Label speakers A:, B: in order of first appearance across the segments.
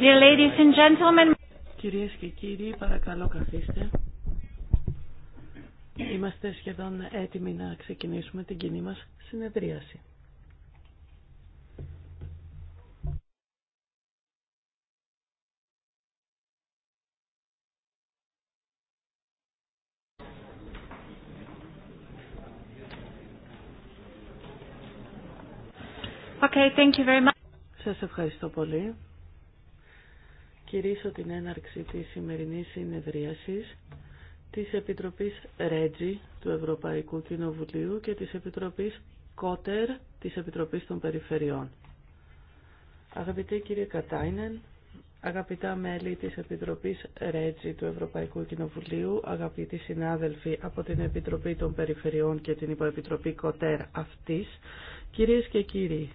A: Dear ladies and gentlemen. Κυρίες και κύριοι, παρακαλώ καθίστε. Είμαστε σχεδόν έτοιμοι να ξεκινήσουμε την κοινή μας συνεδρίαση. Okay, thank you very much. Σας ευχαριστώ πολύ κηρύσω την έναρξη της σημερινής συνεδρίασης της Επιτροπής Ρέτζι του Ευρωπαϊκού Κοινοβουλίου και της Επιτροπής Κότερ της Επιτροπής των Περιφερειών. Αγαπητέ κύριε Κατάινεν, αγαπητά μέλη της Επιτροπής Ρέτζι του Ευρωπαϊκού Κοινοβουλίου, αγαπητοί συνάδελφοι από την Επιτροπή των Περιφερειών και την Υποεπιτροπή Κοτέρ αυτής, κυρίες και κύριοι,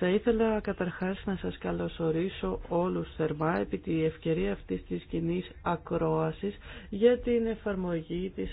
A: θα ήθελα καταρχάς να σας καλωσορίσω όλους θερμά επί τη ευκαιρία αυτής της κοινή ακρόασης για την εφαρμογή της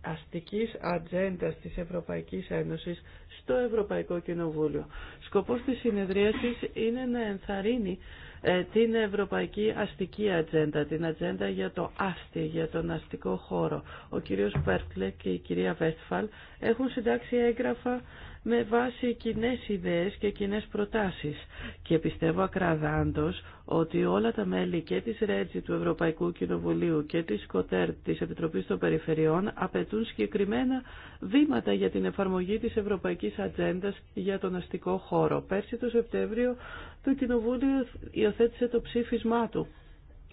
A: αστικής ατζέντας της Ευρωπαϊκής Ένωσης στο Ευρωπαϊκό Κοινοβούλιο. Σκοπός της συνεδρίασης είναι να ενθαρρύνει ε, την Ευρωπαϊκή Αστική Ατζέντα, την ατζέντα για το άστι, για τον αστικό χώρο. Ο κύριος Πέρκλε και η κυρία Βέστφαλ έχουν συντάξει έγγραφα με βάση κοινέ ιδέες και κοινέ προτάσεις. Και πιστεύω ακραδάντως ότι όλα τα μέλη και της ΡΕΤΖΙ του Ευρωπαϊκού Κοινοβουλίου και της ΚΟΤΕΡ της Επιτροπής των Περιφερειών απαιτούν συγκεκριμένα βήματα για την εφαρμογή της Ευρωπαϊκής Ατζέντας για τον αστικό χώρο. Πέρσι το Σεπτέμβριο το Κοινοβούλιο υιοθέτησε το ψήφισμά του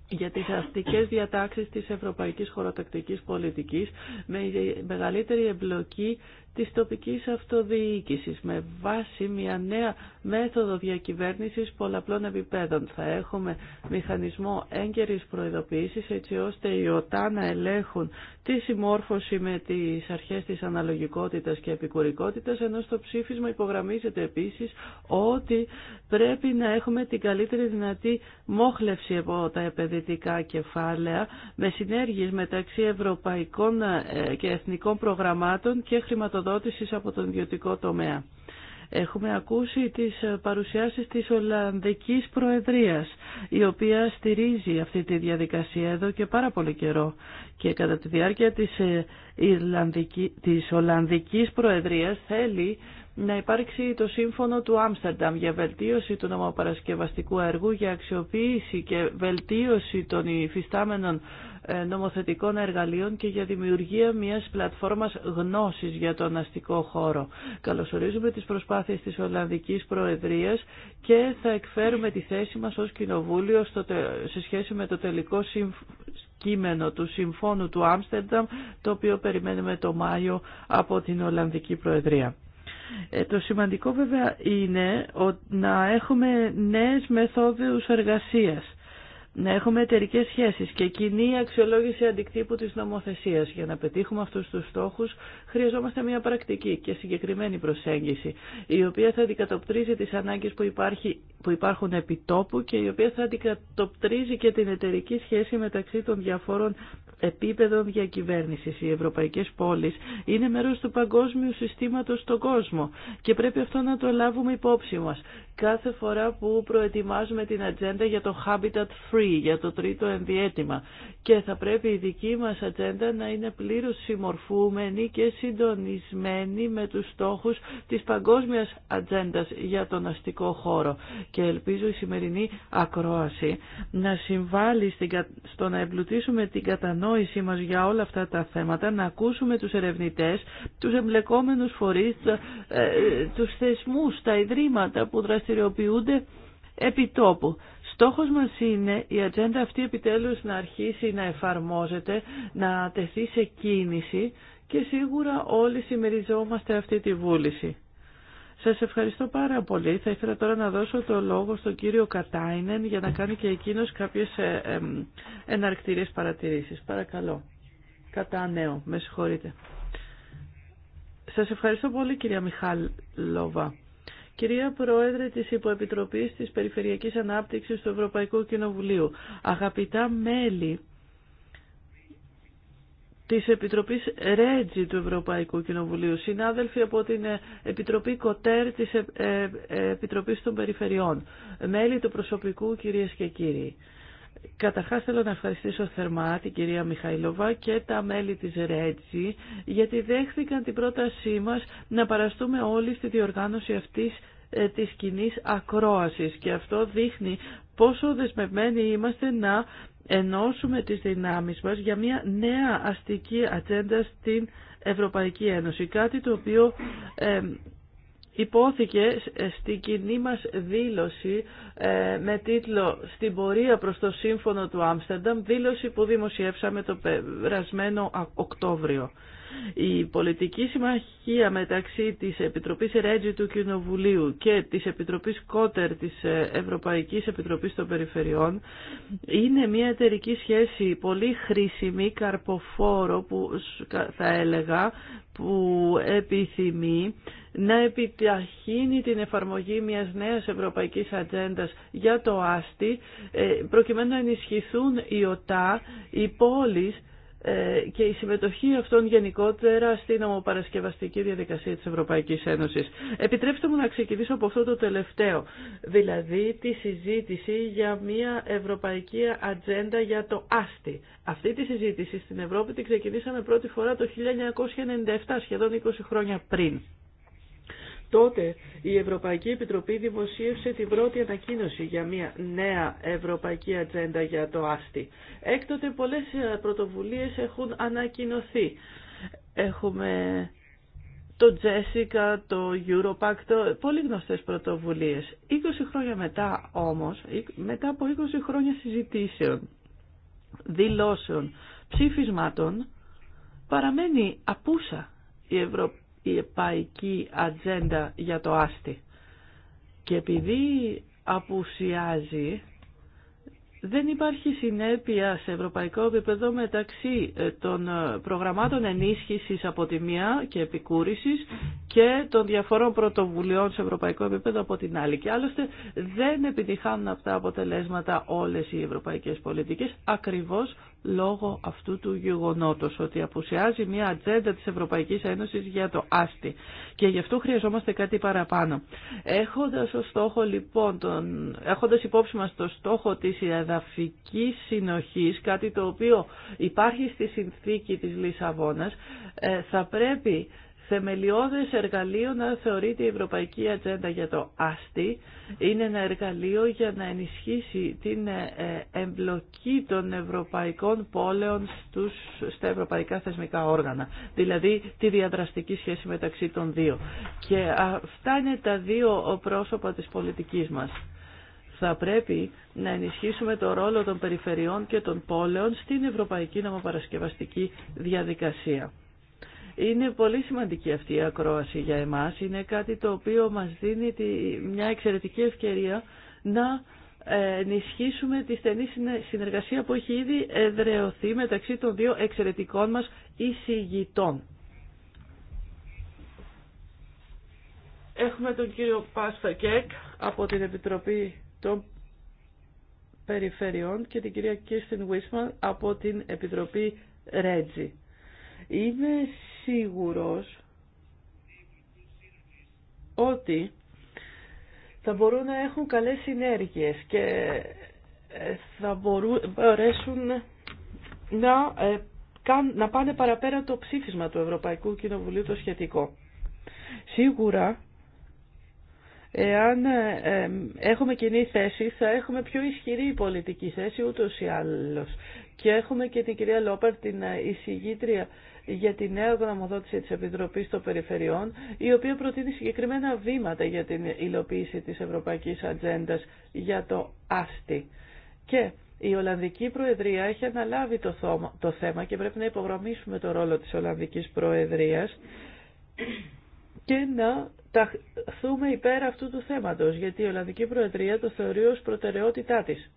A: για τις αστικές διατάξεις της Ευρωπαϊκής Χωροτακτικής Πολιτικής με μεγαλύτερη εμπλοκή της τοπικής αυτοδιοίκησης με βάση μια νέα μέθοδο διακυβέρνησης πολλαπλών επιπέδων. Θα έχουμε μηχανισμό έγκαιρης προειδοποίησης έτσι ώστε οι ΟΤΑ να ελέγχουν τη συμμόρφωση με τις αρχές της αναλογικότητας και επικουρικότητας ενώ στο ψήφισμα υπογραμμίζεται επίσης ότι πρέπει να έχουμε την καλύτερη δυνατή μόχλευση από τα επενδυτικά κεφάλαια με συνέργειες μεταξύ ευρωπαϊκών ε, και εθνικών προγραμμάτων και χρηματοδότησης από τον ιδιωτικό τομέα. Έχουμε ακούσει τις παρουσιάσεις της Ολλανδικής Προεδρίας, η οποία στηρίζει αυτή τη διαδικασία εδώ και πάρα πολύ καιρό. Και κατά τη διάρκεια της, ε, Ιρλανδική, της Ολλανδικής Προεδρίας θέλει να υπάρξει το σύμφωνο του Άμστερνταμ για βελτίωση του νομοπαρασκευαστικού έργου, για αξιοποίηση και βελτίωση των υφιστάμενων νομοθετικών εργαλείων και για δημιουργία μιας πλατφόρμας γνώσης για τον αστικό χώρο. Καλωσορίζουμε τις προσπάθειες της Ολλανδικής Προεδρίας και θα εκφέρουμε τη θέση μας ως Κοινοβούλιο στο, σε σχέση με το τελικό κείμενο του Συμφώνου του Άμστερνταμ, το οποίο περιμένουμε το Μάιο από την Ολλανδική Προεδρία. Ε, το σημαντικό βέβαια είναι να έχουμε νέες μεθόδους εργασίας να έχουμε εταιρικέ σχέσει και κοινή αξιολόγηση αντικτύπου τη νομοθεσία Για να πετύχουμε αυτού του στόχου χρειαζόμαστε μια πρακτική και συγκεκριμένη προσέγγιση, η οποία θα αντικατοπτρίζει τι ανάγκε που, που υπάρχουν επιτόπου και η οποία θα αντικατοπτρίζει και την εταιρική σχέση μεταξύ των διαφόρων επίπεδων διακυβέρνηση, Οι ευρωπαϊκές πόλεις είναι μέρο του παγκόσμιου συστήματο στον κόσμο και πρέπει αυτό να το λάβουμε υπόψη μα κάθε φορά που προετοιμάζουμε την ατζέντα για το Habitat Free, για το τρίτο ενδιέτημα. Και θα πρέπει η δική μας ατζέντα να είναι πλήρως συμμορφούμενη και συντονισμένη με τους στόχους της παγκόσμιας ατζέντα για τον αστικό χώρο. Και ελπίζω η σημερινή ακρόαση να συμβάλλει στο να εμπλουτίσουμε την κατανόησή μας για όλα αυτά τα θέματα, να ακούσουμε τους ερευνητές, τους εμπλεκόμενους φορείς, ε, τους θεσμούς, τα ιδρύματα που δραστηριοποιούν δραστηριοποιούνται επί τόπου. Στόχος μας είναι η ατζέντα αυτή επιτέλους να αρχίσει να εφαρμόζεται, να τεθεί σε κίνηση και σίγουρα όλοι συμμεριζόμαστε αυτή τη βούληση. Σας ευχαριστώ πάρα πολύ. Θα ήθελα τώρα να δώσω το λόγο στον κύριο Κατάινεν για να κάνει και εκείνος κάποιες ε, εναρκτηρίες παρατηρήσεις. Παρακαλώ. Κατά νέο. Με συγχωρείτε. Σας ευχαριστώ πολύ κυρία λόβα. Κυρία Πρόεδρε της Υποεπιτροπής της Περιφερειακής Ανάπτυξης του Ευρωπαϊκού Κοινοβουλίου, αγαπητά μέλη της Επιτροπής Ρέτζι του Ευρωπαϊκού Κοινοβουλίου, συνάδελφοι από την Επιτροπή Κοτέρ της ε- ε- Επιτροπής των Περιφερειών, μέλη του προσωπικού κυρίες και κύριοι. Καταρχάς θέλω να ευχαριστήσω θερμά την κυρία Μιχαηλόβα και τα μέλη της ΡΕΤΖΙ γιατί δέχθηκαν την πρότασή μας να παραστούμε όλοι στη διοργάνωση αυτής ε, της κοινή ακρόασης και αυτό δείχνει πόσο δεσμευμένοι είμαστε να ενώσουμε τις δυνάμεις μας για μια νέα αστική ατζέντα στην Ευρωπαϊκή Ένωση. Κάτι το οποίο ε, υπόθηκε στην κοινή μας δήλωση ε, με τίτλο «Στην πορεία προς το σύμφωνο του Άμστερνταμ», δήλωση που δημοσιεύσαμε το περασμένο Οκτώβριο. Η πολιτική συμμαχία μεταξύ της Επιτροπής Ρέτζη του Κοινοβουλίου και της Επιτροπής Κότερ της ε, Ευρωπαϊκής Επιτροπής των Περιφερειών είναι μια εταιρική σχέση πολύ χρήσιμη, καρποφόρο που θα έλεγα, που επιθυμεί να επιταχύνει την εφαρμογή μιας νέας ευρωπαϊκής ατζέντας για το άστι, ε, προκειμένου να ενισχυθούν οι ΟΤΑ, οι πόλεις, ε, και η συμμετοχή αυτών γενικότερα στην ομοπαρασκευαστική διαδικασία της Ευρωπαϊκής Ένωσης. Επιτρέψτε μου να ξεκινήσω από αυτό το τελευταίο, δηλαδή τη συζήτηση για μια ευρωπαϊκή ατζέντα για το άστι. Αυτή τη συζήτηση στην Ευρώπη την ξεκινήσαμε πρώτη φορά το 1997, σχεδόν 20 χρόνια πριν. Τότε η Ευρωπαϊκή Επιτροπή δημοσίευσε την πρώτη ανακοίνωση για μια νέα ευρωπαϊκή ατζέντα για το άστι. Έκτοτε πολλές ε, πρωτοβουλίες έχουν ανακοινωθεί. Έχουμε το Τζέσικα, το Europact, πολύ γνωστές πρωτοβουλίες. 20 χρόνια μετά όμως, μετά από 20 χρόνια συζητήσεων, δηλώσεων, ψήφισματων, παραμένει απούσα η Ευρωπαϊκή η επαϊκή ατζέντα για το άστι. Και επειδή απουσιάζει, δεν υπάρχει συνέπεια σε ευρωπαϊκό επίπεδο μεταξύ ε, των ε, προγραμμάτων ενίσχυσης από τη μία και επικούρησης και των διαφορών πρωτοβουλειών σε ευρωπαϊκό επίπεδο από την άλλη. Και άλλωστε δεν επιτυχάνουν αυτά αποτελέσματα όλες οι ευρωπαϊκές πολιτικές ακριβώς λόγω αυτού του γεγονότος ότι απουσιάζει μια ατζέντα της Ευρωπαϊκής Ένωσης για το άστι και γι' αυτό χρειαζόμαστε κάτι παραπάνω. Έχοντας, ο στόχο, λοιπόν, τον... Έχοντας υπόψη μας το στόχο της εδαφική συνοχής, κάτι το οποίο υπάρχει στη συνθήκη της Λισαβόνας, ε, θα πρέπει θεμελιώδες εργαλείο να θεωρείται η Ευρωπαϊκή Ατζέντα για το ΑΣΤΗ. Είναι ένα εργαλείο για να ενισχύσει την ε, εμπλοκή των ευρωπαϊκών πόλεων στους, στα ευρωπαϊκά θεσμικά όργανα, δηλαδή τη διαδραστική σχέση μεταξύ των δύο. Και αυτά είναι τα δύο πρόσωπα της πολιτικής μας θα πρέπει να ενισχύσουμε το ρόλο των περιφερειών και των πόλεων στην ευρωπαϊκή νομοπαρασκευαστική διαδικασία. Είναι πολύ σημαντική αυτή η ακρόαση για εμάς. Είναι κάτι το οποίο μας δίνει μια εξαιρετική ευκαιρία να ε, ενισχύσουμε τη στενή συνεργασία που έχει ήδη εδρεωθεί μεταξύ των δύο εξαιρετικών μας εισηγητών. Έχουμε τον κύριο Πάστα Κέκ από την Επιτροπή των Περιφερειών και την κυρία Κίστιν Βίσμαν από την Επιτροπή Ρέτζι. Είμαι σίγουρος ότι θα μπορούν να έχουν καλές συνέργειες και ε, θα μπορέσουν να, ε, να πάνε παραπέρα το ψήφισμα του Ευρωπαϊκού Κοινοβουλίου το σχετικό. Σίγουρα, εάν ε, έχουμε κοινή θέση, θα έχουμε πιο ισχυρή πολιτική θέση ούτως ή άλλως. Και έχουμε και την κυρία Λόπερ, την εισηγήτρια για τη νέα γνωμοδότηση της Επιτροπής των Περιφερειών, η οποία προτείνει συγκεκριμένα βήματα για την υλοποίηση της Ευρωπαϊκής Ατζέντας για το άστι. Και η Ολλανδική Προεδρία έχει αναλάβει το θέμα και πρέπει να υπογραμμίσουμε το ρόλο της Ολλανδικής Προεδρίας και να ταχθούμε υπέρ αυτού του θέματος, γιατί η Ολλανδική Προεδρία το θεωρεί ως προτεραιότητά της.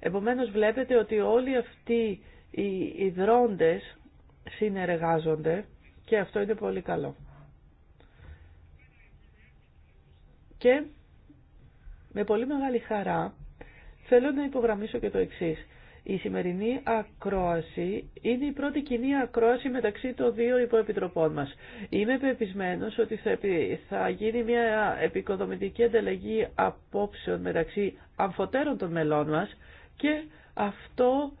A: Επομένως βλέπετε ότι όλοι αυτοί οι δρόντες συνεργάζονται και αυτό είναι πολύ καλό. Και με πολύ μεγάλη χαρά θέλω να υπογραμμίσω και το εξής. Η σημερινή ακρόαση είναι η πρώτη κοινή ακρόαση μεταξύ των δύο υποεπιτροπών μας. Είμαι πεπισμένος ότι θα γίνει μια επικοδομητική ανταλλαγή απόψεων μεταξύ αμφωτέρων των μελών μας και αυτό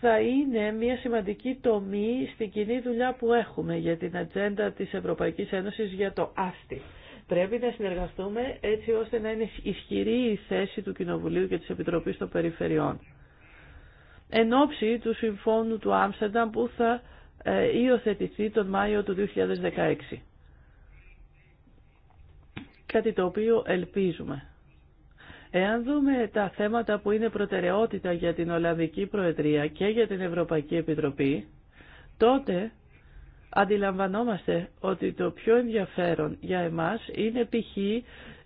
A: θα είναι μια σημαντική τομή στην κοινή δουλειά που έχουμε για την ατζέντα της Ευρωπαϊκής Ένωσης για το άστι. Πρέπει να συνεργαστούμε έτσι ώστε να είναι ισχυρή η θέση του Κοινοβουλίου και της Επιτροπής των Περιφερειών. Εν ώψη του Συμφώνου του Άμστερνταμ που θα ε, υιοθετηθεί τον Μάιο του 2016. Κάτι το οποίο ελπίζουμε Εάν δούμε τα θέματα που είναι προτεραιότητα για την Ολλανδική Προεδρία και για την Ευρωπαϊκή Επιτροπή, τότε αντιλαμβανόμαστε ότι το πιο ενδιαφέρον για εμάς είναι π.χ.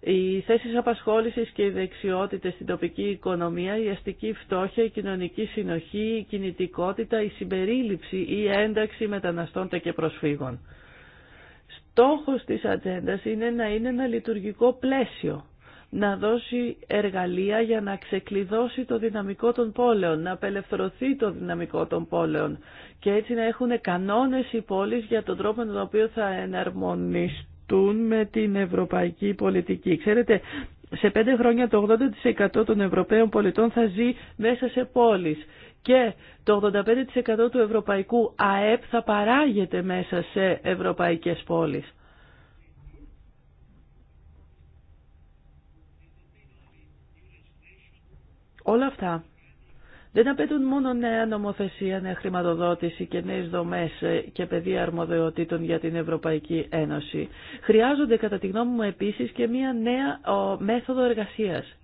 A: οι θέσεις απασχόλησης και οι δεξιότητες στην τοπική οικονομία, η αστική φτώχεια, η κοινωνική συνοχή, η κινητικότητα, η συμπερίληψη ή η ένταξη μεταναστών και προσφύγων. Στόχος της ατζέντα είναι να είναι ένα λειτουργικό πλαίσιο να δώσει εργαλεία για να ξεκλειδώσει το δυναμικό των πόλεων, να απελευθερωθεί το δυναμικό των πόλεων και έτσι να έχουν κανόνες οι πόλεις για τον τρόπο με τον οποίο θα εναρμονιστούν με την ευρωπαϊκή πολιτική. Ξέρετε, σε πέντε χρόνια το 80% των Ευρωπαίων πολιτών θα ζει μέσα σε πόλεις και το 85% του ευρωπαϊκού ΑΕΠ θα παράγεται μέσα σε ευρωπαϊκές πόλεις. Όλα αυτά δεν απαιτούν μόνο νέα νομοθεσία, νέα χρηματοδότηση και νέες δομές και πεδία αρμοδιοτήτων για την Ευρωπαϊκή Ένωση. Χρειάζονται κατά τη γνώμη μου επίσης και μία νέα μέθοδο εργασίας.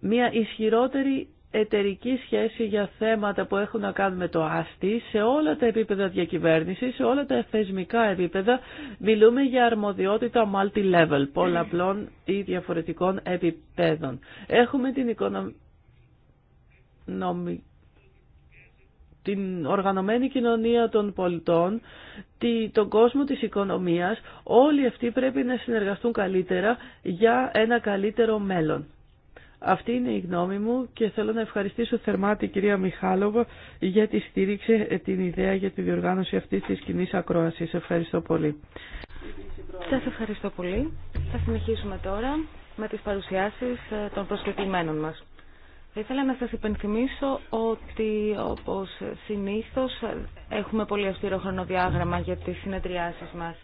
A: Μία ισχυρότερη εταιρική σχέση για θέματα που έχουν να κάνουν με το άστι σε όλα τα επίπεδα διακυβέρνησης, σε όλα τα θεσμικά επίπεδα. Μιλούμε για αρμοδιότητα multi-level, πολλαπλών ή διαφορετικών επίπεδων. Έχουμε την οικονομική την οργανωμένη κοινωνία των πολιτών, τον κόσμο της οικονομίας, όλοι αυτοί πρέπει να συνεργαστούν καλύτερα για ένα καλύτερο μέλλον. Αυτή είναι η γνώμη μου και θέλω να ευχαριστήσω θερμά την κυρία Μιχάλοβα για τη στήριξη ε, την ιδέα για τη διοργάνωση αυτή τη κοινή ακρόαση. Ευχαριστώ πολύ.
B: Σα ευχαριστώ πολύ. Θα συνεχίσουμε τώρα με τι παρουσιάσεις ε, των προσκεκλημένων μας. Θα ήθελα να σας υπενθυμίσω ότι όπως συνήθως έχουμε πολύ αυστηρό χρονοδιάγραμμα για τις συνεδριάσεις μας.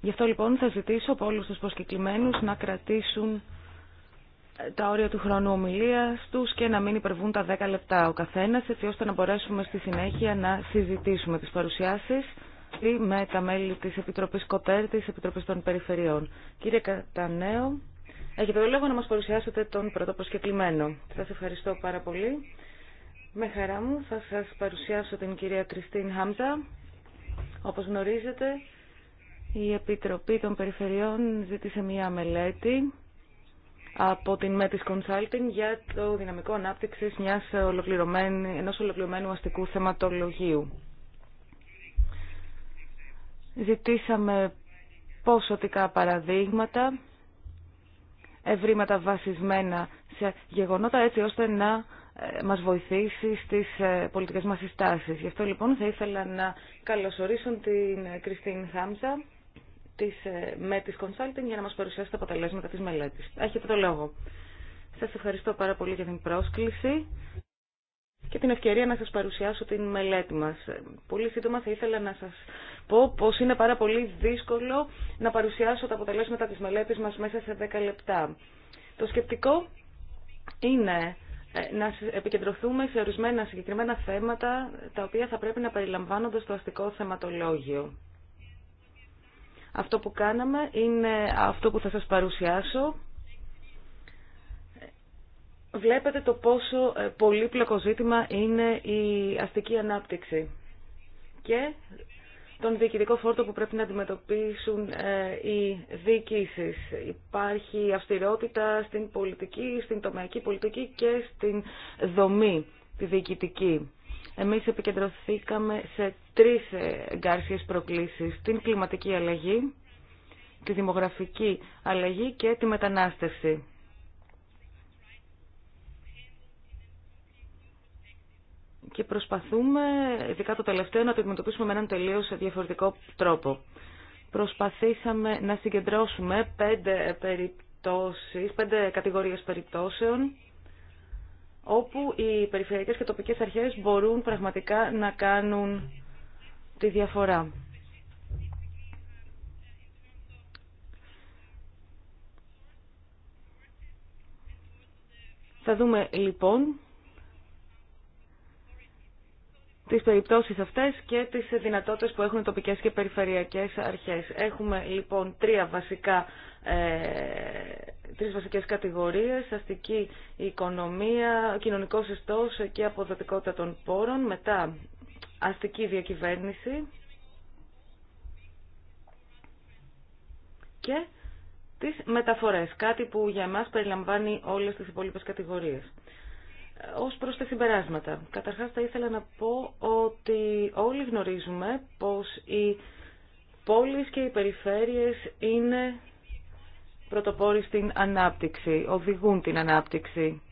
B: Γι' αυτό λοιπόν θα ζητήσω από όλους τους προσκεκλημένους να κρατήσουν τα όρια του χρόνου ομιλία του και να μην υπερβούν τα 10 λεπτά ο καθένα, έτσι ώστε να μπορέσουμε στη συνέχεια να συζητήσουμε τι παρουσιάσει με τα μέλη τη Επιτροπή Κοτέρ, τη Επιτροπή των Περιφερειών. Κύριε Κατανέο, έχετε το λόγο να μα παρουσιάσετε τον προσκεκλημένο. Σα ευχαριστώ πάρα πολύ. Με χαρά μου θα σα παρουσιάσω την κυρία Κριστίν Χάμζα. Όπω γνωρίζετε, η Επιτροπή των Περιφερειών ζήτησε μία μελέτη από την Metis Consulting για το δυναμικό ανάπτυξης μιας ολοκληρωμένη, ενός ολοκληρωμένου αστικού θεματολογίου. Ζητήσαμε ποσοτικά παραδείγματα, ευρήματα βασισμένα σε γεγονότα έτσι ώστε να ε, μας βοηθήσει στις ε, πολιτικές μας συστάσεις. Γι' αυτό λοιπόν θα ήθελα να καλωσορίσω την Κριστίν Χάμσα, της, ε, με τις consulting για να μας παρουσιάσει τα αποτελέσματα της μελέτης. Έχετε το λόγο. Σας ευχαριστώ πάρα πολύ για την πρόσκληση και την ευκαιρία να σας παρουσιάσω την μελέτη μας. Πολύ σύντομα θα ήθελα να σας πω πως είναι πάρα πολύ δύσκολο να παρουσιάσω τα αποτελέσματα της μελέτης μας μέσα σε 10 λεπτά. Το σκεπτικό είναι ε, να επικεντρωθούμε σε ορισμένα συγκεκριμένα θέματα τα οποία θα πρέπει να περιλαμβάνονται στο αστικό θεματολόγιο. Αυτό που κάναμε είναι αυτό που θα σας παρουσιάσω. Βλέπετε το πόσο ε, πολύπλοκο ζήτημα είναι η αστική ανάπτυξη και τον διοικητικό φόρτο που πρέπει να αντιμετωπίσουν ε, οι διοικήσεις. Υπάρχει αυστηρότητα στην πολιτική, στην τομεακή πολιτική και στην δομή τη διοικητική. Εμείς επικεντρωθήκαμε σε τρεις εγκάρσιες προκλήσεις, την κλιματική αλλαγή, τη δημογραφική αλλαγή και τη μετανάστευση. Και προσπαθούμε, ειδικά το τελευταίο, να το αντιμετωπίσουμε με έναν τελείως διαφορετικό τρόπο. Προσπαθήσαμε να συγκεντρώσουμε πέντε περιπτώσεις, πέντε κατηγορίες περιπτώσεων, όπου οι περιφερειακές και τοπικές αρχές μπορούν πραγματικά να κάνουν τη διαφορά. Θα δούμε λοιπόν τις περιπτώσεις αυτές και τις δυνατότητες που έχουν οι τοπικές και περιφερειακές αρχές. Έχουμε λοιπόν τρία βασικά, ε, τρεις βασικές κατηγορίες, αστική οικονομία, κοινωνικός ιστός και αποδοτικότητα των πόρων, μετά αστική διακυβέρνηση και τις μεταφορές, κάτι που για μας περιλαμβάνει όλες τις υπόλοιπες κατηγορίες. Ως προς τα συμπεράσματα, καταρχάς θα ήθελα να πω ότι όλοι γνωρίζουμε πως οι πόλεις και οι περιφέρειες είναι πρωτοπόροι στην ανάπτυξη, οδηγούν την ανάπτυξη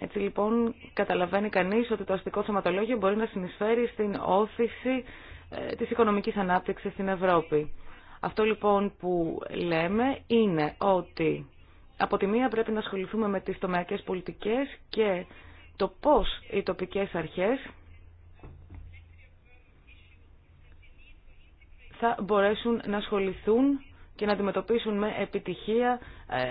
B: έτσι λοιπόν καταλαβαίνει κανείς ότι το αστικό θεματολόγιο μπορεί να συνεισφέρει στην όθηση ε, της οικονομικής ανάπτυξης στην Ευρώπη. Αυτό λοιπόν που λέμε είναι ότι από τη μία πρέπει να ασχοληθούμε με τις τομεακές πολιτικές και το πώς οι τοπικές αρχές θα μπορέσουν να ασχοληθούν και να αντιμετωπίσουν με επιτυχία ε,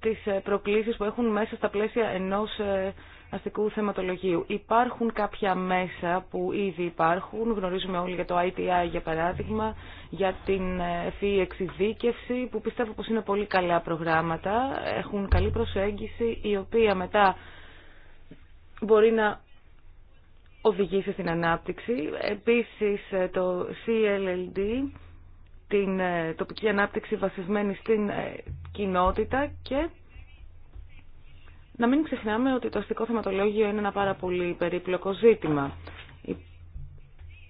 B: τις ε, προκλήσεις που έχουν μέσα στα πλαίσια ενός ε, αστικού θεματολογίου. Υπάρχουν κάποια μέσα που ήδη υπάρχουν, γνωρίζουμε όλοι για το ITI για παράδειγμα, για την FEE εξειδίκευση που πιστεύω πως είναι πολύ καλά προγράμματα, έχουν καλή προσέγγιση η οποία μετά μπορεί να οδηγήσει στην ανάπτυξη. Επίσης το CLLD την ε, τοπική ανάπτυξη βασισμένη στην ε, κοινότητα και να μην ξεχνάμε ότι το αστικό θεματολόγιο είναι ένα πάρα πολύ περίπλοκο ζήτημα.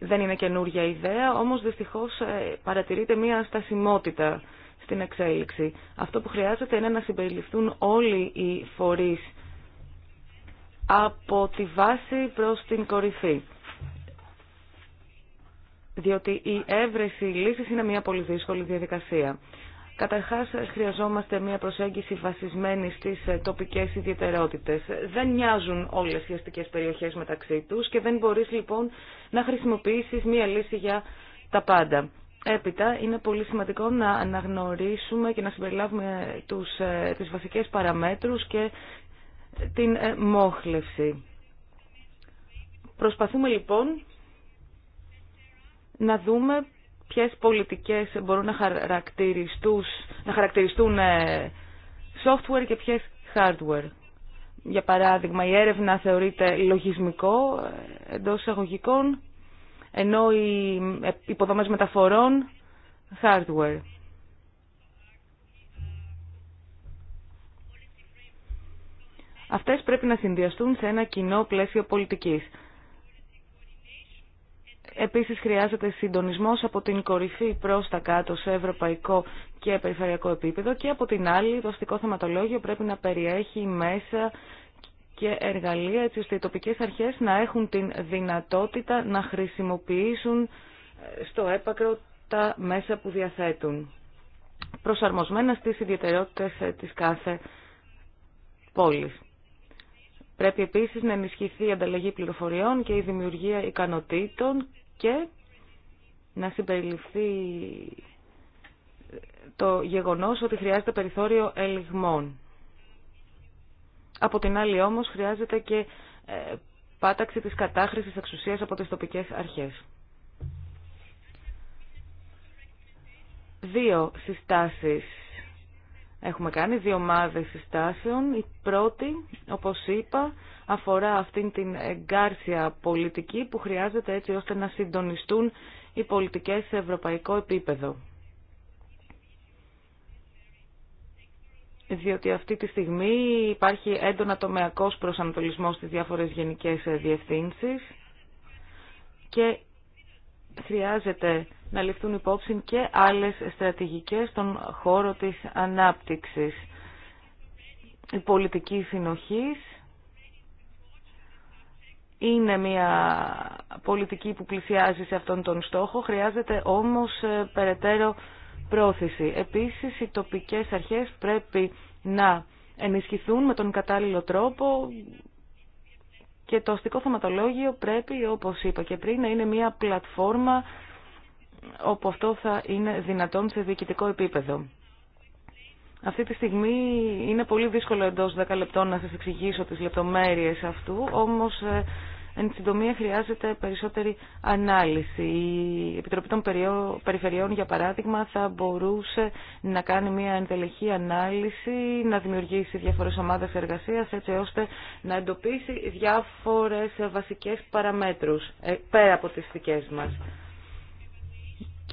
B: Δεν είναι καινούργια ιδέα, όμως δυστυχώς ε, παρατηρείται μία στασιμότητα στην εξέλιξη. Αυτό που χρειάζεται είναι να συμπεριληφθούν όλοι οι φορείς από τη βάση προς την κορυφή διότι η έβρεση λύση είναι μια πολύ δύσκολη διαδικασία. Καταρχάς χρειαζόμαστε μια προσέγγιση βασισμένη στις τοπικές ιδιαιτερότητες. Δεν μοιάζουν όλες οι αστικές περιοχές μεταξύ τους και δεν μπορείς λοιπόν να χρησιμοποιήσεις μια λύση για τα πάντα. Έπειτα είναι πολύ σημαντικό να αναγνωρίσουμε και να συμπεριλάβουμε τους, ε, τις βασικές παραμέτρους και την ε, μόχλευση. Προσπαθούμε λοιπόν να δούμε ποιες πολιτικές μπορούν να χαρακτηριστούν, να χαρακτηριστούν ε, software και ποιες hardware. Για παράδειγμα, η έρευνα θεωρείται λογισμικό ε, εντό εισαγωγικών, ενώ οι ε, υποδομές μεταφορών hardware. Αυτές πρέπει να συνδυαστούν σε ένα κοινό πλαίσιο πολιτικής. Επίσης χρειάζεται συντονισμός από την κορυφή προς τα κάτω σε ευρωπαϊκό και περιφερειακό επίπεδο και από την άλλη το αστικό θεματολόγιο πρέπει να περιέχει μέσα και εργαλεία έτσι ώστε οι τοπικές αρχές να έχουν την δυνατότητα να χρησιμοποιήσουν ε, στο έπακρο τα μέσα που διαθέτουν προσαρμοσμένα στις ιδιαιτερότητες ε, της κάθε πόλης. Πρέπει επίσης να ενισχυθεί η ανταλλαγή πληροφοριών και η δημιουργία ικανοτήτων και να συμπεριληφθεί το γεγονός ότι χρειάζεται περιθώριο ελιγμών. Από την άλλη όμως χρειάζεται και ε, πάταξη της κατάχρησης εξουσίας από τις τοπικές αρχές. Δύο συστάσεις έχουμε κάνει, δύο ομάδες συστάσεων. Η πρώτη, όπως είπα, αφορά αυτήν την εγκάρσια πολιτική που χρειάζεται έτσι ώστε να συντονιστούν οι πολιτικές σε ευρωπαϊκό επίπεδο. διότι αυτή τη στιγμή υπάρχει έντονα τομεακός προσανατολισμός στις διάφορες γενικές διευθύνσεις και χρειάζεται να ληφθούν υπόψη και άλλες στρατηγικές στον χώρο της ανάπτυξης. Η πολιτική συνοχής είναι μια πολιτική που πλησιάζει σε αυτόν τον στόχο, χρειάζεται όμως ε, περαιτέρω πρόθεση. Επίσης, οι τοπικές αρχές πρέπει να ενισχυθούν με τον κατάλληλο τρόπο και το αστικό θεματολόγιο πρέπει, όπως είπα και πριν, να είναι μια πλατφόρμα όπου αυτό θα είναι δυνατόν σε διοικητικό επίπεδο. Αυτή τη στιγμή είναι πολύ δύσκολο εντός 10 λεπτών να σας εξηγήσω τις λεπτομέρειες αυτού, όμως ε, εν συντομία χρειάζεται περισσότερη ανάλυση. Η Επιτροπή των Περιφερειών, για παράδειγμα, θα μπορούσε να κάνει μια εντελεχή ανάλυση, να δημιουργήσει διάφορες ομάδες εργασίας, έτσι ώστε να εντοπίσει διάφορες βασικές παραμέτρους, ε, πέρα από τις δικές μας,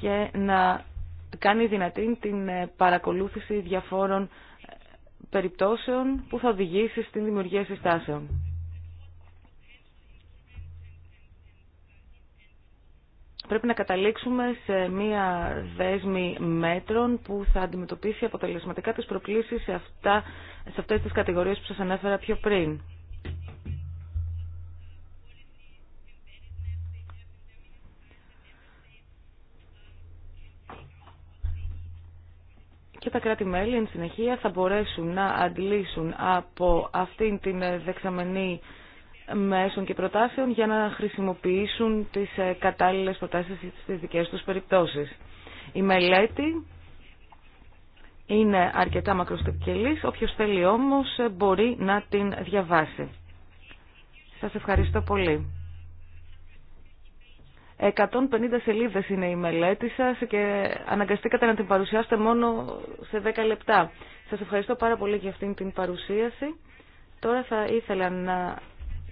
B: και να κάνει δυνατή την ε, παρακολούθηση διαφόρων ε, περιπτώσεων που θα οδηγήσει στην δημιουργία συστάσεων. Πρέπει να καταλήξουμε σε μία δέσμη μέτρων που θα αντιμετωπίσει αποτελεσματικά τις προκλήσεις σε, αυτά, σε αυτές τις κατηγορίες που σας ανέφερα πιο πριν. και τα κράτη-μέλη εν συνεχεία θα μπορέσουν να αντλήσουν από αυτήν την ε, δεξαμενή μέσων και προτάσεων για να χρησιμοποιήσουν τις ε, κατάλληλες προτάσεις στις δικές τους περιπτώσεις. Η μελέτη είναι αρκετά μακροστοκελής, όποιος θέλει όμως ε, μπορεί να την διαβάσει. Σας ευχαριστώ πολύ. 150 σελίδες είναι η μελέτη σας και αναγκαστήκατε να την παρουσιάσετε μόνο σε 10 λεπτά. Σας ευχαριστώ πάρα πολύ για αυτήν την παρουσίαση. Τώρα θα ήθελα να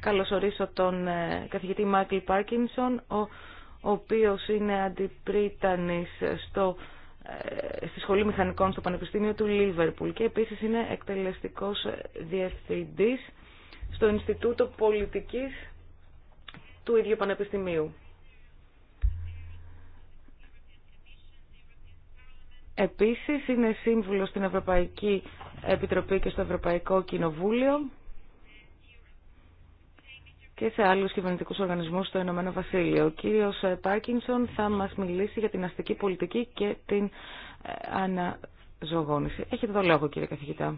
B: καλωσορίσω τον ε, καθηγητή Μάικλ Πάρκινσον, ο, οποίος είναι αντιπρίτανης στο, ε, στη Σχολή Μηχανικών στο Πανεπιστήμιο του Λίβερπουλ και επίσης είναι εκτελεστικός διευθυντής στο Ινστιτούτο Πολιτικής του ίδιου Πανεπιστημίου. Επίσης είναι σύμβουλος στην Ευρωπαϊκή Επιτροπή και στο Ευρωπαϊκό Κοινοβούλιο και σε άλλους κυβερνητικούς οργανισμούς στο Ηνωμένο Βασίλειο. Ο κύριος Πάρκινσον θα μας μιλήσει για την αστική πολιτική και την ε, αναζωογόνηση. Έχετε το λόγο κύριε καθηγητά.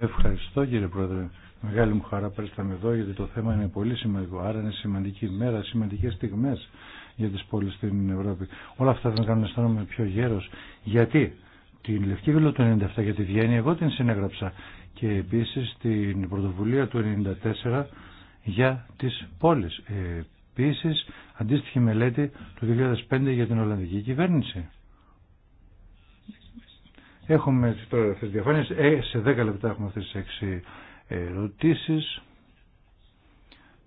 C: Ευχαριστώ κύριε Πρόεδρε. Μεγάλη μου χαρά που εδώ γιατί το θέμα είναι πολύ σημαντικό. Άρα είναι σημαντική μέρα, σημαντικές στιγμές για τις πόλεις στην Ευρώπη. Όλα αυτά θα με κάνουν να αισθάνομαι πιο γέρος. Γιατί την Λευκή Βήλο του 97 για τη Βιέννη εγώ την συνέγραψα και επίσης την πρωτοβουλία του 94 για τις πόλεις. Επίσης αντίστοιχη μελέτη του 2005 για την Ολλανδική κυβέρνηση. Έχουμε τώρα αυτέ τι διαφάνειες. Ε, σε 10 λεπτά έχουμε αυτές τις 6 ερωτήσεις.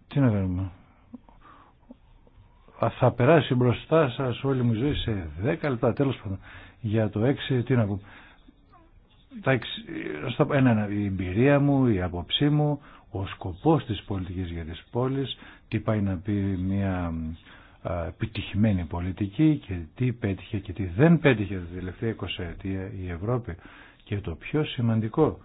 C: Τι να κάνουμε θα περάσει μπροστά σα όλη μου η ζωή σε 10 λεπτά τέλο πάντων για το 6 τι να πούμε τα, ένα, η εμπειρία μου, η άποψή μου ο σκοπό τη πολιτική για τις πόλεις τι πάει να πει μια επιτυχημένη πολιτική και τι πέτυχε και τι δεν πέτυχε τα τελευταία 20 ετία η Ευρώπη και το πιο σημαντικό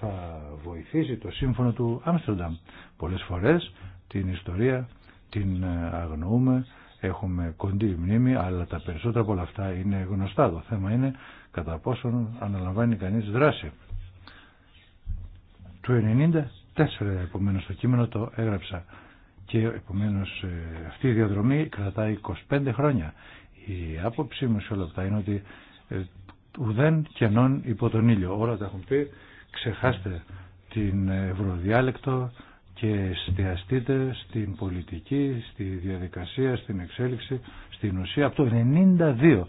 C: θα βοηθήσει το σύμφωνο του Άμστερνταμ πολλές φορές την ιστορία την ε, αγνοούμε, έχουμε κοντή μνήμη, αλλά τα περισσότερα από όλα αυτά είναι γνωστά. Το θέμα είναι κατά πόσον αναλαμβάνει κανείς δράση. Το 1994, επομένως το κείμενο το έγραψα και επομένως ε, αυτή η διαδρομή κρατάει 25 χρόνια. Η άποψή μου σε όλα αυτά είναι ότι ε, ουδέν κενών υπό τον ήλιο. Όλα τα έχουν πει, ξεχάστε την ευρωδιάλεκτο, και εστιαστείτε στην πολιτική, στη διαδικασία, στην εξέλιξη, στην ουσία. Από το 1992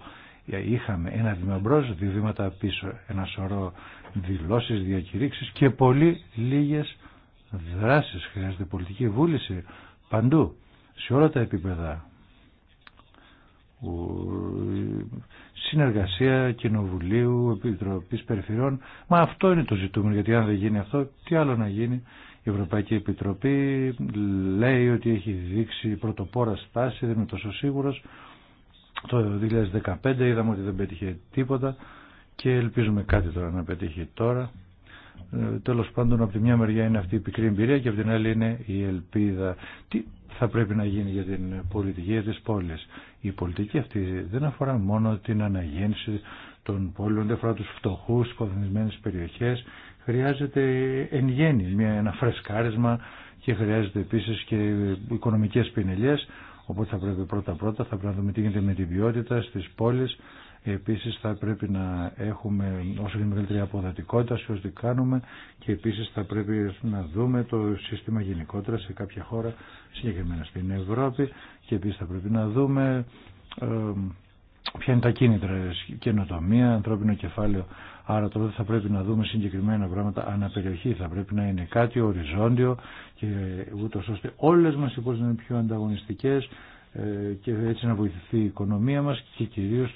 C: είχαμε ένα βήμα μπρο, δύο βήματα πίσω, ένα σωρό δηλώσεις, διακηρύξεις και πολύ λίγες δράσεις. Χρειάζεται πολιτική βούληση παντού, σε όλα τα επίπεδα. Συνεργασία Κοινοβουλίου, Επιτροπής Περιφυρών. Μα αυτό είναι το ζητούμενο, γιατί αν δεν γίνει αυτό, τι άλλο να γίνει. Η Ευρωπαϊκή Επιτροπή λέει ότι έχει δείξει πρωτοπόρα στάση, δεν είμαι τόσο σίγουρος. Το 2015 είδαμε ότι δεν πέτυχε τίποτα και ελπίζουμε κάτι τώρα να πετύχει τώρα. Ε, τέλος πάντων από τη μια μεριά είναι αυτή η πικρή εμπειρία και από την άλλη είναι η ελπίδα. Τι θα πρέπει να γίνει για την πολιτική της πόλης. Η πολιτική αυτή δεν αφορά μόνο την αναγέννηση των πόλεων, δεν αφορά τους φτωχούς, οικοδομισμένες περιοχές, χρειάζεται εν γέννη μια, ένα φρεσκάρισμα και χρειάζεται επίσης και οικονομικές πινελιές οπότε θα πρέπει πρώτα πρώτα θα πρέπει να δούμε τι γίνεται με την ποιότητα στις πόλεις επίσης θα πρέπει να έχουμε όσο γίνεται μεγαλύτερη αποδοτικότητα σε ό,τι κάνουμε και επίσης θα πρέπει να δούμε το σύστημα γενικότερα σε κάποια χώρα συγκεκριμένα στην Ευρώπη και επίσης θα πρέπει να δούμε ε, ποια είναι τα κίνητρα καινοτομία, ανθρώπινο κεφάλαιο Άρα τώρα θα πρέπει να δούμε συγκεκριμένα πράγματα αναπεριοχή. Θα πρέπει να είναι κάτι οριζόντιο και ούτω ώστε όλε μα οι να είναι πιο ανταγωνιστικέ ε, και έτσι να βοηθηθεί η οικονομία μα και κυρίω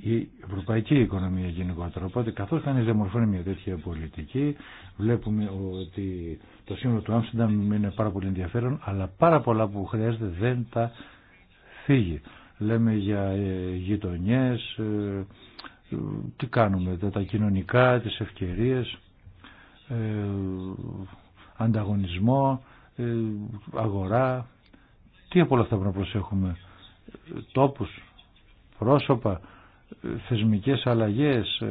C: η ευρωπαϊκή οικονομία γενικότερα. Οπότε καθώ κανεί διαμορφώνει μια τέτοια πολιτική βλέπουμε ότι το σύνολο του Άμστερνταμ είναι πάρα πολύ ενδιαφέρον αλλά πάρα πολλά που χρειάζεται δεν τα φύγει. Λέμε για ε, γειτονιές, ε, τι κάνουμε, τα κοινωνικά, τις ευκαιρίες, ε, ανταγωνισμό, ε, αγορά, τι από όλα αυτά πρέπει να προσέχουμε, τόπους, πρόσωπα, ε, θεσμικές αλλαγές,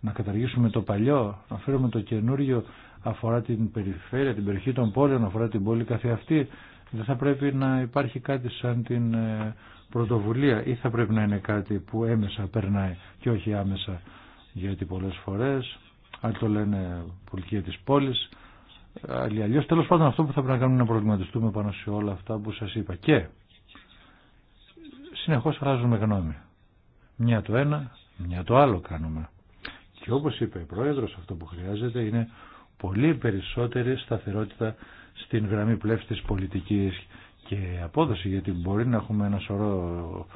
C: να καταργήσουμε το παλιό, να φέρουμε το καινούριο, αφορά την περιφέρεια, την περιοχή των πόλεων, αφορά την πόλη καθεαυτή. Δεν θα πρέπει να υπάρχει κάτι σαν την πρωτοβουλία ή θα πρέπει να είναι κάτι που έμεσα περνάει και όχι άμεσα γιατί πολλές φορές άλλοι το λένε πολιτεία της πόλης άλλοι αλλιώς τέλος πάντων αυτό που θα πρέπει να κάνουμε να προβληματιστούμε πάνω σε όλα αυτά που σας είπα και συνεχώς αλλάζουμε γνώμη μια το ένα, μια το άλλο κάνουμε και όπως είπε η Πρόεδρος αυτό που χρειάζεται είναι πολύ περισσότερη σταθερότητα στην γραμμή πλεύσης της πολιτικής και απόδοση γιατί μπορεί να έχουμε ένα σωρό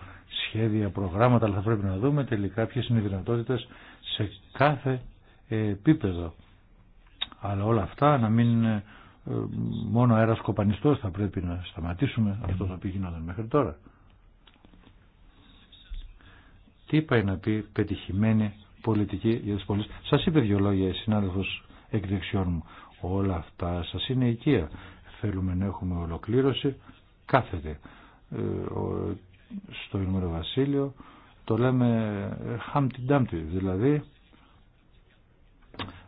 C: σχέδια, προγράμματα αλλά θα πρέπει να δούμε τελικά ποιες είναι οι δυνατότητες σε κάθε επίπεδο. Αλλά όλα αυτά να μην είναι μόνο αέρας κοπανιστός θα πρέπει να σταματήσουμε αυτό το οποίο γινόταν μέχρι τώρα. Τι πάει να πει πετυχημένη πολιτική για τους πολίτες. Σας είπε δυο λόγια συνάδελφος μου. Όλα αυτά σας είναι οικεία. Θέλουμε να έχουμε ολοκλήρωση κάθεται ε, στο Ινωμένο Βασίλειο το λέμε Humpty ε, Dumpty δηλαδή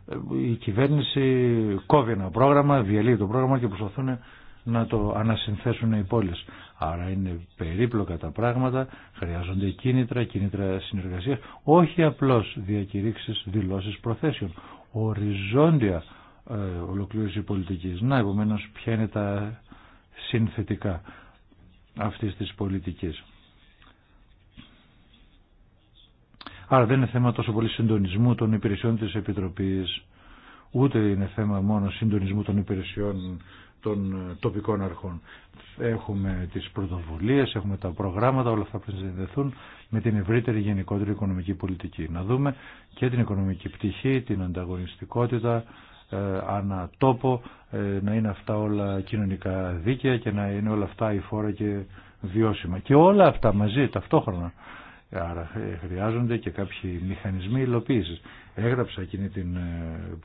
C: ε, η κυβέρνηση κόβει ένα πρόγραμμα, διαλύει το πρόγραμμα και προσπαθούν να το ανασυνθέσουν οι πόλεις. Άρα είναι περίπλοκα τα πράγματα, χρειάζονται κίνητρα, κίνητρα συνεργασίας, όχι απλώς διακηρύξεις, δηλώσεις προθέσεων, οριζόντια ε, ολοκλήρωση πολιτικής. Να, επομένως, ποια είναι τα συνθετικά αυτής της πολιτικής. Άρα δεν είναι θέμα τόσο πολύ συντονισμού των υπηρεσιών της Επιτροπής, ούτε είναι θέμα μόνο συντονισμού των υπηρεσιών των ε, τοπικών αρχών. Έχουμε τις πρωτοβουλίες, έχουμε τα προγράμματα, όλα αυτά που συνδεθούν με την ευρύτερη γενικότερη οικονομική πολιτική. Να δούμε και την οικονομική πτυχή, την ανταγωνιστικότητα, ε, ανατόπο, ε, να είναι αυτά όλα κοινωνικά δίκαια και να είναι όλα αυτά η φόρα και βιώσιμα. Και όλα αυτά μαζί ταυτόχρονα. Άρα ε, χρειάζονται και κάποιοι μηχανισμοί υλοποίηση. Έγραψα εκείνη την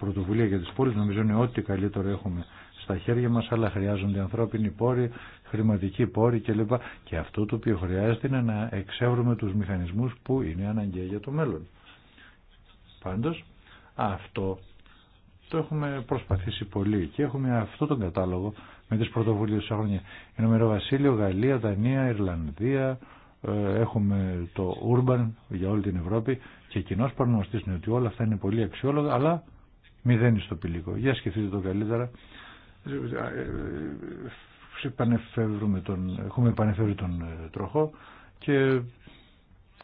C: πρωτοβουλία για τις πόλεις, νομίζω είναι ό,τι καλύτερο έχουμε στα χέρια μας, αλλά χρειάζονται ανθρώπινοι πόροι, χρηματικοί πόροι κλπ. Και αυτό το οποίο χρειάζεται είναι να εξεύρουμε τους μηχανισμούς που είναι αναγκαία για το μέλλον. Πάντως, αυτό το έχουμε προσπαθήσει πολύ και έχουμε αυτό τον κατάλογο με τις πρωτοβουλίες της χρόνια. Ενωμένο Βασίλειο, Γαλλία, Δανία, Ιρλανδία, ε, έχουμε το Urban για όλη την Ευρώπη και κοινό παρνωστής είναι ότι όλα αυτά είναι πολύ αξιόλογα, αλλά μηδέν στο πηλίκο. Για σκεφτείτε το καλύτερα. Ε, ε, τον, έχουμε επανεφεύρει τον τροχό και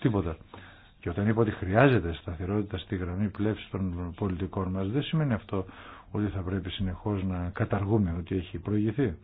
C: τίποτα. Και όταν είπα ότι χρειάζεται σταθερότητα στη γραμμή πλεύση των πολιτικών μας, δεν σημαίνει αυτό ότι θα πρέπει συνεχώς να καταργούμε ότι έχει προηγηθεί.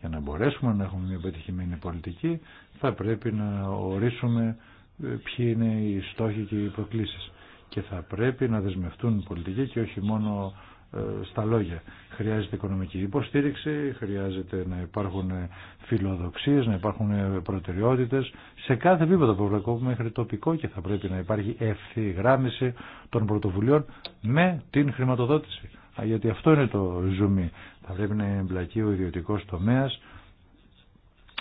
C: Για να μπορέσουμε να έχουμε μια πετυχημένη πολιτική, θα πρέπει να ορίσουμε ε, ποιοι είναι οι στόχοι και οι προκλήσεις. Και θα πρέπει να δεσμευτούν πολιτικοί και όχι μόνο ε, στα λόγια. Χρειάζεται οικονομική υποστήριξη, χρειάζεται να υπάρχουν φιλοδοξίες, να υπάρχουν προτεραιότητες. Σε κάθε επίπεδο που βλέπουμε μέχρι τοπικό και θα πρέπει να υπάρχει ευθυγράμμιση των πρωτοβουλίων με την χρηματοδότηση. Γιατί αυτό είναι το ζουμί. Θα πρέπει να εμπλακεί ο ιδιωτικό τομέα.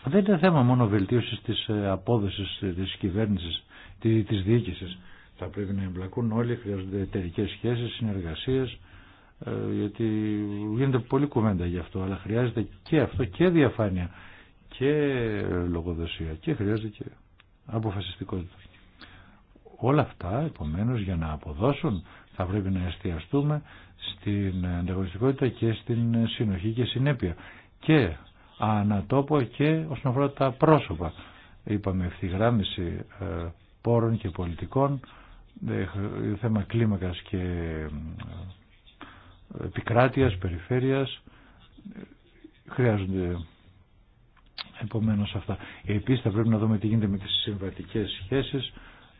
C: Δεν είναι θέμα μόνο βελτίωση ε, ε, τη απόδοση τη κυβέρνηση, τη διοίκηση. Θα πρέπει να εμπλακούν όλοι, χρειάζονται εταιρικέ σχέσει, συνεργασίε ε, γιατί γίνεται πολύ κουβέντα γι' αυτό, αλλά χρειάζεται και αυτό και διαφάνεια και ε, λογοδοσία και χρειάζεται και αποφασιστικότητα. Όλα αυτά, επομένως, για να αποδώσουν θα πρέπει να εστιαστούμε στην ανταγωνιστικότητα και στην συνοχή και συνέπεια. Και ανατόπο και όσον αφορά τα πρόσωπα. Είπαμε ευθυγράμμιση ε, πόρων και πολιτικών, θέμα κλίμακας και επικράτειας, περιφέρειας χρειάζονται επομένως αυτά. Επίσης θα πρέπει να δούμε τι γίνεται με τις συμβατικές σχέσεις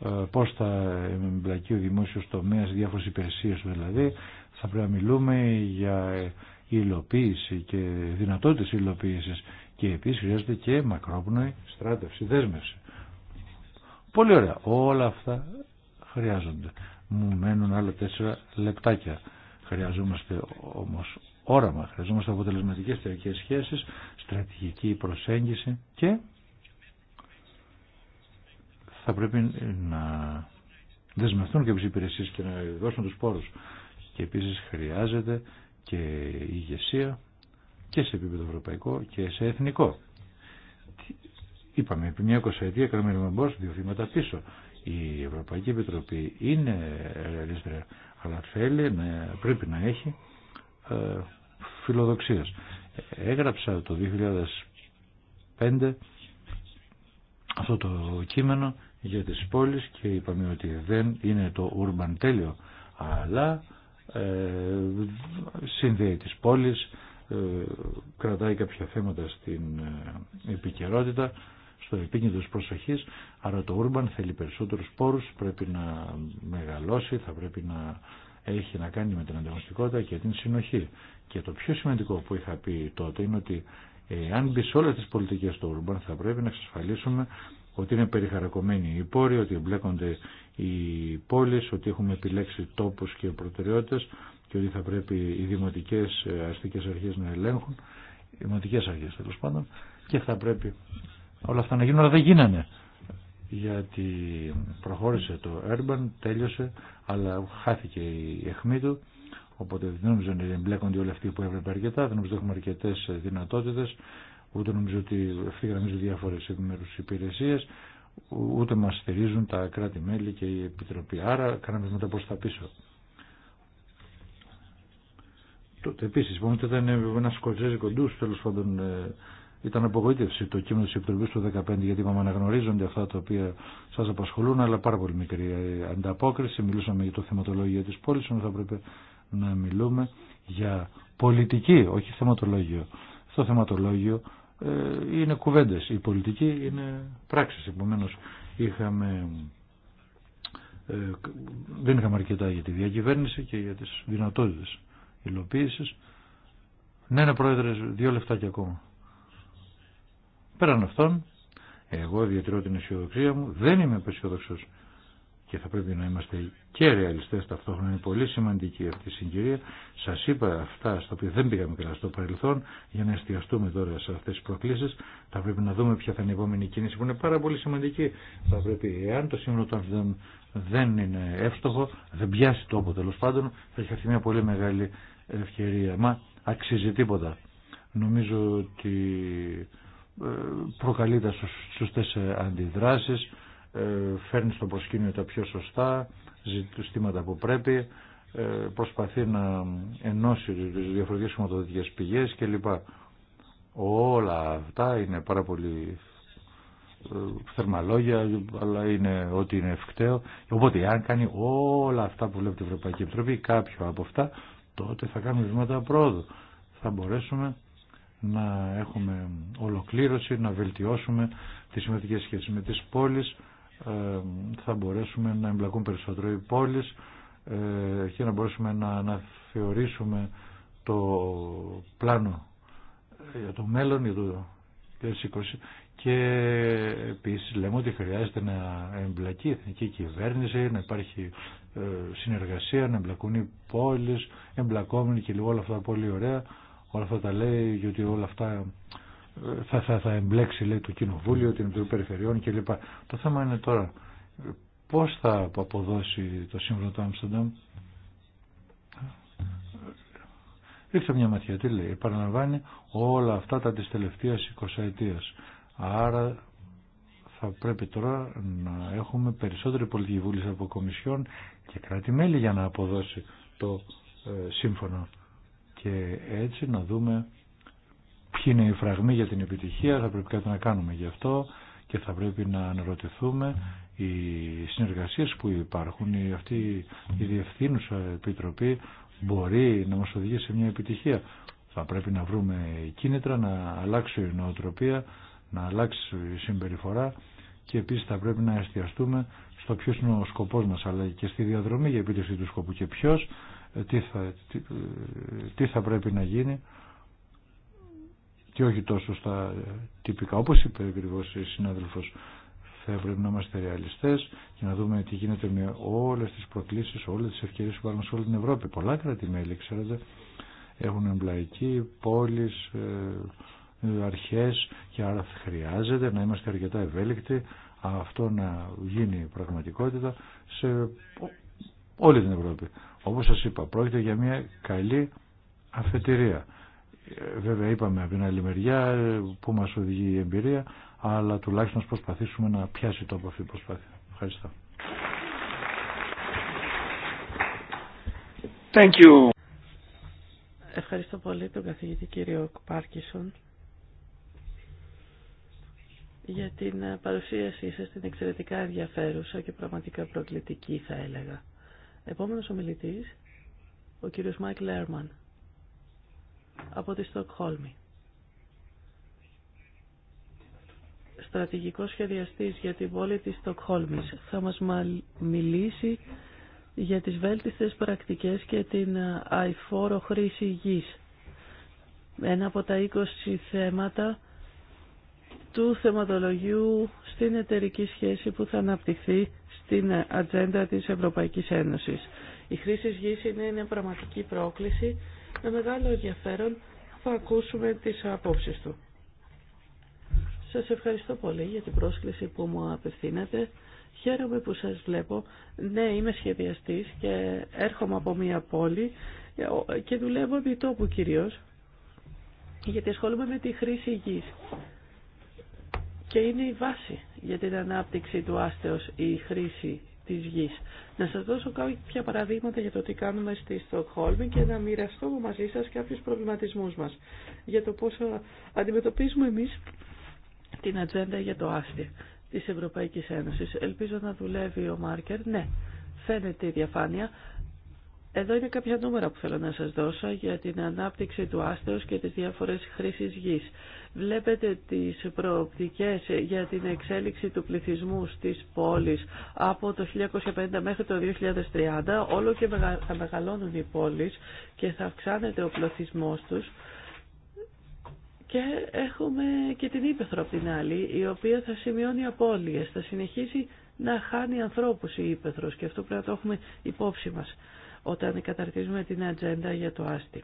C: ε, πώς θα εμπλακεί ο δημόσιος τομέας διάφορες υπηρεσίες δηλαδή θα πρέπει να μιλούμε για υλοποίηση και δυνατότητες υλοποίησης και επίσης χρειάζεται και μακρόπνοη στράτευση, δέσμευση. Πολύ ωραία. Όλα αυτά χρειάζονται. Μου μένουν άλλα τέσσερα λεπτάκια. Χρειαζόμαστε όμως όραμα, χρειαζόμαστε αποτελεσματικές θεωρικές σχέσεις, στρατηγική προσέγγιση και θα πρέπει να δεσμευτούν και τις υπηρεσίες και να δώσουν τους πόρους. Και επίσης χρειάζεται και ηγεσία και σε επίπεδο ευρωπαϊκό και σε εθνικό. Είπαμε, επί μια εικοσαετία έκαναμε δύο θύματα πίσω. Η Ευρωπαϊκή Επιτροπή είναι ρεαλίστρια, αλλά θέλει, ναι, πρέπει να έχει ε, Έγραψα το 2005 αυτό το κείμενο για τις πόλεις και είπαμε ότι δεν είναι το urban τέλειο, αλλά ε, συνδέει τις πόλεις, ε, κρατάει κάποια θέματα στην ε, επικαιρότητα στο επίκεντρο της προσοχής, άρα το urban θέλει περισσότερους πόρους, πρέπει να μεγαλώσει, θα πρέπει να έχει να κάνει με την ανταγωνιστικότητα και την συνοχή. Και το πιο σημαντικό που είχα πει τότε είναι ότι αν μπει σε όλες τις πολιτικές του urban θα πρέπει να εξασφαλίσουμε ότι είναι περιχαρακωμένοι οι πόροι, ότι εμπλέκονται οι πόλεις, ότι έχουμε επιλέξει τόπους και προτεραιότητες και ότι θα πρέπει οι δημοτικές ε, αστικές αρχές να ελέγχουν, οι δημοτικές αρχές τέλο πάντων, και θα πρέπει όλα αυτά να γίνουν, αλλά δεν γίνανε. Γιατί προχώρησε το Urban, τέλειωσε, αλλά χάθηκε η αιχμή του. Οπότε δεν νομίζω ότι εμπλέκονται όλοι αυτοί που έβλεπε αρκετά, δεν νομίζω ότι έχουμε αρκετέ δυνατότητε, ούτε νομίζω ότι ευθυγραμμίζουν διάφορε επιμέρου υπηρεσίε, ούτε μα στηρίζουν τα κράτη-μέλη και η Επιτροπή. Άρα, κάναμε μετά προ τα πίσω. Τότε επίση, είπαμε ότι ήταν ένα σκοτσέζικο κοντού τέλο πάντων ε, ήταν απογοήτευση το κείμενο τη Επιτροπή του 2015 γιατί είπαμε αναγνωρίζονται αυτά τα οποία σα απασχολούν, αλλά πάρα πολύ μικρή ανταπόκριση. Μιλούσαμε για το θεματολόγιο τη πόλη, όμω θα πρέπει να μιλούμε για πολιτική, όχι θεματολόγιο. Στο θεματολόγιο ε, είναι κουβέντε. Η πολιτική είναι πράξη. Επομένω, ε, δεν είχαμε αρκετά για τη διακυβέρνηση και για τις δυνατότητες υλοποίησης. Ναι, ναι, πρόεδρε, δύο λεφτάκια ακόμα. Πέραν αυτών, εγώ διατηρώ την αισιοδοξία μου, δεν είμαι απεσιοδοξό. Και θα πρέπει να είμαστε και ρεαλιστέ ταυτόχρονα. Είναι πολύ σημαντική αυτή η συγκυρία. Σα είπα αυτά στα οποία δεν πήγαμε καλά στο παρελθόν. Για να εστιαστούμε τώρα σε αυτέ τι προκλήσει, θα πρέπει να δούμε ποια θα είναι η επόμενη κίνηση που είναι πάρα πολύ σημαντική. Θα πρέπει, εάν το σύμβολο των δεν, δεν είναι εύστοχο, δεν πιάσει τόπο τέλο πάντων, θα έχει μια πολύ μεγάλη ευκαιρία. Μα αξίζει τίποτα. Νομίζω ότι ε, προκαλεί τα σωστές αντιδράσεις, ε, φέρνει στο προσκήνιο τα πιο σωστά, ζητήματα που πρέπει, ε, προσπαθεί να ενώσει τις διαφορετικές σωματοδοτικές πηγές κλπ. Όλα αυτά είναι πάρα πολύ θερμαλόγια, αλλά είναι ότι είναι ευκταίο. Οπότε, αν κάνει όλα αυτά που βλέπει η Ευρωπαϊκή Επιτροπή, κάποιο από αυτά, τότε θα κάνουμε βήματα πρόοδου. Θα μπορέσουμε να έχουμε ολοκλήρωση, να βελτιώσουμε τις σημαντικές σχέσεις με τις πόλεις, ε, θα μπορέσουμε να εμπλακούν περισσότερο οι πόλεις ε, και να μπορέσουμε να αναθεωρήσουμε το πλάνο ε, για το μέλλον, για το 2020 και επίσης λέμε ότι χρειάζεται να εμπλακεί η εθνική κυβέρνηση, να υπάρχει συνεργασία, να εμπλακούν οι πόλεις, εμπλακόμενοι και λίγο όλα αυτά πολύ ωραία όλα αυτά τα λέει γιατί όλα αυτά ε, θα, θα, θα εμπλέξει λέει το Κοινοβούλιο, την Επιτροπή Περιφερειών κλπ. Το θέμα είναι τώρα πώς θα αποδώσει το σύμβολο του Άμστερνταμ. Ρίξτε μια ματιά, τι λέει, επαναλαμβάνει όλα αυτά τα της τελευταίας 20 ετία. Άρα θα πρέπει τώρα να έχουμε περισσότερη πολιτική βούληση από κομισιόν και κράτη-μέλη για να αποδώσει το ε, σύμφωνο και έτσι να δούμε ποιοι είναι οι φραγμοί για την επιτυχία, θα πρέπει κάτι να κάνουμε γι' αυτό και θα πρέπει να αναρωτηθούμε οι συνεργασίες που υπάρχουν, η, αυτή η διευθύνουσα επιτροπή μπορεί να μας οδηγήσει σε μια επιτυχία. Θα πρέπει να βρούμε κίνητρα, να αλλάξει η νοοτροπία, να αλλάξει η συμπεριφορά και επίσης θα πρέπει να εστιαστούμε στο ποιος είναι ο σκοπός μας αλλά και στη διαδρομή για επίτευξη του σκοπού και ποιος τι θα, τι, θα πρέπει να γίνει και όχι τόσο στα τυπικά. Όπως είπε ακριβώ η συνάδελφος, θα πρέπει να είμαστε ρεαλιστές και να δούμε τι γίνεται με όλες τις προκλήσεις, όλες τις ευκαιρίες που υπάρχουν σε όλη την Ευρώπη. Πολλά κράτη-μέλη, ξέρετε, έχουν εμπλαϊκή, πόλεις, ε, αρχές και άρα χρειάζεται να είμαστε αρκετά ευέλικτοι αυτό να γίνει πραγματικότητα σε όλη την Ευρώπη. Όπως σας είπα, πρόκειται για μια καλή αφετηρία. Ε, βέβαια είπαμε από την άλλη μεριά ε, που μας οδηγεί η εμπειρία, αλλά τουλάχιστον να προσπαθήσουμε να πιάσει το από αυτή η προσπάθεια. Ευχαριστώ. Thank you.
A: Ευχαριστώ πολύ τον καθηγητή κύριο Πάρκισον για την παρουσίασή σας, την εξαιρετικά ενδιαφέρουσα και πραγματικά προκλητική θα έλεγα. Επόμενος ομιλητής, ο κύριος Μάικ Λέρμαν από τη Στοκχόλμη. Στρατηγικός σχεδιαστής για την πόλη της Στοκχόλμης. Θα μας μιλήσει για τις βέλτιστες πρακτικές και την ε, αϊφόρο χρήση γης. Ένα από τα 20 θέματα του θεματολογίου στην εταιρική σχέση που θα αναπτυχθεί στην ατζέντα της Ευρωπαϊκής Ένωσης. Η χρήση γης είναι μια πραγματική πρόκληση. Με μεγάλο ενδιαφέρον θα ακούσουμε τις απόψεις του. Σας ευχαριστώ πολύ για την πρόσκληση που μου απευθύνατε. Χαίρομαι που σας βλέπω. Ναι, είμαι σχεδιαστής και έρχομαι από μια πόλη και δουλεύω επί τόπου κυρίως, γιατί ασχολούμαι με τη χρήση γης και είναι η βάση για την ανάπτυξη του άστεως η χρήση της γης. Να σας δώσω κάποια παραδείγματα για το τι κάνουμε στη Στοκχόλμη και να μοιραστώ μαζί σας κάποιους προβληματισμούς μας για το πώς αντιμετωπίζουμε εμείς την ατζέντα για το άστεο της Ευρωπαϊκής Ένωσης. Ελπίζω να δουλεύει ο Μάρκερ. Ναι, φαίνεται η διαφάνεια. Εδώ είναι κάποια νούμερα που θέλω να σας δώσω για την ανάπτυξη του άστεως και τις διάφορες χρήσεις γης. Βλέπετε τις προοπτικές για την εξέλιξη του πληθυσμού στις πόλεις από το 1950 μέχρι το 2030. Όλο και θα μεγαλώνουν οι πόλεις και θα αυξάνεται ο πληθυσμός τους. Και έχουμε και την ύπεθρο, από την άλλη, η οποία θα σημειώνει απώλειες, θα συνεχίσει να χάνει ανθρώπους η Ήπεθρος και αυτό πρέπει να το έχουμε υπόψη μας όταν καταρτίζουμε την ατζέντα για το άστι.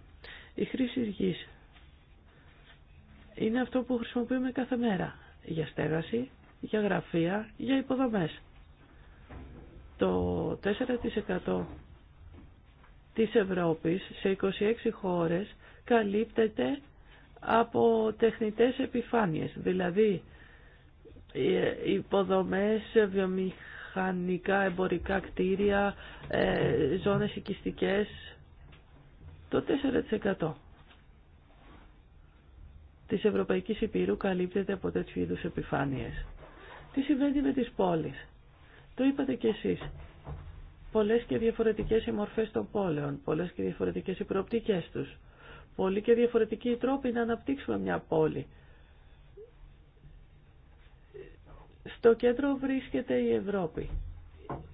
A: Η χρήση γης είναι αυτό που χρησιμοποιούμε κάθε μέρα για στέγαση, για γραφεία, για υποδομές. Το 4% της Ευρώπης σε 26 χώρες καλύπτεται από τεχνητές επιφάνειες, δηλαδή ε, υποδομές, βιομηχανικά, εμπορικά κτίρια, ε, ζώνες οικιστικές, το 4%. Τη Ευρωπαϊκή Υπήρου καλύπτεται από τέτοιου είδου επιφάνειες. Τι συμβαίνει με τις πόλεις. Το είπατε κι εσείς. Πολλές και διαφορετικές οι μορφές των πόλεων, πολλέ και διαφορετικές οι προοπτικές τους. Πολλοί και διαφορετικοί οι τρόποι να αναπτύξουμε μια πόλη. Στο κέντρο βρίσκεται η Ευρώπη.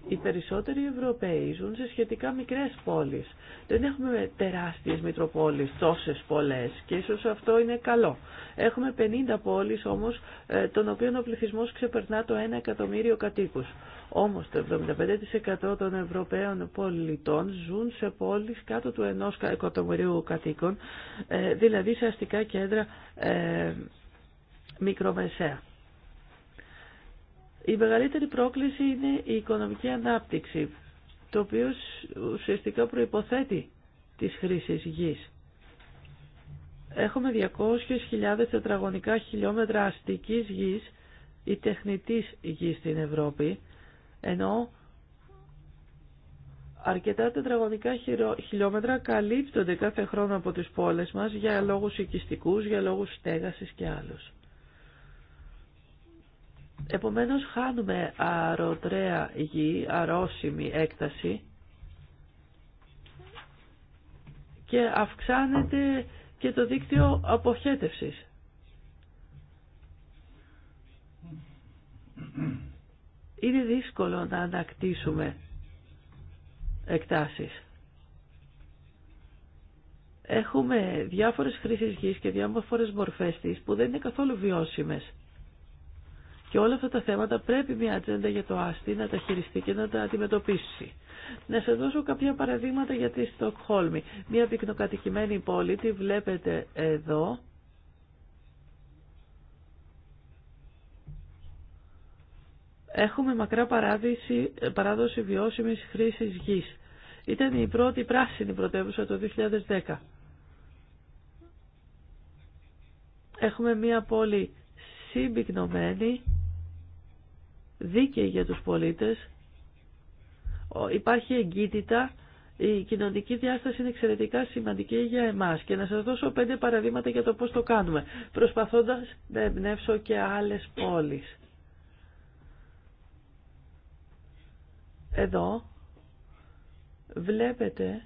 A: Οι περισσότεροι Ευρωπαίοι ζουν σε σχετικά μικρές πόλεις. Δεν έχουμε τεράστιες μητροπόλεις, τόσες πολλές και ίσως αυτό είναι καλό. Έχουμε 50 πόλεις όμως ε, των οποίων ο πληθυσμός ξεπερνά το 1 εκατομμύριο κατοίκους. Όμως το 75% των Ευρωπαίων πολιτών ζουν σε πόλεις κάτω του 1 εκατομμυρίου κατοίκων, ε, δηλαδή σε αστικά κέντρα ε, μικρομεσαία. Η μεγαλύτερη πρόκληση είναι η οικονομική ανάπτυξη, το οποίο ουσιαστικά προϋποθέτει τις χρήσεις γης. Έχουμε 200.000 τετραγωνικά χιλιόμετρα αστικής γης ή τεχνητής γης στην Ευρώπη, ενώ αρκετά τετραγωνικά χιλιόμετρα καλύπτονται κάθε χρόνο από τις πόλεις μας για λόγους οικιστικούς, για λόγους στέγασης και άλλους. Επομένως χάνουμε αρωτρέα γη, αρρώσιμη έκταση και αυξάνεται και το δίκτυο αποχέτευσης. Είναι δύσκολο να ανακτήσουμε εκτάσεις. Έχουμε διάφορες χρήσεις γης και διάφορες μορφές της που δεν είναι καθόλου βιώσιμες. Και όλα αυτά τα θέματα πρέπει μια ατζέντα για το άστι να τα χειριστεί και να τα αντιμετωπίσει. Να σας δώσω κάποια παραδείγματα για τη Στοκχόλμη. Μια πυκνοκατοικημένη πόλη, τη βλέπετε εδώ. Έχουμε μακρά παράδοση, παράδοση βιώσιμης χρήσης γης. Ήταν η πρώτη πράσινη πρωτεύουσα το 2010. Έχουμε μια πόλη συμπυκνωμένη δίκαιη για τους πολίτες, υπάρχει εγκύτητα, η κοινωνική διάσταση είναι εξαιρετικά σημαντική για εμάς και να σας δώσω πέντε παραδείγματα για το πώς το κάνουμε, προσπαθώντας να εμπνεύσω και άλλες πόλεις. Εδώ βλέπετε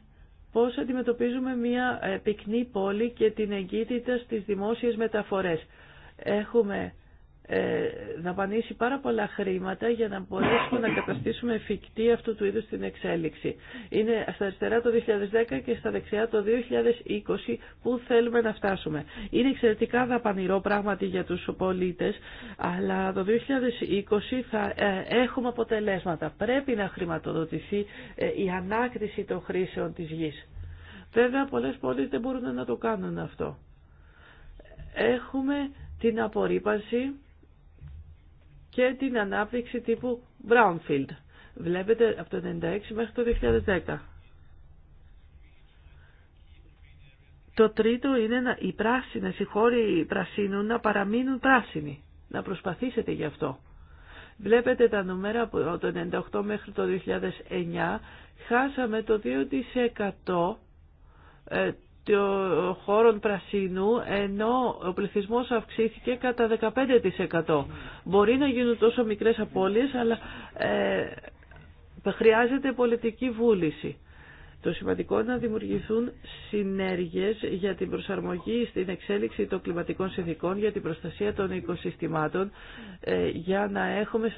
A: πώς αντιμετωπίζουμε μια ε, πυκνή πόλη και την εγκύτητα στις δημόσιες μεταφορές. Έχουμε ε, δαπανίσει πάρα πολλά χρήματα για να μπορέσουμε να καταστήσουμε εφικτή αυτού του είδους την εξέλιξη. Είναι στα αριστερά το 2010 και στα δεξιά το 2020 που θέλουμε να φτάσουμε. Είναι εξαιρετικά δαπανηρό πράγματι για τους πολίτες, αλλά το 2020 θα ε, έχουμε αποτελέσματα. Πρέπει να χρηματοδοτηθεί ε, η ανάκτηση των χρήσεων της γης. Βέβαια πολλές πόλεις δεν μπορούν να το κάνουν αυτό. Έχουμε την απορρίπανση και την ανάπτυξη τύπου Brownfield. Βλέπετε από το 1996 μέχρι το 2010. Το τρίτο είναι να, οι πράσινες, οι χώροι πρασίνου να παραμείνουν πράσινοι. Να προσπαθήσετε γι' αυτό. Βλέπετε τα νούμερα από το 98 μέχρι το 2009. Χάσαμε το 2% το χώρων πρασίνου ενώ ο πληθυσμός αυξήθηκε κατά 15%. Μπορεί να γίνουν τόσο μικρές απώλειες αλλά ε, χρειάζεται πολιτική βούληση. Το σημαντικό είναι να δημιουργηθούν συνέργειες για την προσαρμογή στην εξέλιξη των κλιματικών συνθήκων, για την προστασία των οικοσυστημάτων, ε, για να έχουμε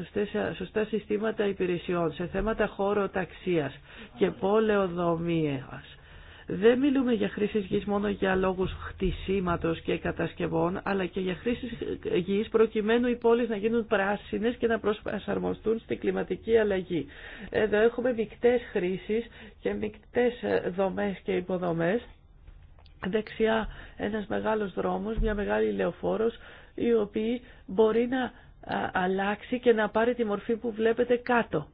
A: σωστά συστήματα υπηρεσιών σε θέματα χώρο ταξίας και πόλεοδομίας δεν μιλούμε για χρήση γης μόνο για λόγους χτισήματος και κατασκευών, αλλά και για χρήση γης προκειμένου οι πόλεις να γίνουν πράσινες και να προσαρμοστούν στην κλιματική αλλαγή. Εδώ έχουμε μικτές χρήσεις και μικτές ε, δομές και υποδομές. Δεξιά ένας μεγάλος δρόμος, μια μεγάλη λεωφόρος, η οποία μπορεί να αλλάξει και να πάρει τη μορφή που βλέπετε κάτω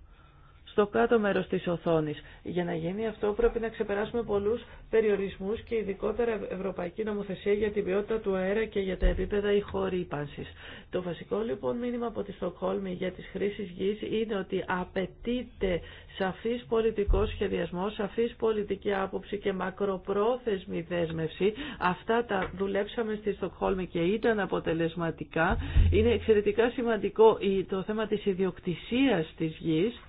A: στο κάτω μέρος της οθόνης. Για να γίνει αυτό πρέπει να ξεπεράσουμε πολλούς περιορισμούς και ειδικότερα ευρωπαϊκή νομοθεσία για την ποιότητα του αέρα και για τα επίπεδα ηχορύπανσης. Το βασικό λοιπόν μήνυμα από τη Στοκχόλμη για τις χρήσεις γης είναι ότι απαιτείται σαφής πολιτικός σχεδιασμός, σαφής πολιτική άποψη και μακροπρόθεσμη δέσμευση. Αυτά τα δουλέψαμε στη Στοκχόλμη και ήταν αποτελεσματικά. Είναι εξαιρετικά σημαντικό το θέμα της ιδιοκτησίας της γης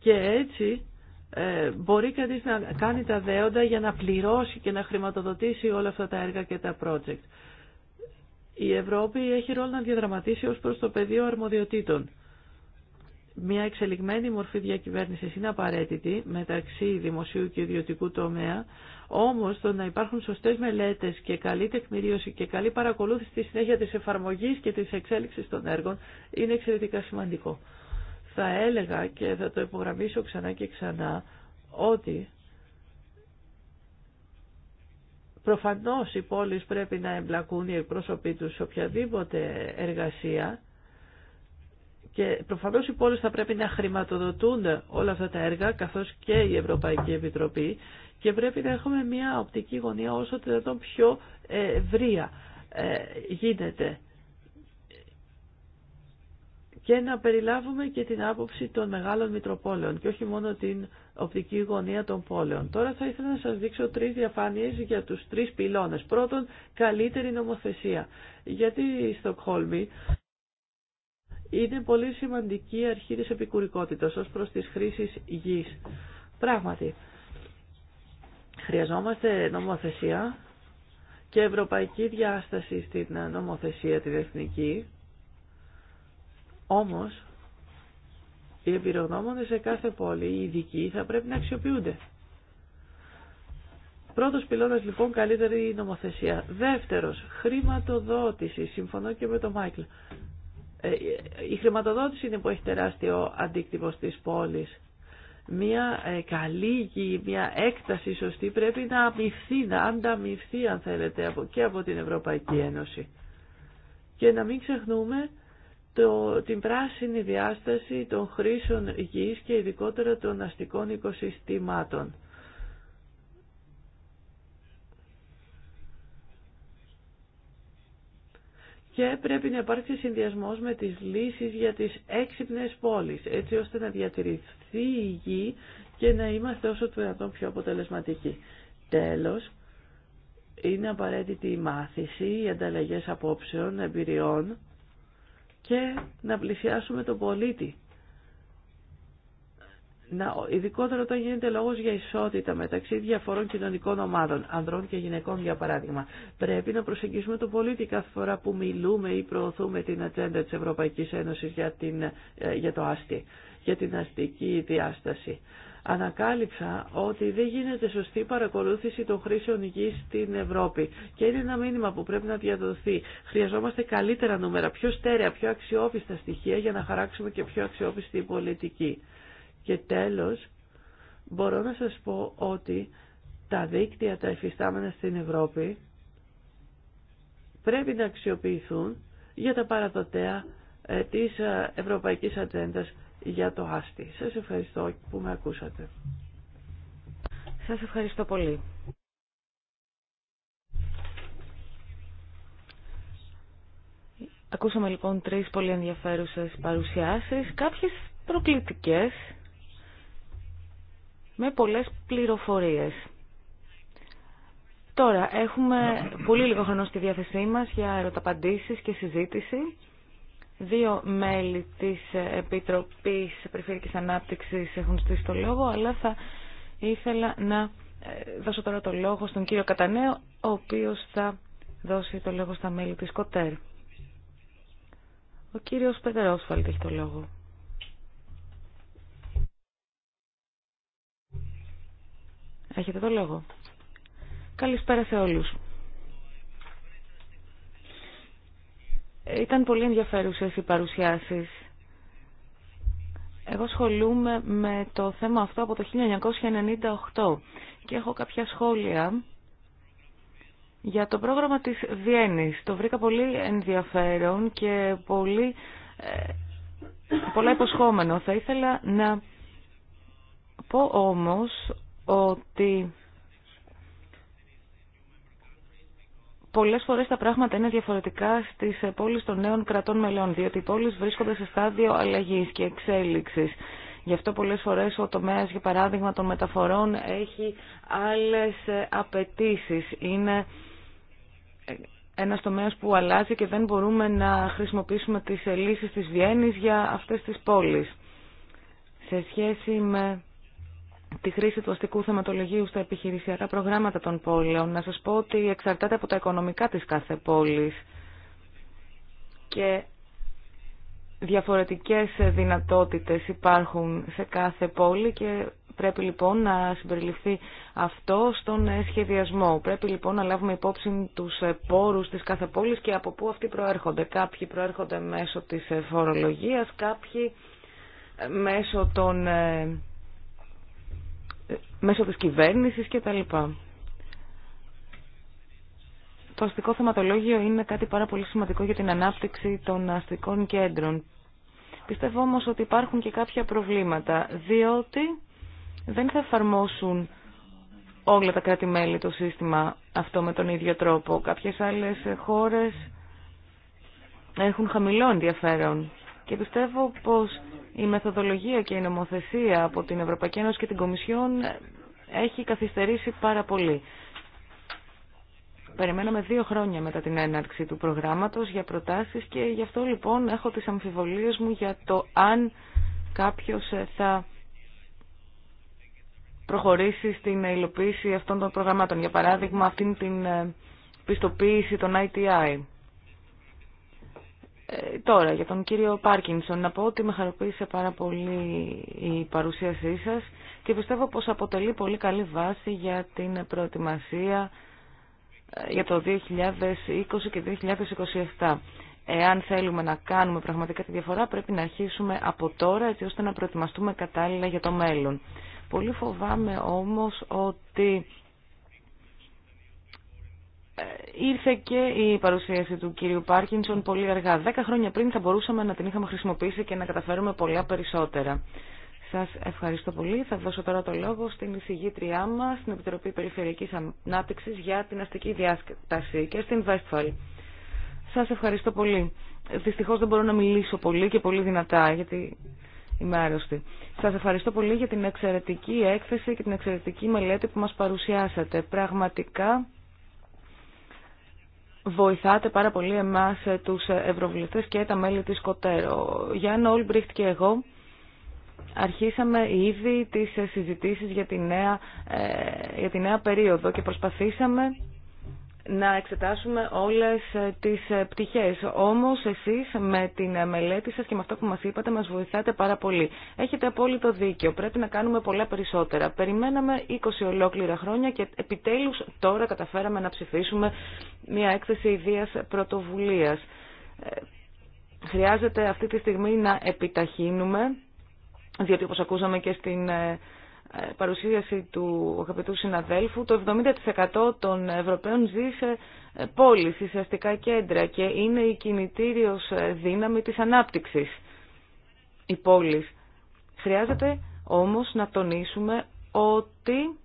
A: και έτσι ε, μπορεί κανείς να κάνει τα δέοντα για να πληρώσει και να χρηματοδοτήσει όλα αυτά τα έργα και τα project. Η Ευρώπη έχει ρόλο να διαδραματίσει ως προς το πεδίο αρμοδιοτήτων. Μια εξελιγμένη μορφή διακυβέρνησης είναι απαραίτητη μεταξύ δημοσίου και ιδιωτικού τομέα, όμως το να υπάρχουν σωστές μελέτες και καλή τεκμηρίωση και καλή παρακολούθηση στη συνέχεια της εφαρμογής και της εξέλιξης των έργων είναι εξαιρετικά σημαντικό θα έλεγα και θα το υπογραμμίσω ξανά και ξανά ότι προφανώς οι πόλεις πρέπει να εμπλακούν οι εκπρόσωποι τους σε οποιαδήποτε εργασία και προφανώς οι πόλεις θα πρέπει να χρηματοδοτούν όλα αυτά τα έργα καθώς και η Ευρωπαϊκή Επιτροπή και πρέπει να έχουμε μια οπτική γωνία όσο το δυνατόν πιο ε, ευρεία ε, γίνεται και να περιλάβουμε και την άποψη των μεγάλων μητροπόλεων και όχι μόνο την οπτική γωνία των πόλεων. Τώρα θα ήθελα να σας δείξω τρεις διαφάνειες για τους τρεις πυλώνες. Πρώτον, καλύτερη νομοθεσία. Γιατί η Στοκχόλμη είναι πολύ σημαντική αρχή της επικουρικότητας ως προς τις χρήσεις γης. Πράγματι, χρειαζόμαστε νομοθεσία και ευρωπαϊκή διάσταση στην νομοθεσία τη εθνική όμως, οι εμπειρογνώμονες σε κάθε πόλη, οι ειδικοί, θα πρέπει να αξιοποιούνται. Πρώτος πυλώνας λοιπόν καλύτερη νομοθεσία. Δεύτερος, χρηματοδότηση. Συμφωνώ και με τον Μάικλ. Ε, η χρηματοδότηση είναι που έχει τεράστιο αντίκτυπο στις πόλεις. Μια ε, καλή γη, μια έκταση σωστή πρέπει να αμυφθεί, να ανταμυφθεί αν θέλετε και από την Ευρωπαϊκή Ένωση. Και να μην ξεχνούμε το, την πράσινη διάσταση των χρήσεων γης και ειδικότερα των αστικών οικοσυστημάτων. Και πρέπει να υπάρξει συνδυασμός με τις λύσεις για τις έξυπνες πόλεις, έτσι ώστε να διατηρηθεί η γη και να είμαστε όσο το δυνατόν πιο αποτελεσματικοί. Τέλος, είναι απαραίτητη η μάθηση, οι ανταλλαγές απόψεων, εμπειριών, και να πλησιάσουμε τον πολίτη. Να, ειδικότερα όταν γίνεται λόγος για ισότητα μεταξύ διαφορών κοινωνικών ομάδων, ανδρών και γυναικών για παράδειγμα. Πρέπει να προσεγγίσουμε τον πολίτη κάθε φορά που μιλούμε ή προωθούμε την ατζέντα της Ευρωπαϊκής Ένωσης για, ε, το άστι, για την αστική διάσταση ανακάλυψα ότι δεν γίνεται σωστή παρακολούθηση των χρήσεων υγιής στην Ευρώπη. Και είναι ένα μήνυμα που πρέπει να διαδοθεί. Χρειαζόμαστε καλύτερα νούμερα, πιο στέρεα, πιο αξιόπιστα στοιχεία για να χαράξουμε και πιο αξιόπιστη πολιτική. Και τέλος, μπορώ να σας πω ότι τα δίκτυα τα εφιστάμενα στην Ευρώπη πρέπει να αξιοποιηθούν για τα παραδοτέα ε, της ε, Ευρωπαϊκής Ατζέντας για το άστι. Σας ευχαριστώ που με ακούσατε. Σας ευχαριστώ πολύ.
B: Ακούσαμε λοιπόν τρεις πολύ ενδιαφέρουσες παρουσιάσεις, κάποιες προκλητικές, με πολλές πληροφορίες. Τώρα, έχουμε πολύ λίγο χρόνο στη διάθεσή μας για ερωταπαντήσεις και συζήτηση. Δύο μέλη της Επιτροπής Περιφερειακής Ανάπτυξης έχουν στήσει το λόγο, αλλά θα ήθελα να ε, δώσω τώρα το λόγο στον κύριο Κατανέο, ο οποίος θα δώσει το λόγο στα μέλη της ΚΟΤΕΡ. Ο κύριος Πετερόσφαλτ έχει το λόγο. Έχετε το λόγο. Καλησπέρα σε όλους. Ήταν πολύ ενδιαφέρουσες οι παρουσιάσεις. Εγώ ασχολούμαι με το θέμα αυτό από το 1998 και έχω κάποια σχόλια για το πρόγραμμα της Βιέννης. Το βρήκα πολύ ενδιαφέρον και πολύ ε, πολλά υποσχόμενο. Θα ήθελα να πω όμως ότι πολλές φορές τα πράγματα είναι διαφορετικά στις πόλεις των νέων κρατών μελών, διότι οι πόλεις βρίσκονται σε στάδιο αλλαγής και εξέλιξης. Γι' αυτό πολλές φορές ο τομέας, για παράδειγμα, των μεταφορών έχει άλλες απαιτήσει. Είναι ένας τομέας που αλλάζει και δεν μπορούμε να χρησιμοποιήσουμε τις λύσεις της Βιέννης για αυτές τις πόλεις. Σε σχέση με τη χρήση του αστικού θεματολογίου στα επιχειρησιακά προγράμματα των πόλεων. Να σας πω ότι εξαρτάται από τα οικονομικά της κάθε πόλης και διαφορετικές δυνατότητες υπάρχουν σε κάθε πόλη και πρέπει λοιπόν να συμπεριληφθεί αυτό στον σχεδιασμό. Πρέπει λοιπόν να λάβουμε υπόψη τους πόρους της κάθε πόλης και από πού αυτοί προέρχονται. Κάποιοι προέρχονται μέσω της φορολογίας, κάποιοι μέσω των ε, μέσω της κυβέρνησης λοιπά. Το αστικό θεματολόγιο είναι κάτι πάρα πολύ σημαντικό για την ανάπτυξη των αστικών κέντρων. Πιστεύω όμως ότι υπάρχουν και κάποια προβλήματα, διότι δεν θα εφαρμόσουν όλα τα κράτη-μέλη το σύστημα αυτό με τον ίδιο τρόπο. Κάποιες άλλες χώρες έχουν χαμηλό ενδιαφέρον και πιστεύω πως η μεθοδολογία και η νομοθεσία από την Ευρωπαϊκή Ένωση και την Κομισιόν ε, έχει καθυστερήσει πάρα πολύ. Περιμέναμε δύο χρόνια μετά την έναρξη του προγράμματος για προτάσεις και γι' αυτό λοιπόν έχω τις αμφιβολίες μου για το αν κάποιος ε, θα προχωρήσει στην υλοποίηση αυτών των προγραμμάτων. Για παράδειγμα αυτήν την ε, πιστοποίηση των ITI. Ε, τώρα, για τον κύριο Πάρκινσον, να πω ότι με χαροποίησε πάρα πολύ η παρουσίασή σας και πιστεύω πως αποτελεί πολύ καλή βάση για την προετοιμασία ε, για το 2020 και 2027. Εάν θέλουμε να κάνουμε πραγματικά τη διαφορά, πρέπει να αρχίσουμε από τώρα, έτσι ώστε να προετοιμαστούμε κατάλληλα για το μέλλον. Πολύ φοβάμαι όμως ότι ε, ήρθε και η παρουσίαση του κύριου Πάρκινσον πολύ αργά. Δέκα χρόνια πριν θα μπορούσαμε να την είχαμε χρησιμοποιήσει και να καταφέρουμε πολλά περισσότερα. Σας ευχαριστώ πολύ. Θα δώσω τώρα το λόγο στην εισηγήτριά μας, στην Επιτροπή Περιφερειακής Ανάπτυξης για την αστική διάσταση και στην Βέστφαλ. Σας ευχαριστώ πολύ. Δυστυχώς δεν μπορώ να μιλήσω πολύ και πολύ δυνατά γιατί είμαι άρρωστη. Σας ευχαριστώ πολύ για την εξαιρετική έκθεση και την εξαιρετική μελέτη που μας παρουσιάσατε. Πραγματικά βοηθάτε πάρα πολύ εμάς ε, τους ε, ευρωβουλευτές και τα μέλη της Κοτέρο. Γιάννα Όλμπριχτ και εγώ αρχίσαμε ήδη τις ε, συζητήσεις για τη νέα, για τη νέα περίοδο και προσπαθήσαμε να εξετάσουμε όλες τις ε, πτυχές. Όμως εσείς με την ε, μελέτη σας και με αυτό που μας είπατε μας βοηθάτε πάρα πολύ. Έχετε απόλυτο δίκιο. Πρέπει να κάνουμε πολλά περισσότερα. Περιμέναμε 20 ολόκληρα χρόνια και επιτέλους τώρα καταφέραμε να ψηφίσουμε μια έκθεση ιδίας πρωτοβουλίας. Ε, χρειάζεται αυτή τη στιγμή να επιταχύνουμε, διότι όπως ακούσαμε και στην παρουσίαση του αγαπητού συναδέλφου, το 70% των Ευρωπαίων ζει σε ε, πόλεις, σε αστικά κέντρα και είναι η κινητήριος ε, δύναμη της ανάπτυξης η πόλης. Χρειάζεται όμως να τονίσουμε ότι,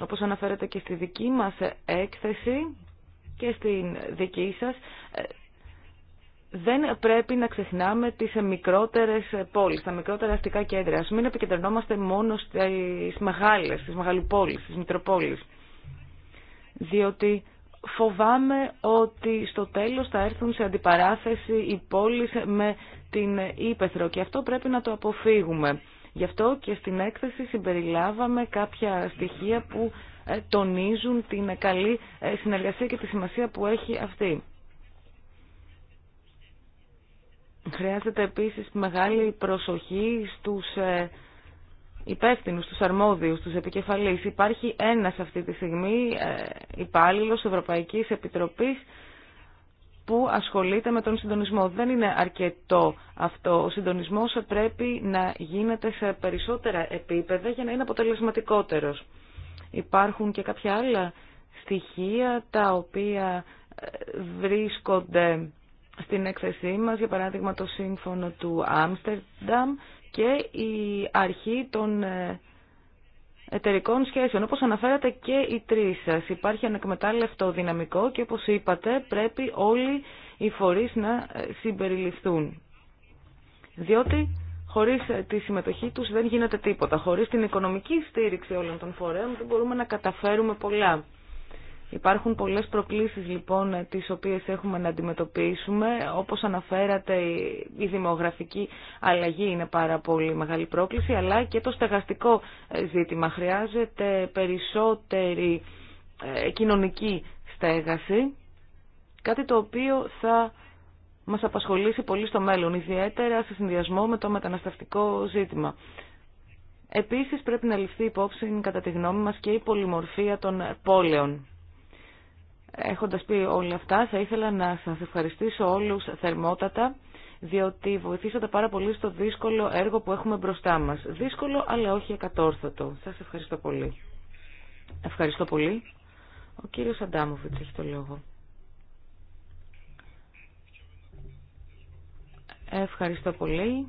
B: όπως αναφέρεται και στη δική μας ε, έκθεση και στην δική σας, δεν πρέπει να ξεχνάμε τις μικρότερες πόλεις, τα μικρότερα αστικά κέντρα. Ας μην επικεντρωνόμαστε μόνο στις μεγάλες, στις μεγαλοπόλεις, στις μητροπόλεις. Διότι φοβάμαι ότι στο τέλος θα έρθουν σε αντιπαράθεση οι πόλεις με την Ήπεθρο και αυτό πρέπει να το αποφύγουμε. Γι' αυτό και στην έκθεση συμπεριλάβαμε κάποια στοιχεία που ε, τονίζουν την καλή ε, συνεργασία και τη σημασία που έχει αυτή. Χρειάζεται επίσης μεγάλη προσοχή στους ε, υπεύθυνους, στους αρμόδιους, στους επικεφαλείς. Υπάρχει ένας αυτή τη στιγμή ε, υπάλληλο Ευρωπαϊκής Επιτροπής που ασχολείται με τον συντονισμό. Δεν είναι αρκετό αυτό. Ο συντονισμός πρέπει να γίνεται σε περισσότερα επίπεδα για να είναι αποτελεσματικότερος. Υπάρχουν και κάποια άλλα στοιχεία τα οποία ε, βρίσκονται στην έκθεσή μας, για παράδειγμα το σύμφωνο του Άμστερνταμ και η αρχή των ε, εταιρικών σχέσεων. Όπως αναφέρατε και οι τρεις σας, υπάρχει ανεκμετάλλευτο δυναμικό και όπως είπατε πρέπει όλοι οι φορείς να ε, συμπεριληφθούν. Διότι χωρίς ε, τη συμμετοχή τους δεν γίνεται τίποτα. Χωρίς την οικονομική στήριξη όλων των φορέων δεν μπορούμε να καταφέρουμε πολλά. Υπάρχουν πολλές προκλήσεις λοιπόν τις οποίες έχουμε να αντιμετωπίσουμε. Όπως αναφέρατε η δημογραφική αλλαγή είναι πάρα πολύ μεγάλη πρόκληση αλλά και το στεγαστικό ε, ζήτημα. Χρειάζεται περισσότερη ε, κοινωνική στέγαση, κάτι το οποίο θα μας απασχολήσει πολύ στο μέλλον, ιδιαίτερα σε συνδυασμό με το μεταναστευτικό ζήτημα. Επίσης πρέπει να ληφθεί υπόψη κατά τη γνώμη μας και η πολυμορφία των πόλεων. Έχοντας πει όλα αυτά, θα ήθελα να σας ευχαριστήσω όλους θερμότατα, διότι βοηθήσατε πάρα πολύ στο δύσκολο έργο που έχουμε μπροστά μας. Δύσκολο, αλλά όχι εκατόρθωτο. Σας ευχαριστώ πολύ. Ευχαριστώ πολύ. Ο κύριος Αντάμοβιτς έχει το λόγο. Ευχαριστώ πολύ.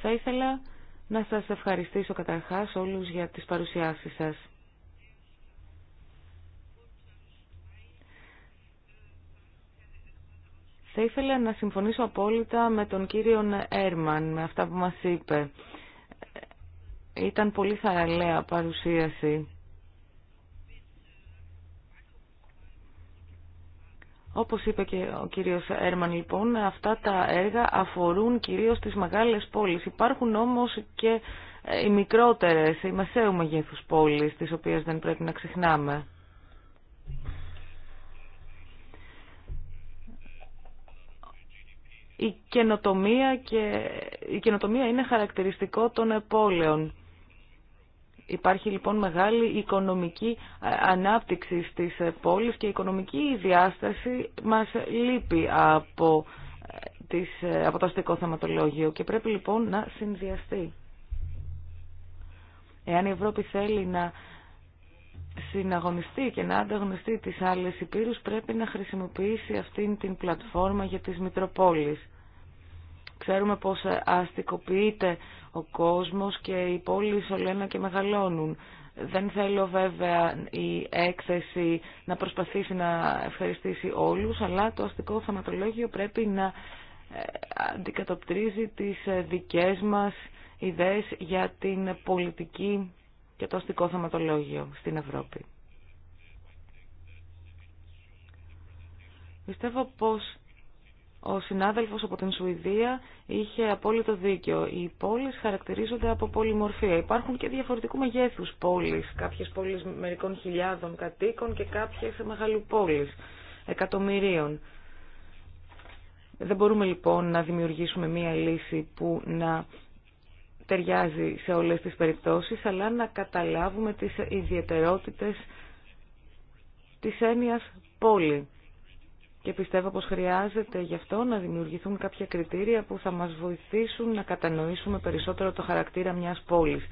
B: Θα ήθελα να σας ευχαριστήσω καταρχάς όλους για τις παρουσιάσεις σας. Θα ήθελα να συμφωνήσω απόλυτα με τον κύριο Έρμαν, με αυτά που μας είπε. Ήταν πολύ θαραλέα παρουσίαση. Όπως είπε και ο κύριος Έρμαν λοιπόν, αυτά τα έργα αφορούν κυρίως τις μεγάλες πόλεις. Υπάρχουν όμως και ε, οι μικρότερες, οι μεσαίου μεγέθους πόλεις, τις οποίες δεν πρέπει να ξεχνάμε. η καινοτομία, και... η είναι χαρακτηριστικό των πόλεων. Υπάρχει λοιπόν μεγάλη οικονομική ε, ανάπτυξη στις πόλεις και η οικονομική διάσταση μας λείπει από, ε, τις, ε, από το αστικό θεματολόγιο και πρέπει λοιπόν να συνδυαστεί. Εάν η Ευρώπη θέλει να συναγωνιστεί και να ανταγωνιστεί τις άλλες υπήρους πρέπει να χρησιμοποιήσει αυτήν την πλατφόρμα για τις Μητροπόλεις. Ξέρουμε πως αστικοποιείται ο κόσμος και οι πόλεις ολένα και μεγαλώνουν. Δεν θέλω βέβαια η έκθεση να προσπαθήσει να ευχαριστήσει όλους, αλλά το αστικό θεματολόγιο πρέπει να ε, αντικατοπτρίζει τις ε, δικές μας ιδέες για την πολιτική και το αστικό θεματολόγιο στην Ευρώπη. Πιστεύω πως ο συνάδελφος από την Σουηδία είχε απόλυτο δίκιο. Οι πόλεις χαρακτηρίζονται από πολυμορφία. Υπάρχουν και διαφορετικού μεγέθους πόλεις. Κάποιες πόλεις μερικών χιλιάδων κατοίκων και κάποιες μεγάλου πόλεις εκατομμυρίων. Δεν μπορούμε λοιπόν να δημιουργήσουμε μία λύση που να ταιριάζει σε όλες τις περιπτώσεις, αλλά να καταλάβουμε τις ιδιαιτερότητες της έννοιας πόλη και πιστεύω πως χρειάζεται γι' αυτό να δημιουργηθούν κάποια κριτήρια που θα μας βοηθήσουν να κατανοήσουμε περισσότερο το χαρακτήρα μιας πόλης.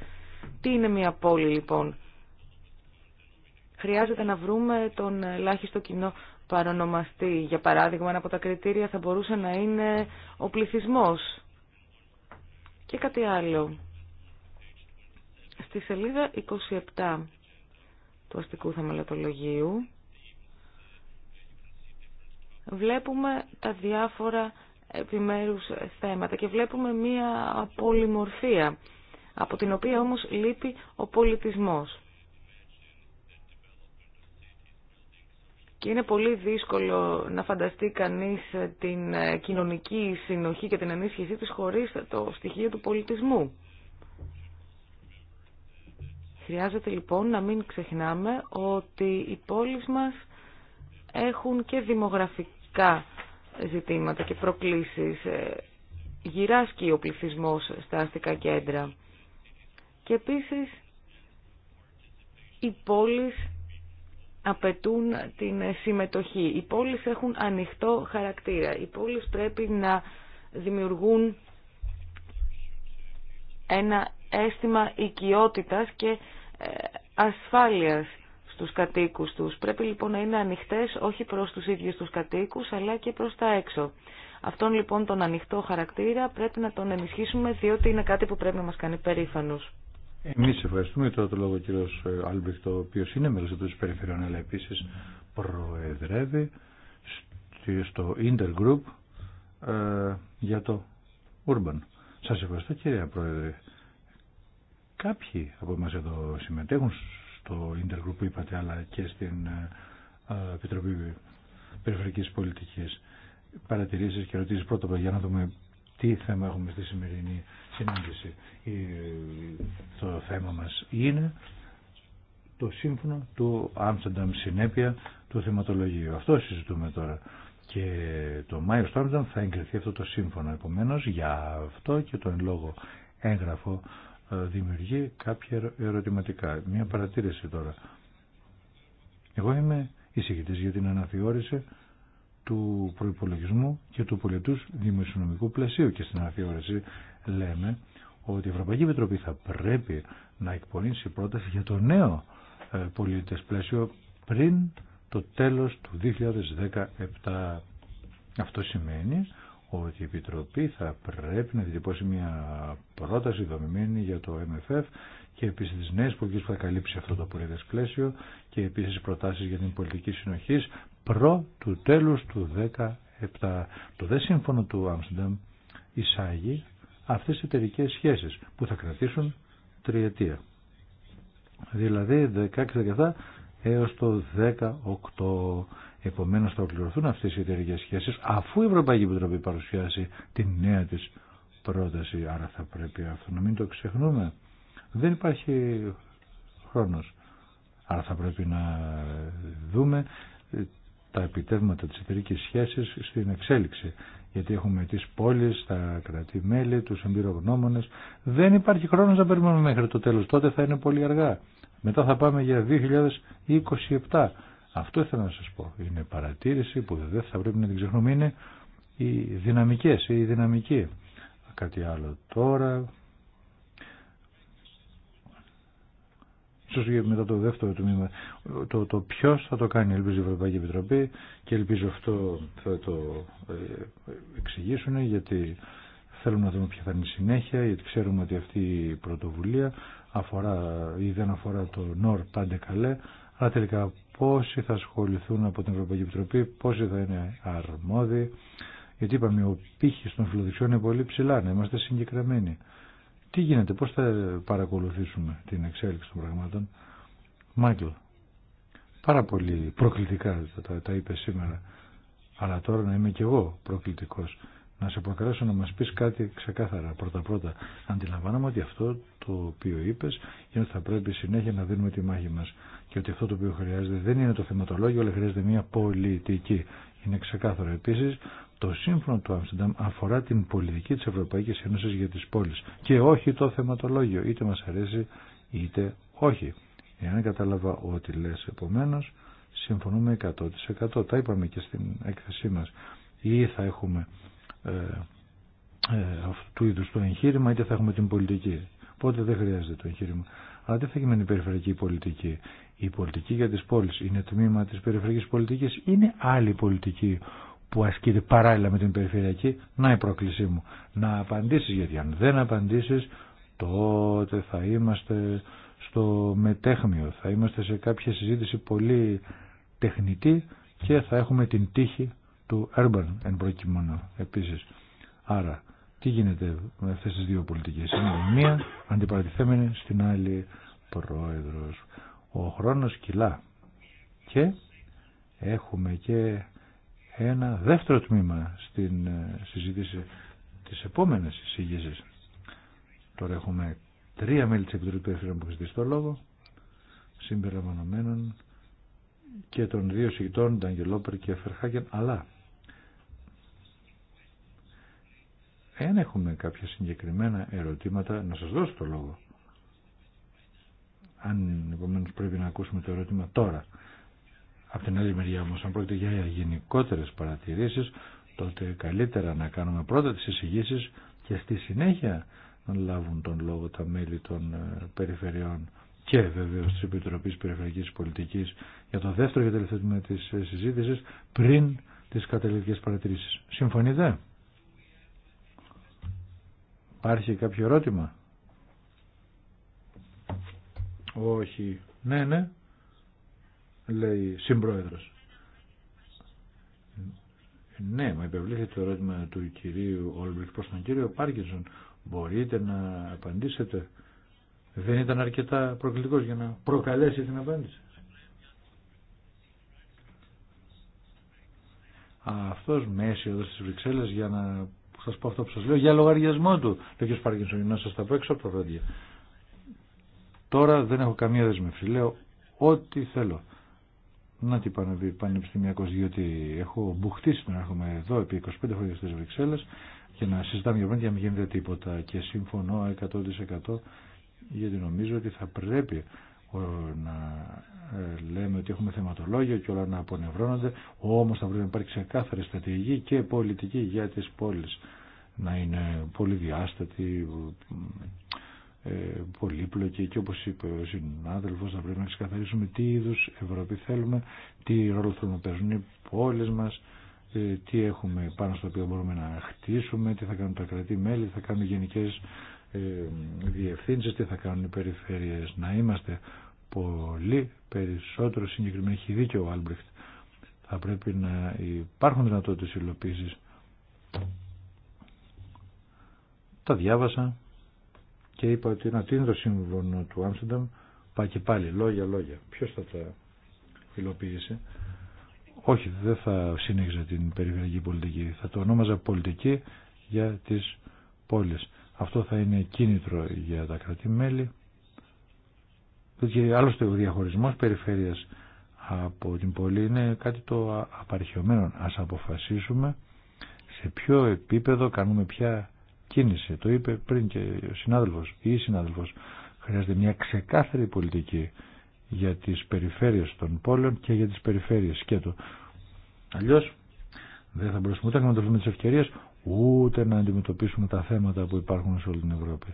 B: Τι είναι μια πόλη λοιπόν. Χρειάζεται να βρούμε τον ελάχιστο κοινό παρονομαστή. Για παράδειγμα, ένα από τα κριτήρια θα μπορούσε να είναι ο πληθυσμός. Και κάτι άλλο. Στη σελίδα 27 του αστικού θεματολογίου, βλέπουμε τα διάφορα επιμέρους θέματα και βλέπουμε μία πολυμορφία, από την οποία όμως λείπει ο πολιτισμός. Και είναι πολύ δύσκολο να φανταστεί κανείς την κοινωνική συνοχή και την ενίσχυσή της χωρίς το στοιχείο του πολιτισμού. Χρειάζεται λοιπόν να μην ξεχνάμε ότι οι πόλεις μας έχουν και δημογραφική κοινωνικά ζητήματα και προκλήσεις. Ε, γυράσκει ο πληθυσμός στα αστικά κέντρα. Και επίσης οι πόλεις απαιτούν την συμμετοχή. Οι πόλεις έχουν ανοιχτό χαρακτήρα. Οι πόλεις πρέπει να δημιουργούν ένα αίσθημα οικειότητας και ε, ασφάλειας τους κατοίκους τους. Πρέπει λοιπόν να είναι ανοιχτές όχι προς τους ίδιους τους κατοίκους αλλά και προς τα έξω. Αυτόν λοιπόν τον ανοιχτό χαρακτήρα πρέπει να τον ενισχύσουμε διότι είναι κάτι που πρέπει να μας κάνει περήφανους.
C: Εμεί ευχαριστούμε τώρα το λόγο ο κύριο ο οποίο είναι μέλος του Περιφερειών αλλά επίση προεδρεύει στο Intergroup ε, για το Urban. Σας ευχαριστώ κύριε Πρόεδρε. Κάποιοι από εμάς εδώ συμμετέχουν το Intergroup που είπατε αλλά και στην ε, ε, Επιτροπή Περιφερειακής Πολιτικής παρατηρήσεις και ερωτήσεις πρώτα για να δούμε τι θέμα έχουμε στη σημερινή συνάντηση. Το θέμα μας είναι το σύμφωνο του Άμστερνταμ συνέπεια του θεματολογίου. Αυτό συζητούμε τώρα. Και το Μάιο στο θα εγκριθεί αυτό το σύμφωνο. Επομένως για αυτό και τον λόγο έγγραφο ε, δημιουργεί κάποια ερωτηματικά. Μία παρατήρηση τώρα. Εγώ είμαι εισηγητής για την αναθεώρηση του προϋπολογισμού και του πολιτού δημοσιονομικού πλαισίου και στην αναθεώρηση λέμε ότι η Ευρωπαϊκή Επιτροπή θα πρέπει να εκπονήσει πρόταση για το νέο ε, πολιτέ πλαίσιο πριν το τέλος του 2017. Αυτό σημαίνει ότι η Επιτροπή θα πρέπει να διατυπώσει μια πρόταση δομημένη για το MFF και επίσης τι νέε πολιτικές που θα καλύψει αυτό το πολίτες πλαίσιο και επίσης προτάσει για την πολιτική συνοχής προ του τέλους του 2017. Το δε σύμφωνο του Άμστερνταμ εισάγει αυτές τις εταιρικέ σχέσεις που θα κρατήσουν τριετία. Δηλαδή 16-17 έως το 18 Επομένω, θα ολοκληρωθούν αυτέ οι εταιρικέ σχέσει αφού η Ευρωπαϊκή Επιτροπή παρουσιάσει τη νέα τη πρόταση. Άρα θα πρέπει αυτό να μην το ξεχνούμε. Δεν υπάρχει χρόνο. Άρα θα πρέπει να δούμε ε, τα επιτεύγματα τη εταιρική σχέση στην εξέλιξη. Γιατί έχουμε τι πόλει, τα κρατή-μέλη, τους εμπειρογνώμονε. Δεν υπάρχει χρόνο να περιμένουμε μέχρι το τέλο Τότε θα είναι πολύ αργά. Μετά θα πάμε για 2027. Αυτό ήθελα να σας πω. Είναι παρατήρηση που δεν θα πρέπει να την ξεχνούμε. Είναι οι δυναμικές, η δυναμική. Κάτι άλλο τώρα. Ίσως μετά το δεύτερο τμήμα. Το, το ποιος θα το κάνει, ελπίζω η Ευρωπαϊκή Επιτροπή και ελπίζω αυτό θα το ε, εξηγήσουν γιατί θέλουμε να δούμε ποια θα είναι η συνέχεια γιατί ξέρουμε ότι αυτή η πρωτοβουλία αφορά ή δεν αφορά το νορ πάντε καλέ αλλά τελικά πόσοι θα ασχοληθούν από την Ευρωπαϊκή Επιτροπή, πόσοι θα είναι αρμόδιοι. Γιατί είπαμε, ο πύχη των φιλοδοξιών είναι πολύ ψηλά, να είμαστε συγκεκριμένοι. Τι γίνεται, πώ θα παρακολουθήσουμε την εξέλιξη των πραγμάτων. Μάικλ, πάρα πολύ προκλητικά τα, τα είπε σήμερα. Αλλά τώρα να είμαι και εγώ προκλητικός να σε προκαλέσω να μας πεις κάτι ξεκάθαρα πρώτα-πρώτα. Αντιλαμβάνομαι ότι αυτό το οποίο είπες είναι ότι θα πρέπει συνέχεια να δίνουμε τη μάχη μας και ότι αυτό το οποίο χρειάζεται δεν είναι το θεματολόγιο αλλά χρειάζεται μια πολιτική. Είναι ξεκάθαρο επίσης το σύμφωνο του Άμστερνταμ αφορά την πολιτική της Ευρωπαϊκής Ένωσης για τις πόλεις και όχι το θεματολόγιο είτε μας αρέσει είτε όχι. Εάν κατάλαβα ότι λες επομένω συμφωνούμε 100%. Τα είπαμε και στην έκθεσή μας. Ή θα έχουμε ε, ε, αυτού είδου το εγχείρημα είτε θα έχουμε την πολιτική. Οπότε δεν χρειάζεται το εγχείρημα. Αλλά τι θα γίνει με την περιφερειακή πολιτική. Η πολιτική για τις πόλεις είναι τμήμα της περιφερειακής πολιτικής. Είναι άλλη πολιτική που ασκείται παράλληλα με την περιφερειακή. Να η πρόκλησή μου. Να απαντήσει γιατί αν δεν απαντήσει τότε θα είμαστε στο μετέχμιο. Θα είμαστε σε κάποια συζήτηση πολύ τεχνητή και θα έχουμε την τύχη του Urban εν προκειμένου επίσης. Άρα, τι γίνεται με αυτές τις δύο πολιτικές. Είναι η μία αντιπαρατηθέμενη στην άλλη πρόεδρος. Ο χρόνος κυλά. Και έχουμε και ένα δεύτερο τμήμα στην ε, συζήτηση της επόμενης εισηγήσεις. Τώρα έχουμε τρία μέλη της Επιτροπής Περιφερειών που ζητήσει το λόγο, συμπεριλαμβανομένων και των δύο συγκητών, Νταγκελόπερ και Φερχάκεν, αλλά Εάν έχουμε κάποια συγκεκριμένα ερωτήματα, να σας δώσω το λόγο. Αν επομένω πρέπει να ακούσουμε το ερώτημα τώρα. Από την άλλη μεριά όμως, αν πρόκειται για γενικότερες παρατηρήσεις, τότε καλύτερα να κάνουμε πρώτα τις εισηγήσεις και στη συνέχεια να λάβουν τον λόγο τα μέλη των ε, περιφερειών και βεβαίω τη Επιτροπή Περιφερειακή Πολιτική για το δεύτερο και τελευταίο τμήμα τη ε, συζήτηση πριν τι καταληκτικέ παρατηρήσει. Συμφωνείτε? Υπάρχει κάποιο ερώτημα. Όχι. Ναι, ναι. Λέει συμπρόεδρος. Ναι, μα υπευλήθηκε το ερώτημα του κυρίου Όλμπριχ προς τον κύριο Πάρκινσον. Μπορείτε να απαντήσετε. Δεν ήταν αρκετά προκλητικός για να προκαλέσει την απάντηση. Αυτός μέση εδώ στις Βρυξέλλες για να Σα πω αυτό που σα λέω, για λογαριασμό του. Λέω κ. Πάρκινσον, να σα τα πω έξω από τα βράδια. Τώρα δεν έχω καμία δεσμεύση. Λέω ό,τι θέλω. Να τι πάνε πει πανεπιστημιακό, διότι έχω μπουχτίσει να έρχομαι εδώ επί 25 χρόνια στι Βρυξέλλε και να συζητάμε για πράγματα να μην γίνεται τίποτα. Και συμφωνώ 100% γιατί νομίζω ότι θα πρέπει ε, να ε, λέμε ότι έχουμε θεματολόγιο και όλα να απονευρώνονται, όμως θα πρέπει να υπάρχει ξεκάθαρη στρατηγική και πολιτική για τις πόλεις. Να είναι πολύ πολυδιάστατη, ε, πολύπλοκη και όπως είπε ο συνάδελφος θα πρέπει να ξεκαθαρίσουμε τι είδους Ευρώπη θέλουμε, τι ρόλο θέλουμε να παίζουν οι πόλεις μας, τι έχουμε πάνω στο οποίο μπορούμε να χτίσουμε, τι θα κάνουν τα κρατή μέλη, τι θα κάνουν γενικές ε, διευθύνσεις, τι θα κάνουν οι περιφέρειες, να είμαστε πολύ περισσότερο συγκεκριμένοι. Έχει δίκιο ο Άλμπρεχτ. Θα πρέπει να υπάρχουν δυνατότητες υλοποίησης. Τα διάβασα και είπα ότι να είναι το σύμβολο του Άμστερνταμ. Πάει και πάλι λόγια, λόγια. Ποιος θα τα υλοποίησε. Όχι, δεν θα συνέχιζα την περιφερειακή πολιτική. Θα το ονόμαζα πολιτική για τις πόλεις. Αυτό θα είναι κίνητρο για τα κρατημέλη. Και άλλωστε ο διαχωρισμός περιφέρειας από την πόλη είναι κάτι το απαρχαιωμένο. Ας αποφασίσουμε σε ποιο επίπεδο κάνουμε ποια κίνηση. Το είπε πριν και ο συνάδελφος ή η συνάδελφος. Χρειάζεται μια ξεκάθαρη πολιτική για τις περιφέρειες των πόλεων και για τις περιφέρειες σκέτο. Αλλιώς δεν θα μπορούσαμε ούτε να δούμε τις ευκαιρίες ούτε να αντιμετωπίσουμε τα θέματα που υπάρχουν σε όλη την Ευρώπη.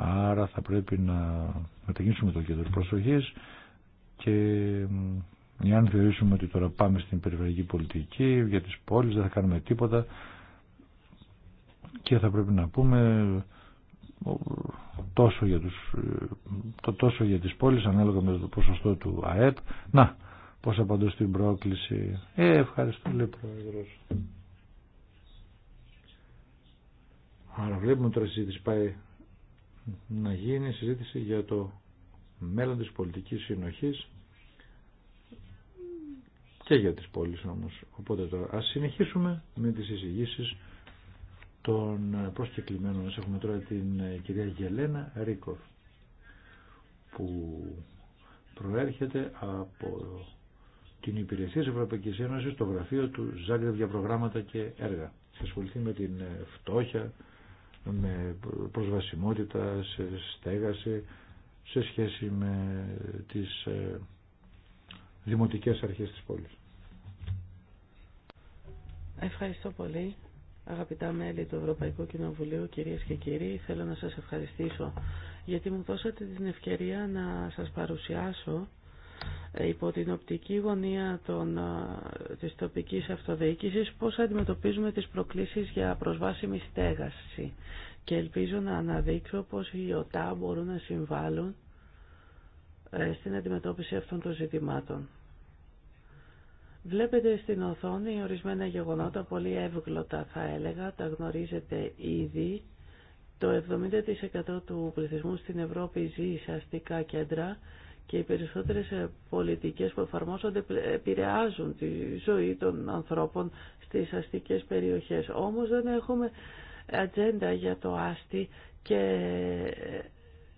C: Άρα θα πρέπει να μετακινήσουμε το κέντρο προσοχής και αν θεωρήσουμε ότι τώρα πάμε στην περιφερειακή πολιτική για τις πόλεις δεν θα κάνουμε τίποτα και θα πρέπει να πούμε τόσο για, τους, το τόσο για τις πόλεις ανάλογα με το ποσοστό του ΑΕΠ να πώς απαντώ στην πρόκληση ε, ευχαριστώ λέει πρόεδρος Άρα βλέπουμε τώρα συζήτηση πάει να γίνει συζήτηση για το μέλλον της πολιτικής συνοχής και για τις πόλεις όμως. Οπότε τώρα ας συνεχίσουμε με τις εισηγήσεις των προσκεκλημένων μας. Έχουμε τώρα την ε, κυρία Γελένα Ρίκοφ που προέρχεται από την Υπηρεσία της Ευρωπαϊκής Ένωσης στο γραφείο του Ζάγκρεβ για προγράμματα και έργα. Σε με την ε, φτώχεια, με προσβασιμότητα, σε στέγαση, σε σχέση με τις ε, δημοτικές αρχές της πόλης.
A: Ευχαριστώ πολύ. Αγαπητά μέλη του Ευρωπαϊκού Κοινοβουλίου, κυρίες και κύριοι, θέλω να σας ευχαριστήσω γιατί μου δώσατε την ευκαιρία να σας παρουσιάσω υπό την οπτική γωνία των, της τοπικής αυτοδιοίκησης πώς αντιμετωπίζουμε τις προκλήσεις για προσβάσιμη στέγαση και ελπίζω να αναδείξω πως οι ΙΟΤΑ μπορούν να συμβάλλουν ε, στην αντιμετώπιση αυτών των ζητημάτων. Βλέπετε στην οθόνη ορισμένα γεγονότα πολύ εύγλωτα θα έλεγα, τα γνωρίζετε ήδη. Το 70% του πληθυσμού στην Ευρώπη ζει σε αστικά κέντρα και οι περισσότερες ε, πολιτικές που εφαρμόζονται επηρεάζουν τη ζωή των ανθρώπων στις αστικές περιοχές. Όμως δεν έχουμε ατζέντα για το άστι και ε,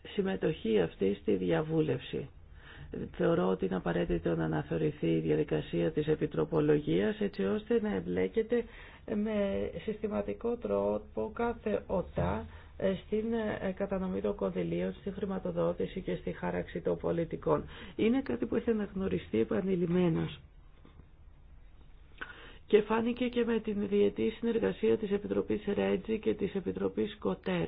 A: συμμετοχή αυτή στη διαβούλευση. Θεωρώ ότι είναι απαραίτητο να αναθεωρηθεί η διαδικασία της επιτροπολογίας έτσι ώστε να εμπλέκεται με συστηματικό τρόπο κάθε οτά στην ε, κατανομή των κονδυλίων, στη χρηματοδότηση και στη χάραξη των πολιτικών. Είναι κάτι που έχει αναγνωριστεί επανειλημμένως και φάνηκε και με την διετή συνεργασία της Επιτροπής Ρέτζη και της Επιτροπής Κοτέρ,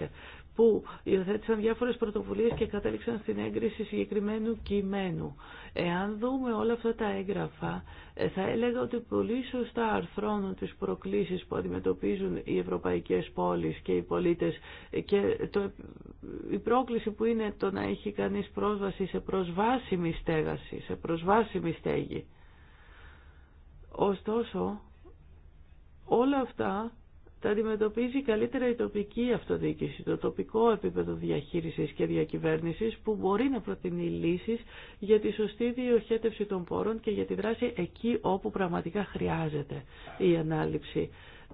A: που υιοθέτησαν διάφορες πρωτοβουλίες και κατέληξαν στην έγκριση συγκεκριμένου κειμένου. Εάν δούμε όλα αυτά τα έγγραφα, ε, θα έλεγα ότι πολύ σωστά αρθρώνουν τις προκλήσεις που αντιμετωπίζουν οι ευρωπαϊκές πόλεις και οι πολίτες και το, η πρόκληση που είναι το να έχει κανείς πρόσβαση σε προσβάσιμη στέγαση, σε προσβάσιμη στέγη. Ωστόσο, Όλα αυτά τα αντιμετωπίζει καλύτερα η τοπική αυτοδιοίκηση, το τοπικό επίπεδο διαχείρισης και διακυβέρνησης που μπορεί να προτείνει λύσεις για τη σωστή διοχέτευση των πόρων και για τη δράση εκεί όπου πραγματικά χρειάζεται η ανάληψη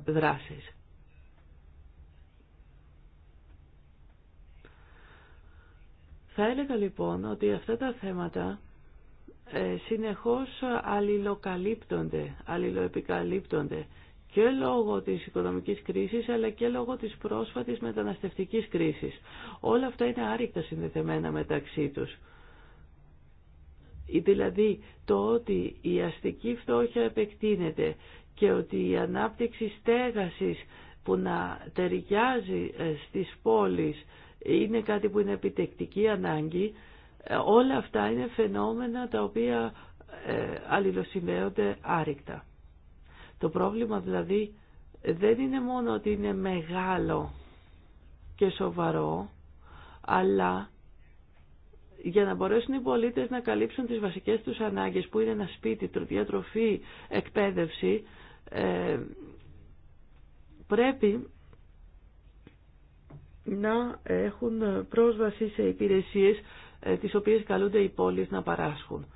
A: δράσης. Θα έλεγα λοιπόν ότι αυτά τα θέματα ε, συνεχώς αλληλοκαλύπτονται, αλληλοεπικαλύπτονται και λόγω της οικονομικής κρίσης αλλά και λόγω της πρόσφατης μεταναστευτικής κρίσης. Όλα αυτά είναι άρρηκτα συνδεθεμένα μεταξύ τους. Δηλαδή το ότι η αστική φτώχεια επεκτείνεται και ότι η ανάπτυξη στέγασης που να ταιριάζει ε, στις πόλεις είναι κάτι που είναι επιτεκτική ανάγκη, ε, όλα αυτά είναι φαινόμενα τα οποία ε, αλληλοσημαίονται άρρηκτα. Το πρόβλημα δηλαδή δεν είναι μόνο ότι είναι μεγάλο και σοβαρό, αλλά για να μπορέσουν οι πολίτες να καλύψουν τις βασικές τους ανάγκες που είναι ένα σπίτι, διατροφή, εκπαίδευση, ε, πρέπει να έχουν πρόσβαση σε υπηρεσίες ε, τις οποίες καλούνται οι πόλεις να παράσχουν.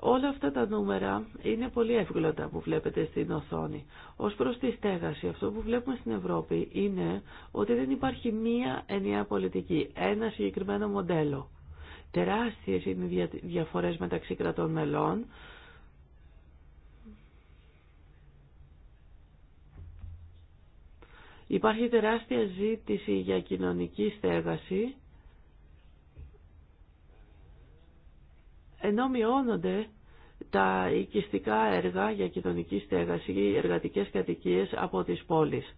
A: Όλα αυτά τα νούμερα είναι πολύ εύκολα τα που βλέπετε στην οθόνη. Ως προς τη στέγαση, αυτό που βλέπουμε στην Ευρώπη είναι ότι δεν υπάρχει μία ενιαία πολιτική, ένα συγκεκριμένο μοντέλο. Τεράστιες είναι οι διαφορές μεταξύ κρατών μελών. Υπάρχει τεράστια ζήτηση για κοινωνική στέγαση ενώ μειώνονται τα οικιστικά έργα για κοινωνική στέγαση ή εργατικές κατοικίες από τις πόλεις.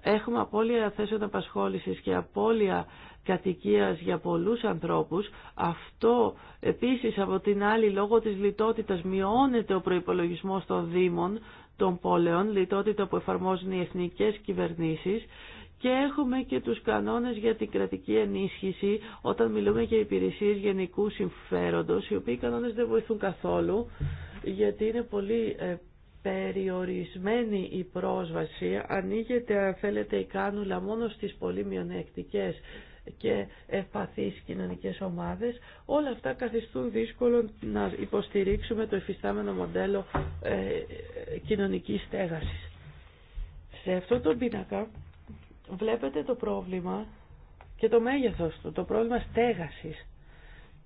A: Έχουμε απώλεια θέσεων απασχόλησης και απώλεια κατοικίας για πολλούς ανθρώπους. Αυτό επίσης από την άλλη λόγω της λιτότητας μειώνεται ο προϋπολογισμός των δήμων των πόλεων, λιτότητα που εφαρμόζουν οι εθνικές κυβερνήσεις και έχουμε και τους κανόνες για την κρατική ενίσχυση όταν μιλούμε για υπηρεσίες γενικού συμφέροντος, οι οποίοι κανόνες δεν βοηθούν καθόλου, γιατί είναι πολύ ε, περιορισμένη η πρόσβαση, ανοίγεται αν θέλετε η κάνουλα μόνο στις πολύ μειονεκτικές και ευπαθείς κοινωνικές ομάδες, όλα αυτά καθιστούν δύσκολο να υποστηρίξουμε το εφιστάμενο μοντέλο ε, ε, κοινωνικής στέγασης. Σε αυτό το πίνακα βλέπετε το πρόβλημα και το μέγεθος του, το πρόβλημα στέγασης.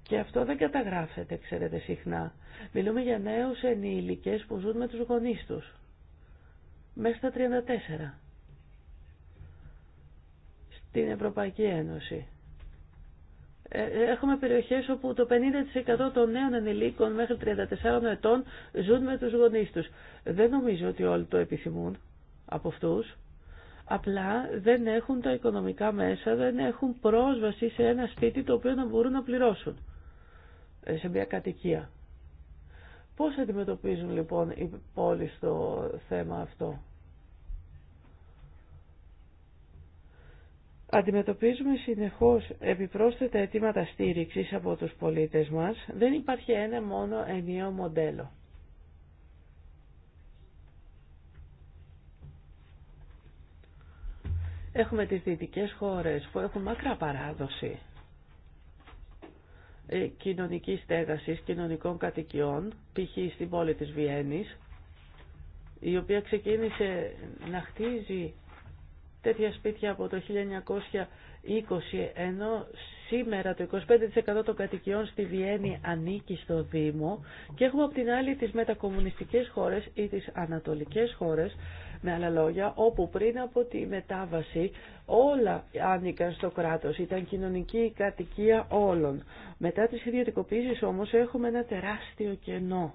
A: Και αυτό δεν καταγράφεται, ξέρετε, συχνά. Μιλούμε για νέους ενήλικες που ζουν με τους γονείς τους. Μέσα στα 34. Στην Ευρωπαϊκή Ένωση. Ε, ε, έχουμε περιοχές όπου το 50% των νέων ενηλίκων μέχρι 34 ετών ζουν με τους γονείς τους. Δεν νομίζω ότι όλοι το επιθυμούν από αυτούς. Απλά δεν έχουν τα οικονομικά μέσα, δεν έχουν πρόσβαση σε ένα σπίτι το οποίο να μπορούν να πληρώσουν ε, σε μια κατοικία. Πώς αντιμετωπίζουν λοιπόν οι πόλεις το θέμα αυτό. Αντιμετωπίζουμε συνεχώς επιπρόσθετα αιτήματα στήριξης από τους πολίτες μας. Δεν υπάρχει ένα μόνο ενιαίο μοντέλο. Έχουμε τις δυτικές χώρες που έχουν μακρά παράδοση ε, κοινωνικής στέγασης, κοινωνικών κατοικιών, π.χ. στην πόλη της Βιέννης, η οποία ξεκίνησε να χτίζει τέτοια σπίτια από το 1920, ενώ σήμερα το 25% των κατοικιών στη Βιέννη ανήκει στο Δήμο και έχουμε από την άλλη τις μετακομμουνιστικές χώρες ή τις ανατολικές χώρες με άλλα λόγια, όπου πριν από τη μετάβαση όλα άνοικαν στο κράτος, ήταν κοινωνική κατοικία όλων. Μετά τις ιδιωτικοποίησεις όμως έχουμε ένα τεράστιο κενό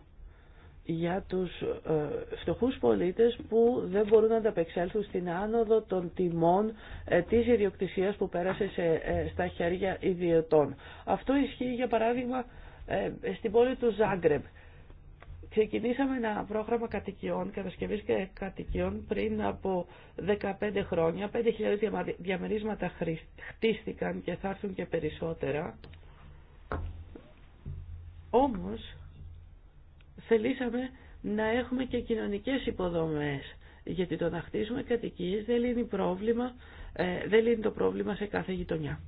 A: για τους ε, φτωχούς πολίτες που δεν μπορούν να ανταπεξέλθουν στην άνοδο των τιμών ε, της ιδιοκτησίας που πέρασε σε, ε, στα χέρια ιδιωτών. Αυτό ισχύει για παράδειγμα ε, στην πόλη του Ζάγκρεμπ. Ξεκινήσαμε ένα πρόγραμμα κατοικιών, κατασκευής και κατοικιών πριν από 15 χρόνια. 5.000 διαμερίσματα χτίστηκαν και θα έρθουν και περισσότερα. Όμως, θελήσαμε να έχουμε και κοινωνικές υποδομές, γιατί το να χτίσουμε κατοικίες δεν λύνει, πρόβλημα, ε, δεν λύνει το πρόβλημα σε κάθε γειτονιά,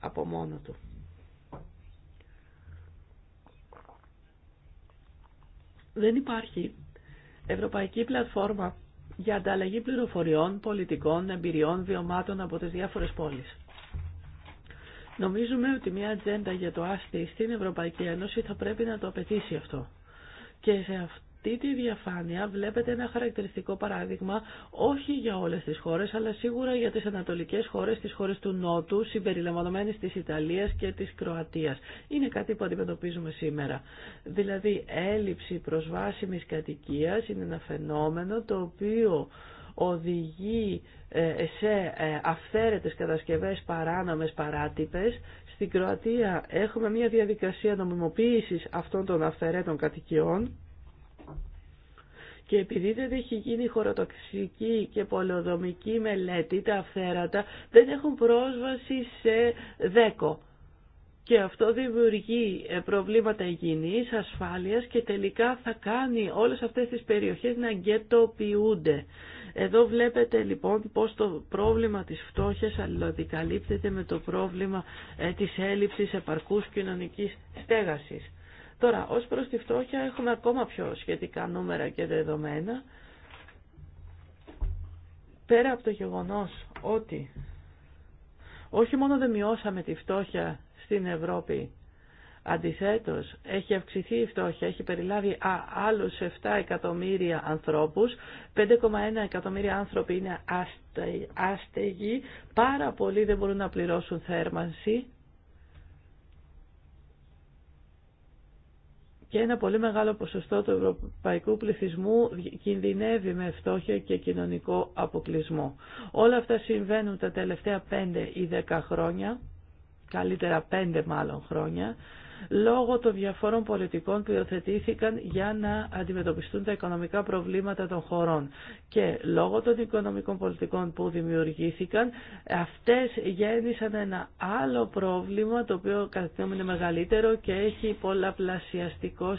A: από μόνο του. δεν υπάρχει ευρωπαϊκή πλατφόρμα για ανταλλαγή πληροφοριών, πολιτικών, εμπειριών, βιωμάτων από τις διάφορες πόλεις. Νομίζουμε ότι μια ατζέντα για το άστι στην Ευρωπαϊκή Ένωση θα πρέπει να το απαιτήσει αυτό. Και σε αυτό αυτή τη διαφάνεια βλέπετε ένα χαρακτηριστικό παράδειγμα όχι για όλες τις χώρες αλλά σίγουρα για τις ανατολικές χώρες, τις χώρες του Νότου συμπεριλαμβανομένες της Ιταλίας και της Κροατίας. Είναι κάτι που αντιμετωπίζουμε σήμερα. Δηλαδή έλλειψη προσβάσιμης κατοικίας είναι ένα φαινόμενο το οποίο οδηγεί ε, σε ε, αυθαίρετες κατασκευές παράνομες παράτυπες. Στην Κροατία έχουμε μια διαδικασία νομιμοποίησης αυτών των αυθαίρετων κατοικιών και επειδή δεν έχει γίνει χωροτοξική και πολεοδομική μελέτη, τα αυθέρατα δεν έχουν πρόσβαση σε δέκο. Και αυτό δημιουργεί ε, προβλήματα υγιεινής, ασφάλειας και τελικά θα κάνει όλες αυτές τις περιοχές να γκέτοποιούνται. Εδώ βλέπετε λοιπόν πως το πρόβλημα της φτώχειας αλληλοδικαλύπτεται με το πρόβλημα ε, της έλλειψης επαρκούς κοινωνικής στέγασης. Τώρα, ως προς τη φτώχεια έχουμε ακόμα πιο σχετικά νούμερα και δεδομένα. Πέρα από το γεγονός ότι όχι μόνο δεν μειώσαμε τη φτώχεια στην Ευρώπη, αντιθέτως έχει αυξηθεί η φτώχεια, έχει περιλάβει α, άλλους 7 εκατομμύρια ανθρώπους, 5,1 εκατομμύρια άνθρωποι είναι άστεγοι, πάρα πολλοί δεν μπορούν να πληρώσουν θέρμανση, και ένα πολύ μεγάλο ποσοστό του ευρωπαϊκού πληθυσμού κινδυνεύει με φτώχεια και κοινωνικό αποκλεισμό. Όλα αυτά συμβαίνουν τα τελευταία 5 ή 10 χρόνια, καλύτερα 5 μάλλον χρόνια, λόγω των διαφόρων πολιτικών που υιοθετήθηκαν για να αντιμετωπιστούν τα οικονομικά προβλήματα των χωρών. Και λόγω των οικονομικών πολιτικών που δημιουργήθηκαν, αυτές γέννησαν ένα άλλο πρόβλημα, το οποίο κατά τη είναι μεγαλύτερο και έχει πολλαπλασιαστικό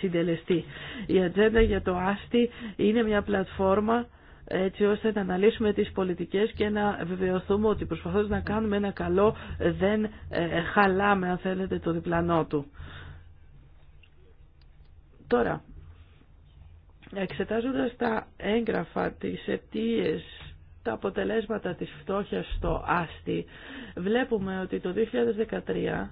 A: συντελεστή. Η ατζέντα για το άστι είναι μια πλατφόρμα έτσι ώστε να αναλύσουμε τις πολιτικές και να βεβαιωθούμε ότι προσπαθώντας να κάνουμε ένα καλό δεν ε, χαλάμε αν θέλετε το διπλανό του. Τώρα, εξετάζοντας τα έγγραφα, τις αιτίες, τα αποτελέσματα της φτώχειας στο άστι, βλέπουμε ότι το 2013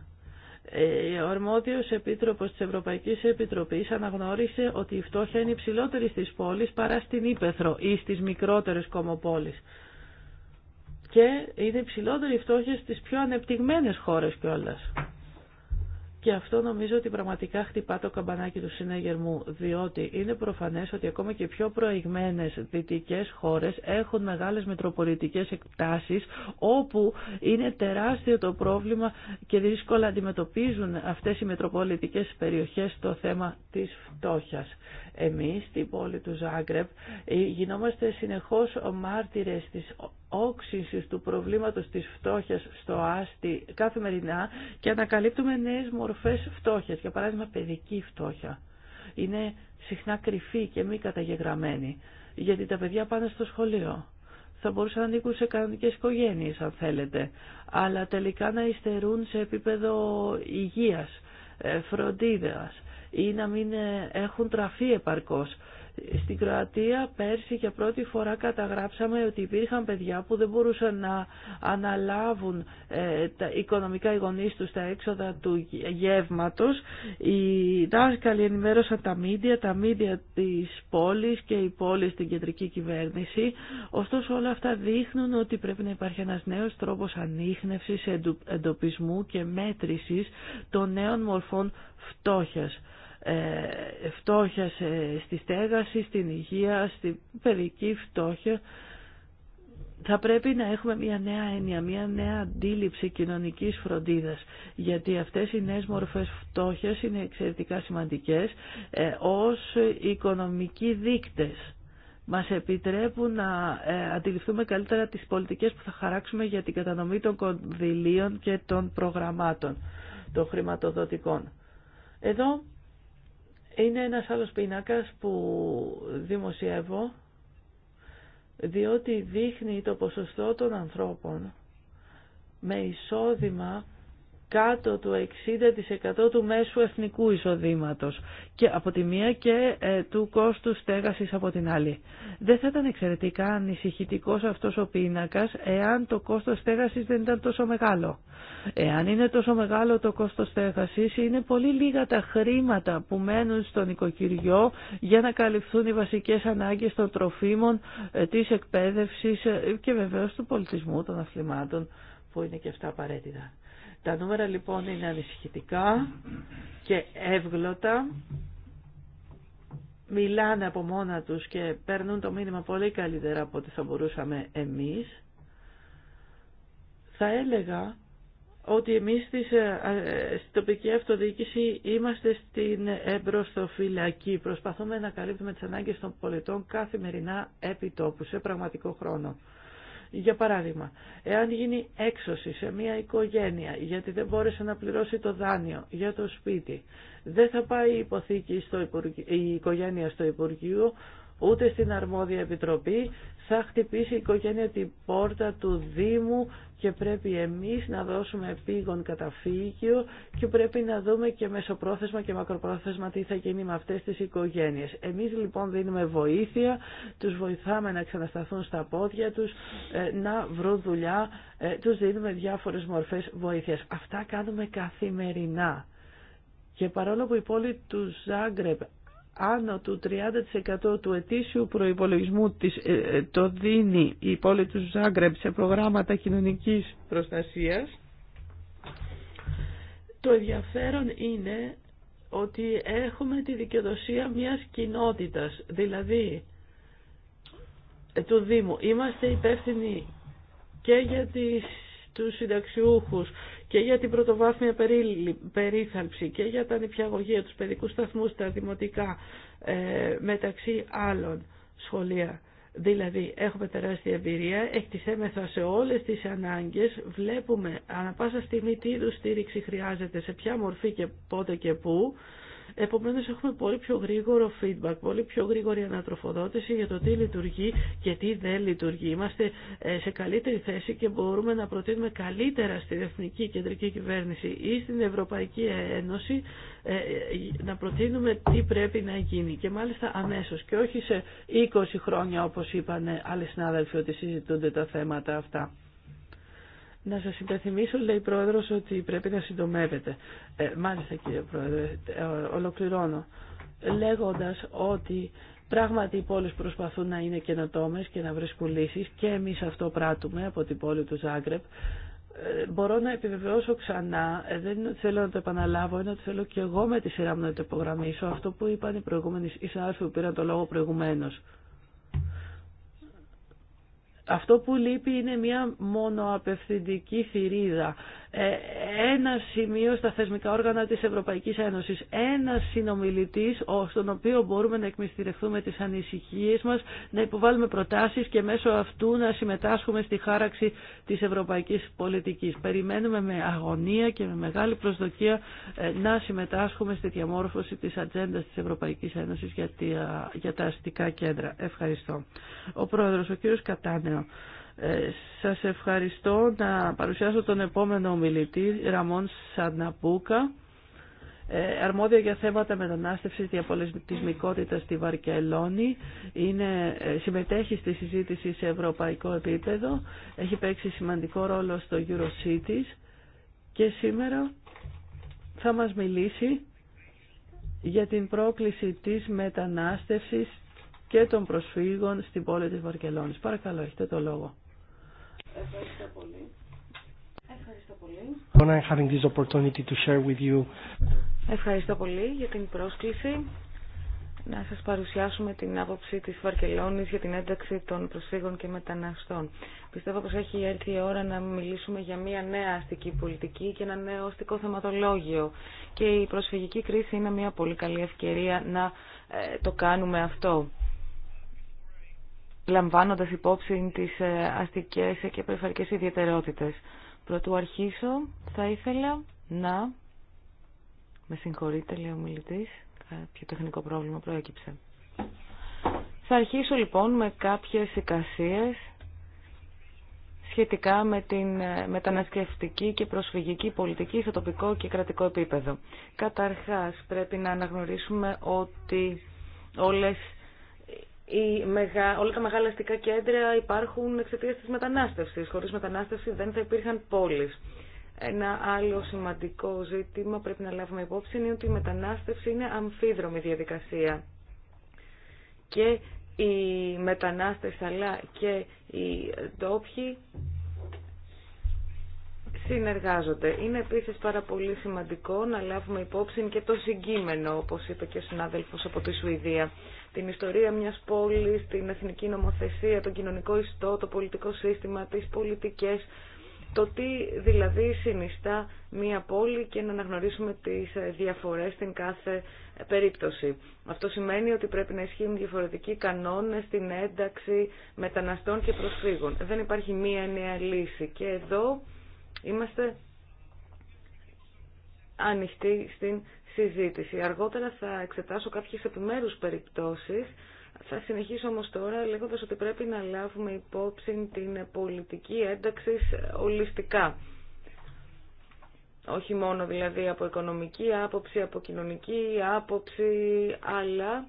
A: ε, ο αρμόδιο επίτροπος της Ευρωπαϊκής Επιτροπή αναγνώρισε ότι η φτώχεια είναι υψηλότερη στις πόλεις παρά στην Ήπεθρο ή στις μικρότερες κομοπόλεις. Και είναι υψηλότερη η φτώχεια στις πιο ανεπτυγμένες χώρες κιόλα. Και αυτό νομίζω ότι πραγματικά χτυπά το καμπανάκι του συνέγερμου, διότι είναι προφανές ότι ακόμα και πιο προηγμένες δυτικές χώρες έχουν μεγάλες μετροπολιτικές εκτάσεις, όπου είναι τεράστιο το πρόβλημα και δύσκολα αντιμετωπίζουν αυτές οι μετροπολιτικές περιοχές το θέμα της φτώχειας. Εμείς στην πόλη του Ζάγκρεπ ε, γινόμαστε συνεχώς μάρτυρες της όξυνσης του προβλήματος της φτώχειας στο άστι καθημερινά και ανακαλύπτουμε νέες μορφές φτώχειας, για παράδειγμα παιδική φτώχεια. Είναι συχνά κρυφή και μη καταγεγραμμένη, γιατί τα παιδιά πάνε στο σχολείο θα μπορούσαν να ανήκουν σε κανονικές οικογένειες αν θέλετε, αλλά τελικά να υστερούν σε επίπεδο υγείας, ε, φροντίδας, ή να μην ε, έχουν τραφεί επαρκώς. Στην Κροατία πέρσι για πρώτη φορά καταγράψαμε ότι υπήρχαν παιδιά που δεν μπορούσαν να αναλάβουν ε, τα οικονομικά οι γονείς τους τα έξοδα του γεύματος. Οι δάσκαλοι ενημέρωσαν τα μίντια, τα μίντια της πόλης και η πόλη στην κεντρική κυβέρνηση. Ωστόσο όλα αυτά δείχνουν ότι πρέπει να υπάρχει ένας νέος τρόπος ανείχνευσης, εντοπισμού και μέτρησης των νέων μορφών φτώχειας. Ε, φτώχεια ε, στη στέγαση, στην υγεία, στην παιδική φτώχεια. Θα πρέπει να έχουμε μια νέα έννοια, μια νέα αντίληψη κοινωνικής φροντίδας, γιατί αυτές οι νέες μορφές φτώχειας είναι εξαιρετικά σημαντικές ε, ως οικονομικοί δείκτες. Μας επιτρέπουν να ε, αντιληφθούμε καλύτερα τις πολιτικές που θα χαράξουμε για την κατανομή των κονδυλίων και των προγραμμάτων των χρηματοδοτικών. Εδώ είναι ένας άλλος πίνακας που δημοσιεύω διότι δείχνει το ποσοστό των ανθρώπων με εισόδημα κάτω του 60% του μέσου εθνικού εισοδήματος και από τη μία και ε, του κόστου στέγασης από την άλλη. Δεν θα ήταν εξαιρετικά ανησυχητικό αυτός ο πίνακας εάν το κόστος στέγασης δεν ήταν τόσο μεγάλο. Εάν είναι τόσο μεγάλο το κόστος στέγασης είναι πολύ λίγα τα χρήματα που μένουν στον οικοκυριό για να καλυφθούν οι βασικές ανάγκες των τροφίμων, ε, της εκπαίδευσης ε, και βεβαίως του πολιτισμού των αθλημάτων που είναι και αυτά απαραίτητα. Τα νούμερα λοιπόν είναι ανησυχητικά και εύγλωτα. Μιλάνε από μόνα τους και παίρνουν το μήνυμα πολύ καλύτερα από ό,τι θα μπορούσαμε εμείς. Θα έλεγα ότι εμείς στις, ε, στην τοπική αυτοδιοίκηση είμαστε στην εμπροστοφυλακή. Προσπαθούμε να καλύπτουμε τις ανάγκες των πολιτών καθημερινά επί τόπου, σε πραγματικό χρόνο. Για παράδειγμα, εάν γίνει έξωση σε μια οικογένεια γιατί δεν μπόρεσε να πληρώσει το δάνειο για το σπίτι, δεν θα πάει η, υποθήκη στο η οικογένεια στο Υπουργείο ούτε στην αρμόδια επιτροπή, θα χτυπήσει η οικογένεια την πόρτα του Δήμου και πρέπει εμείς να δώσουμε επίγον καταφύγιο και πρέπει να δούμε και μεσοπρόθεσμα και μακροπρόθεσμα τι θα γίνει με αυτές τις οικογένειες. Εμείς λοιπόν δίνουμε βοήθεια, τους βοηθάμε να ξανασταθούν στα πόδια τους, ε, να βρουν δουλειά, ε, τους δίνουμε διάφορες μορφές βοήθειας. Αυτά κάνουμε καθημερινά. Και παρόλο που η πόλη του Ζάγκρεπ άνω του 30% του ετήσιου προϋπολογισμού της, ε, ε, το δίνει η πόλη του Ζάγκρεμπ σε προγράμματα κοινωνικής προστασίας. Το ενδιαφέρον είναι ότι έχουμε τη δικαιοδοσία μιας κοινότητας, δηλαδή ε, του Δήμου. Είμαστε υπεύθυνοι και για τις, τους συνταξιούχους και για την πρωτοβάθμια περίθαλψη και για τα νηπιαγωγεία, τους παιδικούς σταθμούς, τα δημοτικά, ε, μεταξύ άλλων σχολεία. Δηλαδή έχουμε τεράστια εμπειρία, εκτιθέμεθα σε όλες τις ανάγκες, βλέπουμε ανα πάσα στιγμή τι είδους στήριξη χρειάζεται, σε ποια μορφή και πότε και πού Επομένως έχουμε πολύ πιο γρήγορο feedback, πολύ πιο γρήγορη ανατροφοδότηση για το τι λειτουργεί και τι δεν λειτουργεί. Είμαστε ε, σε καλύτερη θέση και μπορούμε να προτείνουμε καλύτερα στην Εθνική Κεντρική Κυβέρνηση ή στην Ευρωπαϊκή Ένωση ε, να προτείνουμε τι πρέπει να γίνει και μάλιστα αμέσως και όχι σε 20 χρόνια όπως είπαν άλλοι συνάδελφοι ότι συζητούνται τα θέματα αυτά. Να σα υπενθυμίσω, λέει η πρόεδρο, ότι πρέπει να συντομεύετε. Ε, μάλιστα κύριε Πρόεδρε, ε, ολοκληρώνω. Λέγοντα ότι Πράγματι οι πόλεις προσπαθούν να είναι καινοτόμε και να βρίσκουν λύσει και εμεί αυτό πράττουμε από την πόλη του Ζάγκρεπ. Ε, μπορώ να επιβεβαιώσω ξανά, ε, δεν είναι ότι θέλω να το επαναλάβω, είναι ότι θέλω και εγώ με τη σειρά μου να το υπογραμμίσω αυτό που είπαν οι προηγούμενοι εισάδελφοι που πήραν το λόγο προηγουμένω. Αυτό που λείπει είναι μια μονοαπευθυντική θηρίδα ε, ένα σημείο στα θεσμικά όργανα της Ευρωπαϊκής Ένωσης, ένα συνομιλητής στον οποίο μπορούμε να εκμυστηρευτούμε τις ανησυχίες μας, να υποβάλουμε προτάσεις και μέσω αυτού να συμμετάσχουμε στη χάραξη της ευρωπαϊκής πολιτικής. Περιμένουμε με αγωνία και με μεγάλη προσδοκία ε, να συμμετάσχουμε στη διαμόρφωση της ατζέντα της Ευρωπαϊκής Ένωσης ε, για τα αστικά κέντρα. Ευχαριστώ. Ο Πρόεδρος, ο κύριος Κατάνεο. Ε, σας ευχαριστώ να παρουσιάσω τον επόμενο ομιλητή, Ραμόν Σανναπούκα, ε, αρμόδιο για θέματα μετανάστευσης διαπολιτισμικότητας στη Βαρκελόνη. Είναι, ε, συμμετέχει στη συζήτηση σε ευρωπαϊκό επίπεδο, έχει παίξει σημαντικό ρόλο στο EuroCities και σήμερα θα μας μιλήσει για την πρόκληση της μετανάστευσης και των προσφύγων στην πόλη της Βαρκελόνης. Παρακαλώ, έχετε το λόγο.
B: Ευχαριστώ πολύ. για την πρόσκληση να σας παρουσιάσουμε την άποψη της Βαρκελόνης για την ένταξη των προσφύγων και μεταναστών. Πιστεύω πως έχει έρθει η ώρα να μιλήσουμε για μια νέα αστική πολιτική και ένα νέο αστικό θεματολόγιο. Και η προσφυγική κρίση είναι μια πολύ καλή ευκαιρία να ε, το κάνουμε αυτό λαμβάνοντας υπόψη τις ε, αστικές και περιφερειακές ιδιαιτερότητες. Πρωτού αρχίσω, θα ήθελα να... Με συγχωρείτε, λέει ο μιλητής, κάποιο τεχνικό πρόβλημα προέκυψε. Θα αρχίσω λοιπόν με κάποιες εικασίες σχετικά με την ε, μεταναστευτική και προσφυγική πολιτική στο τοπικό και κρατικό επίπεδο. Καταρχάς, πρέπει να αναγνωρίσουμε ότι όλες οι όλα τα μεγάλα αστικά κέντρα υπάρχουν εξαιτία τη μετανάστευση. Χωρίς μετανάστευση δεν θα υπήρχαν πόλεις. Ένα άλλο σημαντικό ζήτημα πρέπει να λάβουμε υπόψη είναι ότι η μετανάστευση είναι αμφίδρομη διαδικασία. Και οι μετανάστες αλλά και οι ντόπιοι συνεργάζονται. Είναι επίση πάρα πολύ σημαντικό να λάβουμε υπόψη και το συγκείμενο, όπω είπε και ο συνάδελφο από τη Σουηδία. Την ιστορία μια πόλη, την εθνική νομοθεσία, τον κοινωνικό ιστό, το πολιτικό σύστημα, τι πολιτικέ, το τι δηλαδή συνιστά μία πόλη και να αναγνωρίσουμε τις διαφορές στην κάθε περίπτωση. Αυτό σημαίνει ότι πρέπει να ισχύουν διαφορετικοί κανόνες στην ένταξη μεταναστών και προσφύγων. Δεν υπάρχει μία νέα λύση και εδώ Είμαστε ανοιχτοί στην συζήτηση. Αργότερα θα εξετάσω κάποιες επιμέρους περιπτώσεις. Θα συνεχίσω όμως τώρα λέγοντας ότι πρέπει να λάβουμε υπόψη την πολιτική ένταξη ολιστικά. Όχι μόνο δηλαδή από οικονομική άποψη, από κοινωνική άποψη, αλλά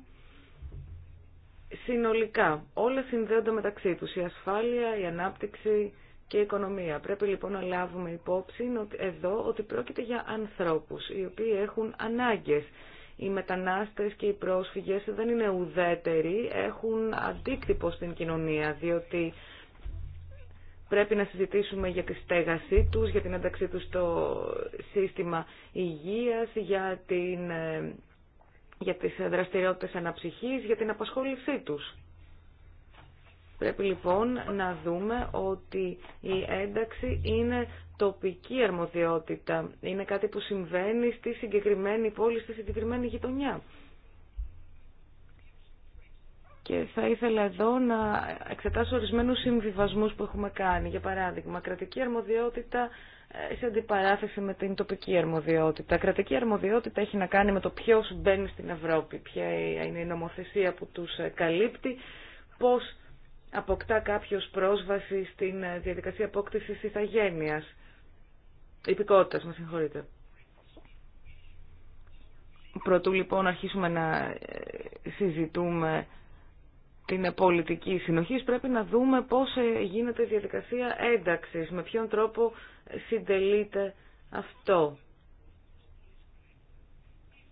B: συνολικά. Όλα συνδέονται μεταξύ τους. Η ασφάλεια, η ανάπτυξη, και οικονομία. Πρέπει λοιπόν να λάβουμε υπόψη εδώ ότι πρόκειται για ανθρώπους οι οποίοι έχουν ανάγκες. Οι μετανάστες και οι πρόσφυγες δεν είναι ουδέτεροι, έχουν αντίκτυπο στην κοινωνία, διότι πρέπει να συζητήσουμε για τη στέγασή τους, για την ένταξή τους στο σύστημα υγείας, για, την, ε, για τις δραστηριότητες αναψυχής, για την απασχόλησή τους. Πρέπει λοιπόν να δούμε ότι η ένταξη είναι τοπική αρμοδιότητα. Είναι κάτι που συμβαίνει στη συγκεκριμένη πόλη, στη συγκεκριμένη γειτονιά. Και θα ήθελα εδώ να εξετάσω ορισμένους συμβιβασμούς που έχουμε κάνει. Για παράδειγμα, κρατική αρμοδιότητα ε, σε αντιπαράθεση με την τοπική αρμοδιότητα. Κρατική αρμοδιότητα έχει να κάνει με το ποιο μπαίνει στην Ευρώπη, ποια είναι η νομοθεσία που τους ε, καλύπτει, πώς αποκτά κάποιος πρόσβαση στην ε, διαδικασία απόκτησης ηθαγένειας. Υπηκότητας, με συγχωρείτε. Πρωτού λοιπόν αρχίσουμε να ε, συζητούμε την πολιτική συνοχή, πρέπει να δούμε πώς ε, γίνεται η διαδικασία ένταξης, με ποιον τρόπο συντελείται αυτό.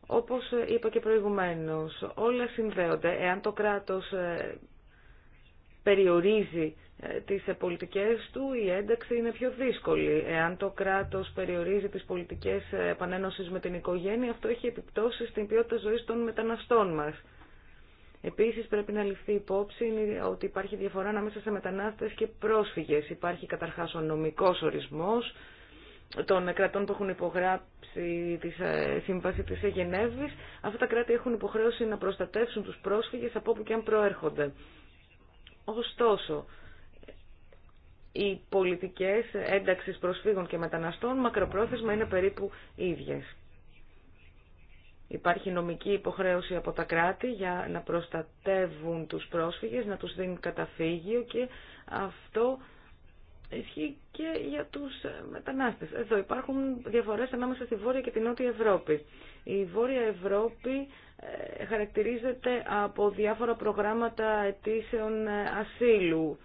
B: Όπως είπα και προηγουμένως, όλα συνδέονται. Εάν το κράτος περιορίζει ε, τις ε, πολιτικές του, η ένταξη είναι πιο δύσκολη. Εάν το κράτος περιορίζει τις πολιτικές ε, επανένωσης με την οικογένεια, αυτό έχει επιπτώσει στην ποιότητα ζωής των μεταναστών μας. Επίσης πρέπει να ληφθεί υπόψη ότι υπάρχει διαφορά ανάμεσα σε μετανάστες και πρόσφυγες. Υπάρχει καταρχάς ο νομικός ορισμός των κρατών που έχουν υπογράψει τη σύμβαση της Γενέβης. Αυτά τα κράτη έχουν υποχρέωση να προστατεύσουν τους πρόσφυγες από όπου και αν προέρχονται. Ωστόσο, οι πολιτικές ένταξης προσφύγων και μεταναστών μακροπρόθεσμα είναι περίπου ίδιες. Υπάρχει νομική υποχρέωση από τα κράτη για να προστατεύουν τους πρόσφυγες, να τους δίνουν καταφύγιο και αυτό ισχύει και για τους ε, μετανάστες. Εδώ υπάρχουν διαφορές ανάμεσα στη Βόρεια και τη Νότια Ευρώπη. Η Βόρεια Ευρώπη ε, χαρακτηρίζεται από διάφορα προγράμματα αιτήσεων ε, ασύλου.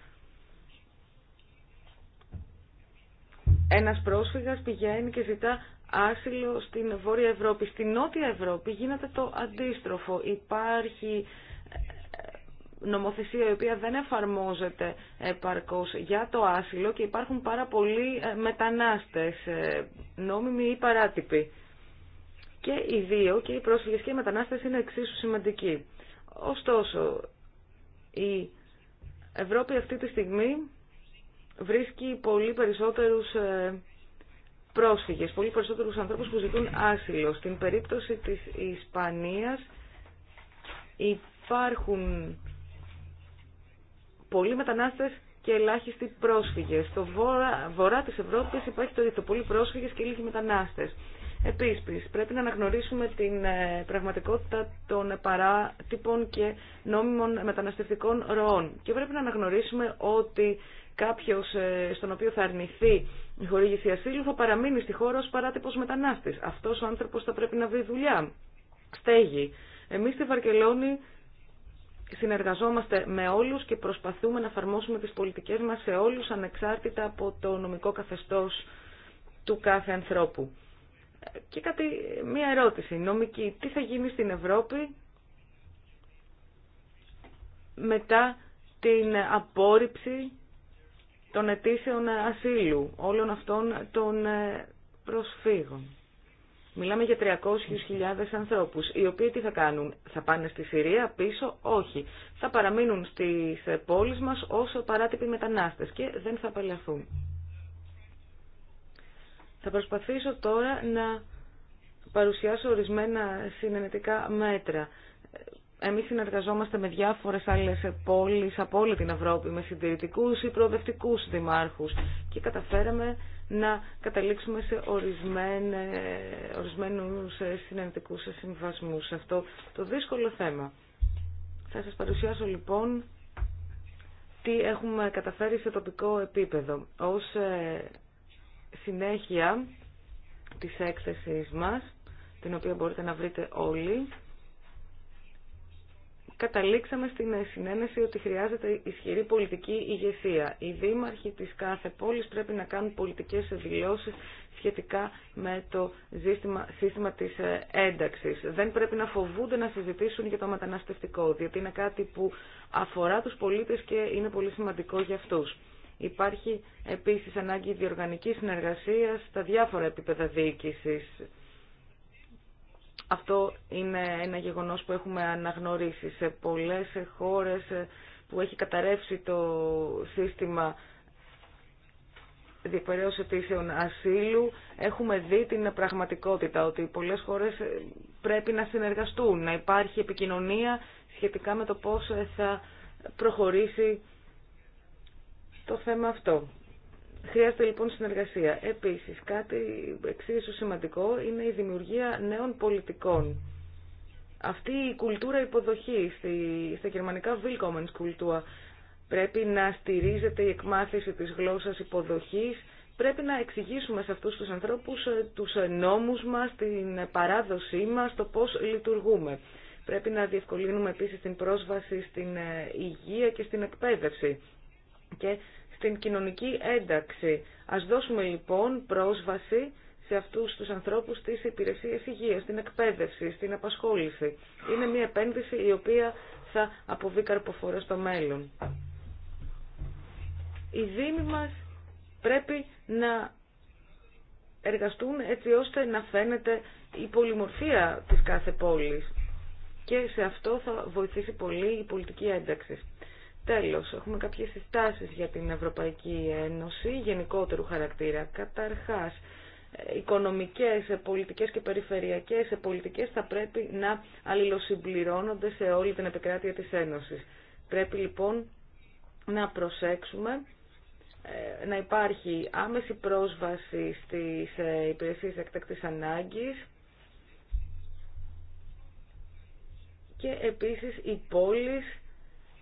B: Ένας πρόσφυγας πηγαίνει και ζητά άσυλο στην Βόρεια Ευρώπη. Στην Νότια Ευρώπη γίνεται το αντίστροφο. Υπάρχει νομοθεσία η οποία δεν εφαρμόζεται επαρκώς για το άσυλο και υπάρχουν πάρα πολλοί ε, μετανάστες, ε, νόμιμοι ή παράτυποι. Και οι δύο, και οι πρόσφυγες και οι μετανάστες είναι εξίσου σημαντικοί. Ωστόσο, η Ευρώπη αυτή τη στιγμή βρίσκει πολύ περισσότερους ε, πρόσφυγες, πολύ περισσότερους ανθρώπους που ζητούν άσυλο. Στην περίπτωση της Ισπανίας υπάρχουν πολλοί μετανάστες και ελάχιστοι πρόσφυγες. Στο βορρά, βορρά της Ευρώπης υπάρχει το ίδιο, πολλοί πρόσφυγες και λίγοι μετανάστες. Επίσης, πρέπει να αναγνωρίσουμε την ε, πραγματικότητα των παράτυπων και νόμιμων μεταναστευτικών ροών. Και πρέπει να αναγνωρίσουμε ότι κάποιος ε, στον οποίο θα αρνηθεί η χορήγηση ασύλου θα παραμείνει στη χώρα ως παράτυπος μετανάστης. Αυτός ο άνθρωπος θα πρέπει να βρει δουλειά, στέγη. Εμείς στη Βαρκελόνη συνεργαζόμαστε με όλους και προσπαθούμε να εφαρμόσουμε τις πολιτικές μας σε όλους ανεξάρτητα από το νομικό καθεστώς του κάθε ανθρώπου. Και κάτι, μία ερώτηση νομική. Τι θα γίνει στην Ευρώπη μετά την απόρριψη των αιτήσεων ασύλου όλων αυτών των ε, προσφύγων. Μιλάμε για 300.000 ανθρώπους, οι οποίοι τι θα κάνουν, θα πάνε στη Συρία πίσω, όχι. Θα παραμείνουν στις πόλεις μας όσο παράτυποι μετανάστες και δεν θα απελαθούν. Θα προσπαθήσω τώρα να παρουσιάσω ορισμένα συνενετικά μέτρα. Εμείς συνεργαζόμαστε με διάφορες άλλες πόλεις από όλη την Ευρώπη, με συντηρητικούς ή προοδευτικούς δημάρχους και καταφέραμε να καταλήξουμε σε ορισμένους ε, συνεντικούς ε, συμβασμούς σε αυτό το δύσκολο θέμα. Θα σας παρουσιάσω λοιπόν τι έχουμε καταφέρει σε τοπικό επίπεδο. Ως ε, συνέχεια της έκθεσης μας, την οποία μπορείτε να βρείτε όλοι, καταλήξαμε στην συνένεση ότι χρειάζεται ισχυρή πολιτική ηγεσία. Οι δήμαρχοι της κάθε πόλης πρέπει να κάνουν πολιτικές δηλώσεις σχετικά με το σύστημα, σύστημα της ε, ένταξης. Δεν πρέπει να φοβούνται να συζητήσουν για το μεταναστευτικό, διότι είναι κάτι που αφορά τους πολίτες και είναι πολύ σημαντικό για αυτούς. Υπάρχει επίσης ανάγκη διοργανικής συνεργασίας στα διάφορα επίπεδα διοίκησης αυτό είναι ένα γεγονός που έχουμε αναγνωρίσει σε πολλές χώρες ε, που έχει καταρρεύσει το σύστημα διεκπαιρέως αιτήσεων ασύλου. Έχουμε δει την πραγματικότητα ότι πολλές χώρες ε, πρέπει να συνεργαστούν, να υπάρχει επικοινωνία σχετικά με το πώς θα προχωρήσει το θέμα αυτό. Χρειάζεται λοιπόν συνεργασία. Επίσης, κάτι εξίσου σημαντικό είναι η δημιουργία νέων πολιτικών. Αυτή η κουλτούρα υποδοχή στη, στα γερμανικά κουλτούρα πρέπει να στηρίζεται η εκμάθηση της γλώσσας υποδοχής, πρέπει να εξηγήσουμε σε αυτούς τους ανθρώπους ε, τους νόμους μας, την παράδοσή μας, το πώς λειτουργούμε. Πρέπει να διευκολύνουμε επίσης την πρόσβαση στην ε, υγεία και στην εκπαίδευση. Και την κοινωνική ένταξη. Ας δώσουμε λοιπόν πρόσβαση σε αυτούς τους ανθρώπους στις υπηρεσίες υγείας, στην εκπαίδευση, στην απασχόληση. Είναι μια επένδυση η οποία θα αποβεί καρποφορά στο μέλλον. Οι δήμοι μας πρέπει να εργαστούν έτσι ώστε να φαίνεται η πολυμορφία της κάθε πόλης. Και σε αυτό θα βοηθήσει πολύ η πολιτική ένταξη. Τέλος, έχουμε κάποιες συστάσεις για την Ευρωπαϊκή Ένωση γενικότερου χαρακτήρα. Καταρχάς, οικονομικές, πολιτικές και περιφερειακές πολιτικές θα πρέπει να αλληλοσυμπληρώνονται σε όλη την επικράτεια της Ένωσης. Πρέπει λοιπόν να προσέξουμε ε, να υπάρχει άμεση πρόσβαση στις ε, υπηρεσίες εκτακτής ανάγκης και επίσης οι πόλεις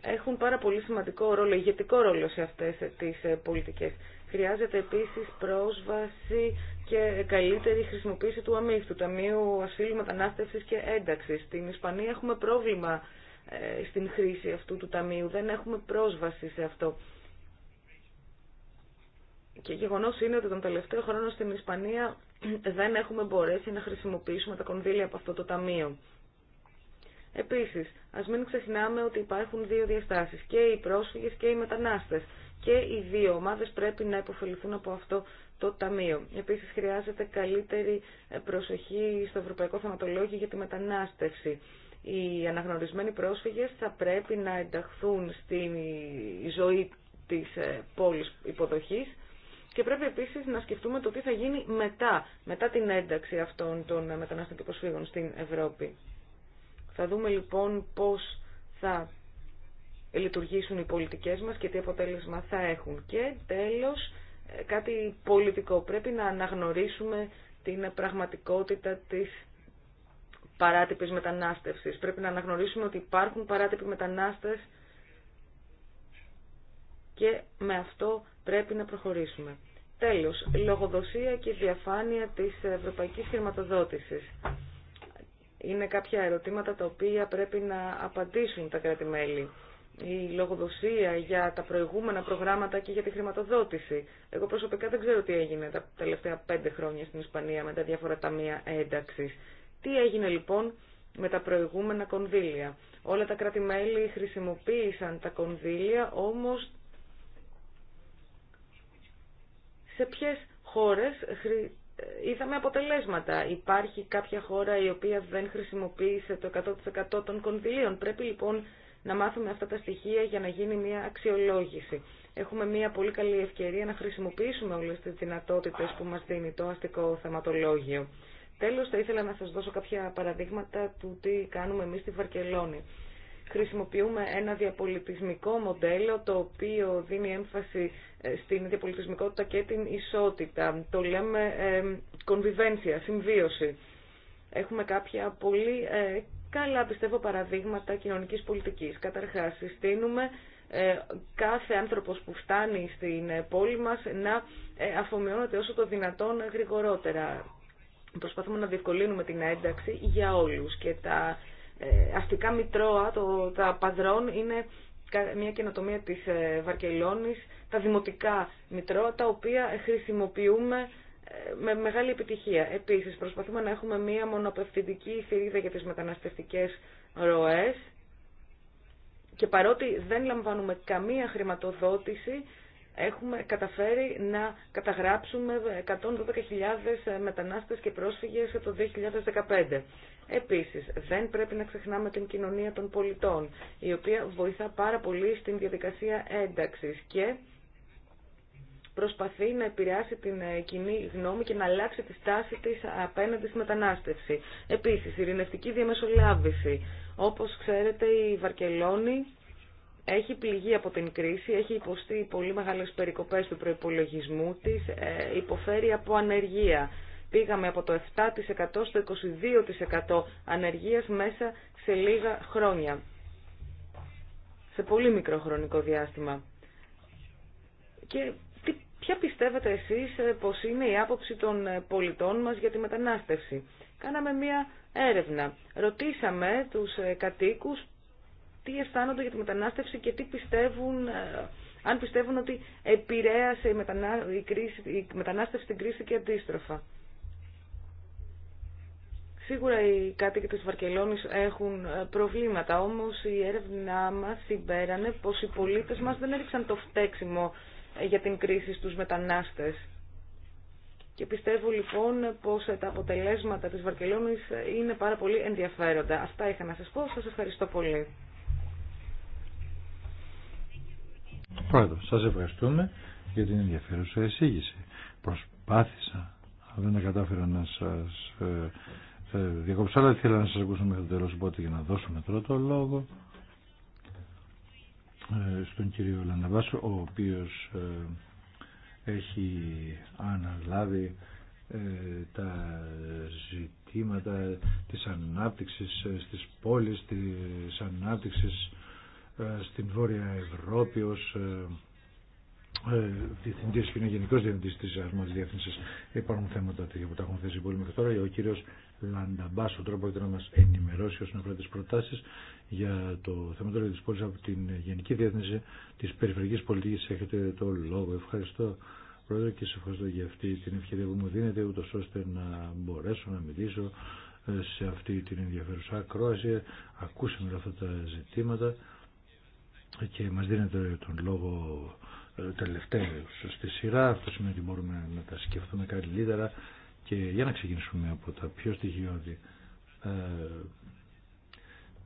B: έχουν πάρα πολύ σημαντικό ρόλο, ηγετικό ρόλο σε αυτές τις ε, πολιτικές. Χρειάζεται επίσης πρόσβαση και καλύτερη χρησιμοποίηση του ΑΜΙΦ, του Ταμείου Ασύλου Μετανάστευσης και Ένταξης. Στην Ισπανία έχουμε πρόβλημα ε, στην χρήση αυτού του ταμείου, δεν έχουμε πρόσβαση σε αυτό. Και γεγονός είναι ότι τον τελευταίο χρόνο στην Ισπανία δεν έχουμε μπορέσει να χρησιμοποιήσουμε τα κονδύλια από αυτό το ταμείο. Επίσης, ας μην ξεχνάμε ότι υπάρχουν δύο διαστάσεις, και οι πρόσφυγες και οι μετανάστες. Και οι δύο ομάδες πρέπει να υποφεληθούν από αυτό το Ταμείο. Επίσης, χρειάζεται καλύτερη προσοχή στο Ευρωπαϊκό Θεματολόγιο για τη μετανάστευση. Οι αναγνωρισμένοι πρόσφυγες θα πρέπει να ενταχθούν στη ζωή της ε, πόλης υποδοχής και πρέπει επίσης να σκεφτούμε το τι θα γίνει μετά, μετά την ένταξη αυτών των μετανάστων και προσφύγων στην Ευρώπη. Θα δούμε λοιπόν πώς θα λειτουργήσουν οι πολιτικές μας και τι αποτέλεσμα θα έχουν. Και τέλος, κάτι πολιτικό. Πρέπει να αναγνωρίσουμε την πραγματικότητα της παράτυπης μετανάστευσης. Πρέπει να αναγνωρίσουμε ότι υπάρχουν παράτυποι μετανάστες και με αυτό πρέπει να προχωρήσουμε. Τέλος, λογοδοσία και διαφάνεια της ευρωπαϊκής χρηματοδότησης είναι κάποια ερωτήματα τα οποία πρέπει να απαντήσουν τα κράτη-μέλη. Η λογοδοσία για τα προηγούμενα προγράμματα και για τη χρηματοδότηση. Εγώ προσωπικά δεν ξέρω τι έγινε τα τελευταία πέντε χρόνια στην Ισπανία με τα διάφορα ταμεία ένταξη. Τι έγινε λοιπόν με τα προηγούμενα κονδύλια. Όλα τα κράτη-μέλη χρησιμοποίησαν τα κονδύλια, όμως σε ποιες χώρες είδαμε αποτελέσματα. Υπάρχει κάποια χώρα η οποία δεν χρησιμοποίησε το 100% των κονδυλίων. Πρέπει λοιπόν να μάθουμε αυτά τα στοιχεία για να γίνει μια αξιολόγηση. Έχουμε μια πολύ καλή ευκαιρία να χρησιμοποιήσουμε όλες τις δυνατότητες που μας δίνει το αστικό θεματολόγιο. Τέλος, θα ήθελα να σας δώσω κάποια παραδείγματα του τι κάνουμε εμείς στη Βαρκελόνη. Χρησιμοποιούμε ένα διαπολιτισμικό μοντέλο το οποίο δίνει έμφαση στην διαπολιτισμικότητα και την ισότητα. Το λέμε convivencia, συμβίωση. Έχουμε κάποια πολύ ε, καλά πιστεύω παραδείγματα κοινωνικής πολιτικής. Καταρχάς, συστήνουμε ε, κάθε άνθρωπος που φτάνει στην ε, πόλη μας να αφομοιώνεται όσο το δυνατόν γρηγορότερα. Προσπαθούμε να διευκολύνουμε την ένταξη για όλους και τα αστικά μητρώα, το, τα παδρών είναι μια καινοτομία της ε, Βαρκελόνης, τα δημοτικά μητρώα, τα οποία ε, χρησιμοποιούμε ε, με μεγάλη επιτυχία. Επίσης, προσπαθούμε να έχουμε μια μονοπευθυντική θηρίδα για τις μεταναστευτικές ροές και παρότι δεν λαμβάνουμε καμία χρηματοδότηση, έχουμε καταφέρει να καταγράψουμε 112.000 μετανάστες και πρόσφυγες το 2015. Επίσης, δεν πρέπει να ξεχνάμε την κοινωνία των πολιτών, η οποία βοηθά πάρα πολύ στην διαδικασία ένταξης και προσπαθεί να επηρεάσει την ε, κοινή γνώμη και να αλλάξει τη στάση της απέναντι στη μετανάστευση. Επίσης, η ειρηνευτική διαμεσολάβηση. Όπως ξέρετε, η Βαρκελόνη έχει πληγεί από την κρίση, έχει υποστεί πολύ μεγάλες περικοπές του προϋπολογισμού της, ε, υποφέρει από ανεργία. Πήγαμε από το 7% στο 22% ανεργίας μέσα σε λίγα χρόνια. Σε πολύ μικρό χρονικό διάστημα. Και ποια πιστεύετε εσείς ε, πως είναι η άποψη των ε, πολιτών μας για τη μετανάστευση. Κάναμε μία έρευνα. Ρωτήσαμε τους κατοίκους τι αισθάνονται για τη μετανάστευση και τι πιστεύουν, ε, αν πιστεύουν ότι επηρέασε η, μετανά, η, κρίση, η μετανάστευση την κρίση και αντίστροφα. Σίγουρα οι κάτοικοι της Βαρκελόνης έχουν ε, προβλήματα, όμως η έρευνά μας συμπέρανε πως οι πολίτες μας δεν έριξαν το φταίξιμο ε, για την κρίση στους μετανάστες. Και πιστεύω λοιπόν πως τα αποτελέσματα της Βαρκελόνης είναι πάρα πολύ ενδιαφέροντα. Αυτά είχα να σας πω. Σας ευχαριστώ πολύ.
C: Πρόεδρο, σας ευχαριστούμε για την ενδιαφέρουσα εισήγηση. Προσπάθησα, αλλά δεν κατάφερα να σας ε, ε, διακόψω, αλλά ήθελα να σας ακούσω μέχρι το τέλος, οπότε για να δώσουμε τώρα το λόγο ε, στον κύριο Λανταβάσο, ο οποίος ε, έχει αναλάβει τα ζητήματα της ανάπτυξης στις πόλεις, της ανάπτυξης ε, στην Βόρεια Ευρώπη ως ε, ε, διευθυντής και είναι γενικός διευθυντής της Αρμόδιας Διεύθυνσης. Υπάρχουν θέματα που τα έχουν θέσει πολύ μέχρι τώρα. Ο κύριος Λανταμπάς, ο τρόπο να μας ενημερώσει όσον αφορά τις προτάσεις για το θεματολόγιο της πόλης από την Γενική Διεύθυνση της Περιφερειακής Πολιτικής. Έχετε το λόγο. Ευχαριστώ. Πρόεδρε και σε ευχαριστώ για αυτή την ευκαιρία που μου δίνετε ούτω ώστε να μπορέσω να μιλήσω σε αυτή την ενδιαφέρουσα ακρόαση. Ακούσαμε αυτά τα ζητήματα και μας δίνεται τον λόγο ε, τελευταίο στη σειρά. Αυτό σημαίνει ότι μπορούμε να τα σκεφτούμε καλύτερα και για να ξεκινήσουμε από τα πιο στοιχειώδη ε,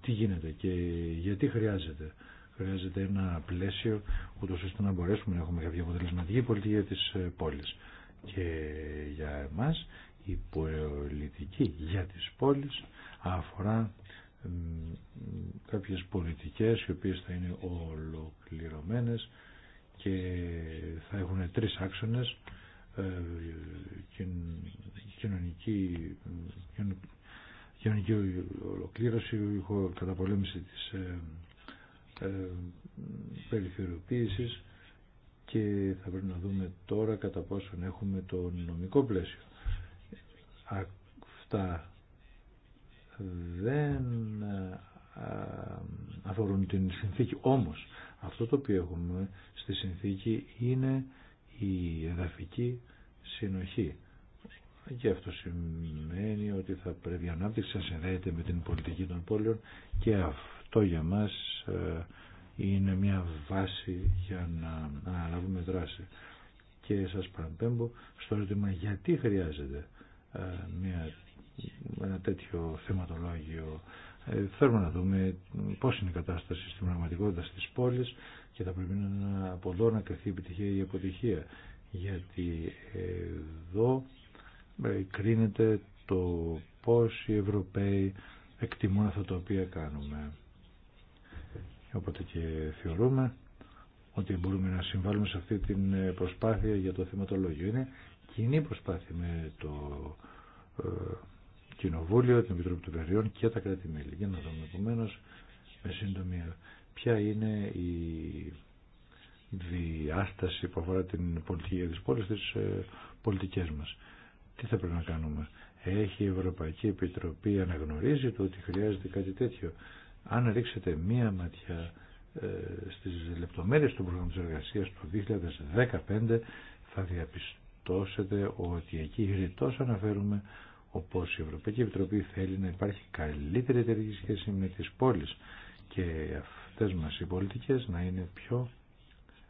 C: τι γίνεται και γιατί χρειάζεται. Χρειάζεται ένα πλαίσιο ούτως ώστε να μπορέσουμε να έχουμε κάποια αποτελεσματική πολιτική της ε, πόλης. Και για εμάς η πολιτική για τις πόλεις αφορά κάποιες πολιτικές οι οποίες θα είναι ολοκληρωμένες και θα έχουν τρεις άξονες ε, κοινωνική, κοινωνική ολοκλήρωση, καταπολέμηση της ε, ε και θα πρέπει να δούμε τώρα κατά πόσον έχουμε το νομικό πλαίσιο. Αυτά δεν ε, ε, αφορούν την συνθήκη. Όμως αυτό το οποίο έχουμε στη συνθήκη είναι η εδαφική συνοχή. Και αυτό σημαίνει ότι θα πρέπει η ανάπτυξη να συνδέεται με την πολιτική των πόλεων και αυτό για μας ε, είναι μια βάση για να αναλάβουμε δράση. Και σας παραπέμπω στο ερώτημα γιατί χρειάζεται μια με ένα τέτοιο θεματολόγιο. Ε, θέλουμε να δούμε πώς είναι η κατάσταση στην πραγματικότητα στις πόλεις και θα πρέπει να από εδώ να κρυθεί επιτυχία ή αποτυχία. Γιατί εδώ ε, κρίνεται το πώς οι Ευρωπαίοι εκτιμούν αυτά τα οποία κάνουμε. Οπότε και θεωρούμε ότι μπορούμε να συμβάλλουμε σε αυτή την ε, προσπάθεια για το θεματολόγιο. Είναι κοινή προσπάθεια με το Κοινοβούλιο, την Επιτροπή των Περιών και τα κράτη-μέλη. Για να δούμε επομένω με συντομία ποια είναι η διάσταση που αφορά την πολιτική για τις πόλεις, ε, πολιτικές μας. Τι θα πρέπει να κάνουμε. Έχει η Ευρωπαϊκή Επιτροπή αναγνωρίζει το ότι χρειάζεται κάτι τέτοιο. Αν ρίξετε μία ματιά ε, στις λεπτομέρειες του προγράμματος εργασίας του 2015 θα διαπιστώσετε ότι εκεί γρητός αναφέρουμε όπως η Ευρωπαϊκή Επιτροπή θέλει να υπάρχει καλύτερη εταιρική σχέση με τις πόλεις και αυτές μας οι πολιτικές να είναι πιο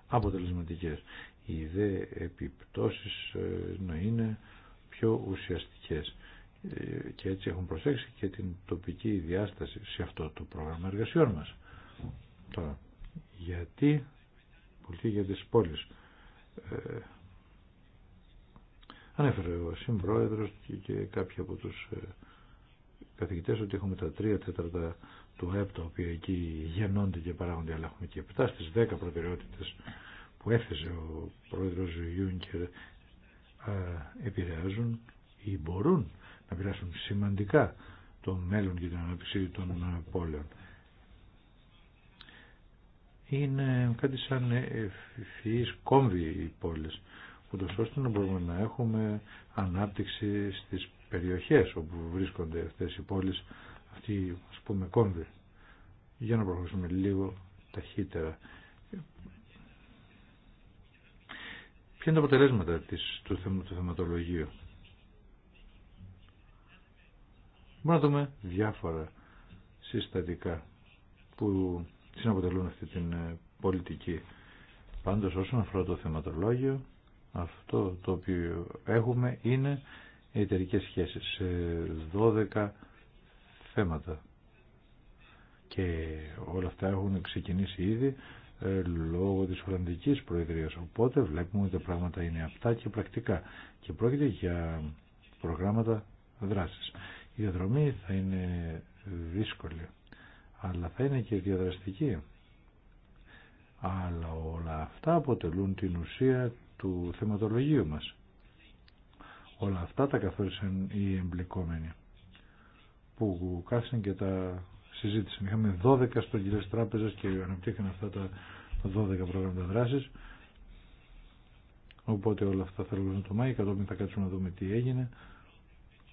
C: αποτελεσματικές. Οι δε επιπτώσεις ε, να είναι πιο ουσιαστικές ε, και έτσι έχουν προσέξει και την τοπική διάσταση σε αυτό το πρόγραμμα εργασιών μας. Τώρα, γιατί πολιτική για τις πόλεις. Ε, Ανέφερε ο συμπρόεδρος και, και κάποιοι από τους ε, καθηγητές ότι έχουμε τα τρία τέταρτα του ΑΕΠ τα οποία εκεί γεννώνται και παράγονται αλλά έχουμε και επτά στις δέκα προτεραιότητες που έθεσε ο πρόεδρος Γιούνκερ επηρεάζουν ή μπορούν να πειράσουν σημαντικά το μέλλον και την ανάπτυξη των ε, πόλεων. Είναι κάτι σαν ευφυείς οι πόλεις ούτως ώστε να μπορούμε να έχουμε ανάπτυξη στις περιοχές όπου βρίσκονται αυτές οι πόλεις, αυτοί ας πούμε κόμβοι. Για να προχωρήσουμε λίγο ταχύτερα. Ποια είναι τα αποτελέσματα του, του θεματολογίου. Μπορούμε να δούμε διάφορα συστατικά που συναποτελούν αυτή την ε, πολιτική. Πάντως όσον αφορά το θεματολόγιο αυτό το οποίο έχουμε είναι εταιρικέ σχέσεις σε 12 θέματα. Και όλα αυτά έχουν ξεκινήσει ήδη ε, λόγω της Ολλανδικής Προεδρίας. Οπότε βλέπουμε ότι τα πράγματα είναι απτά και πρακτικά. Και πρόκειται για προγράμματα δράσης. Η διαδρομή θα είναι δύσκολη, αλλά θα είναι και διαδραστική. Αλλά όλα αυτά αποτελούν την ουσία του θεματολογίου μας. Όλα αυτά τα καθόρισαν οι εμπλεκόμενοι που κάθισαν και τα συζήτησαν. Είχαμε 12 στρογγυλές τράπεζες και αναπτύχθηκαν αυτά τα 12 προγράμματα δράσης. Οπότε όλα αυτά θα έρθουν το Μάη, κατόπιν θα κάτσουμε να δούμε τι έγινε.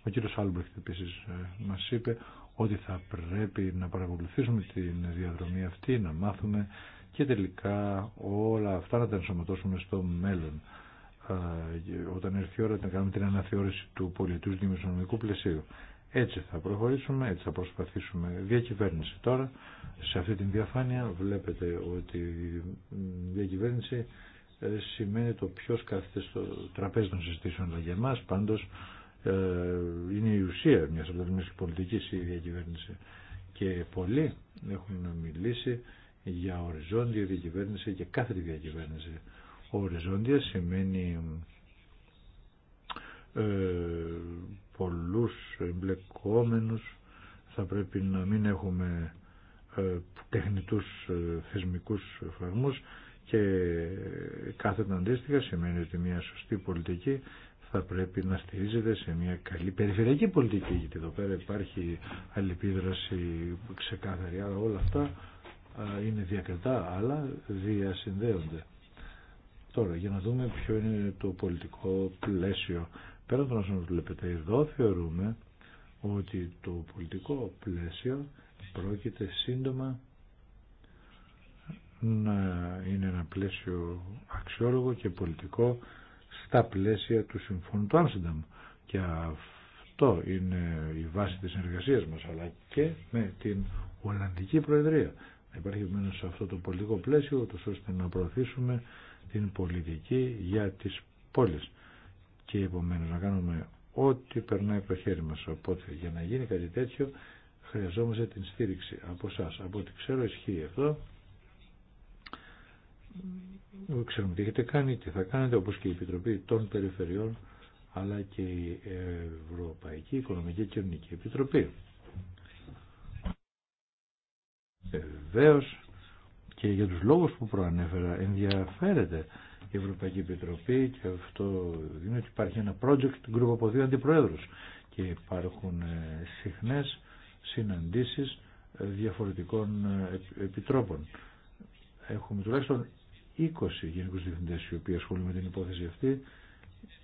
C: Ο κύριος Άλμπρεχτ επίσης ε, μας είπε ότι θα πρέπει να παρακολουθήσουμε την διαδρομή αυτή, να μάθουμε και τελικά όλα αυτά να τα ενσωματώσουμε στο μέλλον όταν έρθει η ώρα να κάνουμε την αναθεώρηση του πολιτού δημοσιονομικού πλαισίου. Έτσι θα προχωρήσουμε, έτσι θα προσπαθήσουμε. Διακυβέρνηση τώρα, σε αυτή την διαφάνεια βλέπετε ότι η διακυβέρνηση ε, σημαίνει το ποιο κάθεται στο τραπέζι των συζητήσεων. Αλλά για εμά πάντω ε, είναι η ουσία μια από πολιτική η διακυβέρνηση. Και πολλοί έχουν μιλήσει για οριζόντια διακυβέρνηση και κάθε διακυβέρνηση. Οριζόντια σημαίνει ε, πολλούς εμπλεκόμενους, θα πρέπει να μην έχουμε ε, τεχνητούς ε, θεσμικούς φραγμούς και κάθετα αντίστοιχα σημαίνει ότι μια σωστή πολιτική θα πρέπει να στηρίζεται σε μια καλή περιφερειακή πολιτική γιατί εδώ πέρα υπάρχει αλληλεπίδραση ξεκάθαρη άρα όλα αυτά είναι διακριτά αλλά διασυνδέονται. Τώρα για να δούμε ποιο είναι το πολιτικό πλαίσιο. Πέραν των όσων βλέπετε εδώ θεωρούμε ότι το πολιτικό πλαίσιο πρόκειται σύντομα να είναι ένα πλαίσιο αξιόλογο και πολιτικό στα πλαίσια του Συμφώνου του Άμστερνταμ. Και αυτό είναι η βάση της συνεργασίας μας, αλλά και με την Ολλανδική Προεδρία. Να υπάρχει επομένως σε αυτό το πολιτικό πλαίσιο, ώστε να προωθήσουμε την πολιτική για τις πόλεις. Και επομένως να κάνουμε ό,τι περνάει από το χέρι μας. Οπότε για να γίνει κάτι τέτοιο χρειαζόμαστε την στήριξη από εσά. Από ό,τι ξέρω ισχύει αυτό. Ξέρουμε τι έχετε κάνει, τι θα κάνετε, όπως και η Επιτροπή των Περιφερειών, αλλά και η Ευρωπαϊκή Οικονομική Κοινωνική Επιτροπή. Βεβαίω και για τους λόγους που προανέφερα ενδιαφέρεται η Ευρωπαϊκή Επιτροπή και αυτό είναι ότι υπάρχει ένα project group από δύο αντιπροέδρους και υπάρχουν ε, συχνές συναντήσεις ε, διαφορετικών ε, επιτρόπων. Έχουμε τουλάχιστον 20 γενικούς διευθυντές οι οποίοι ασχολούνται με την υπόθεση αυτή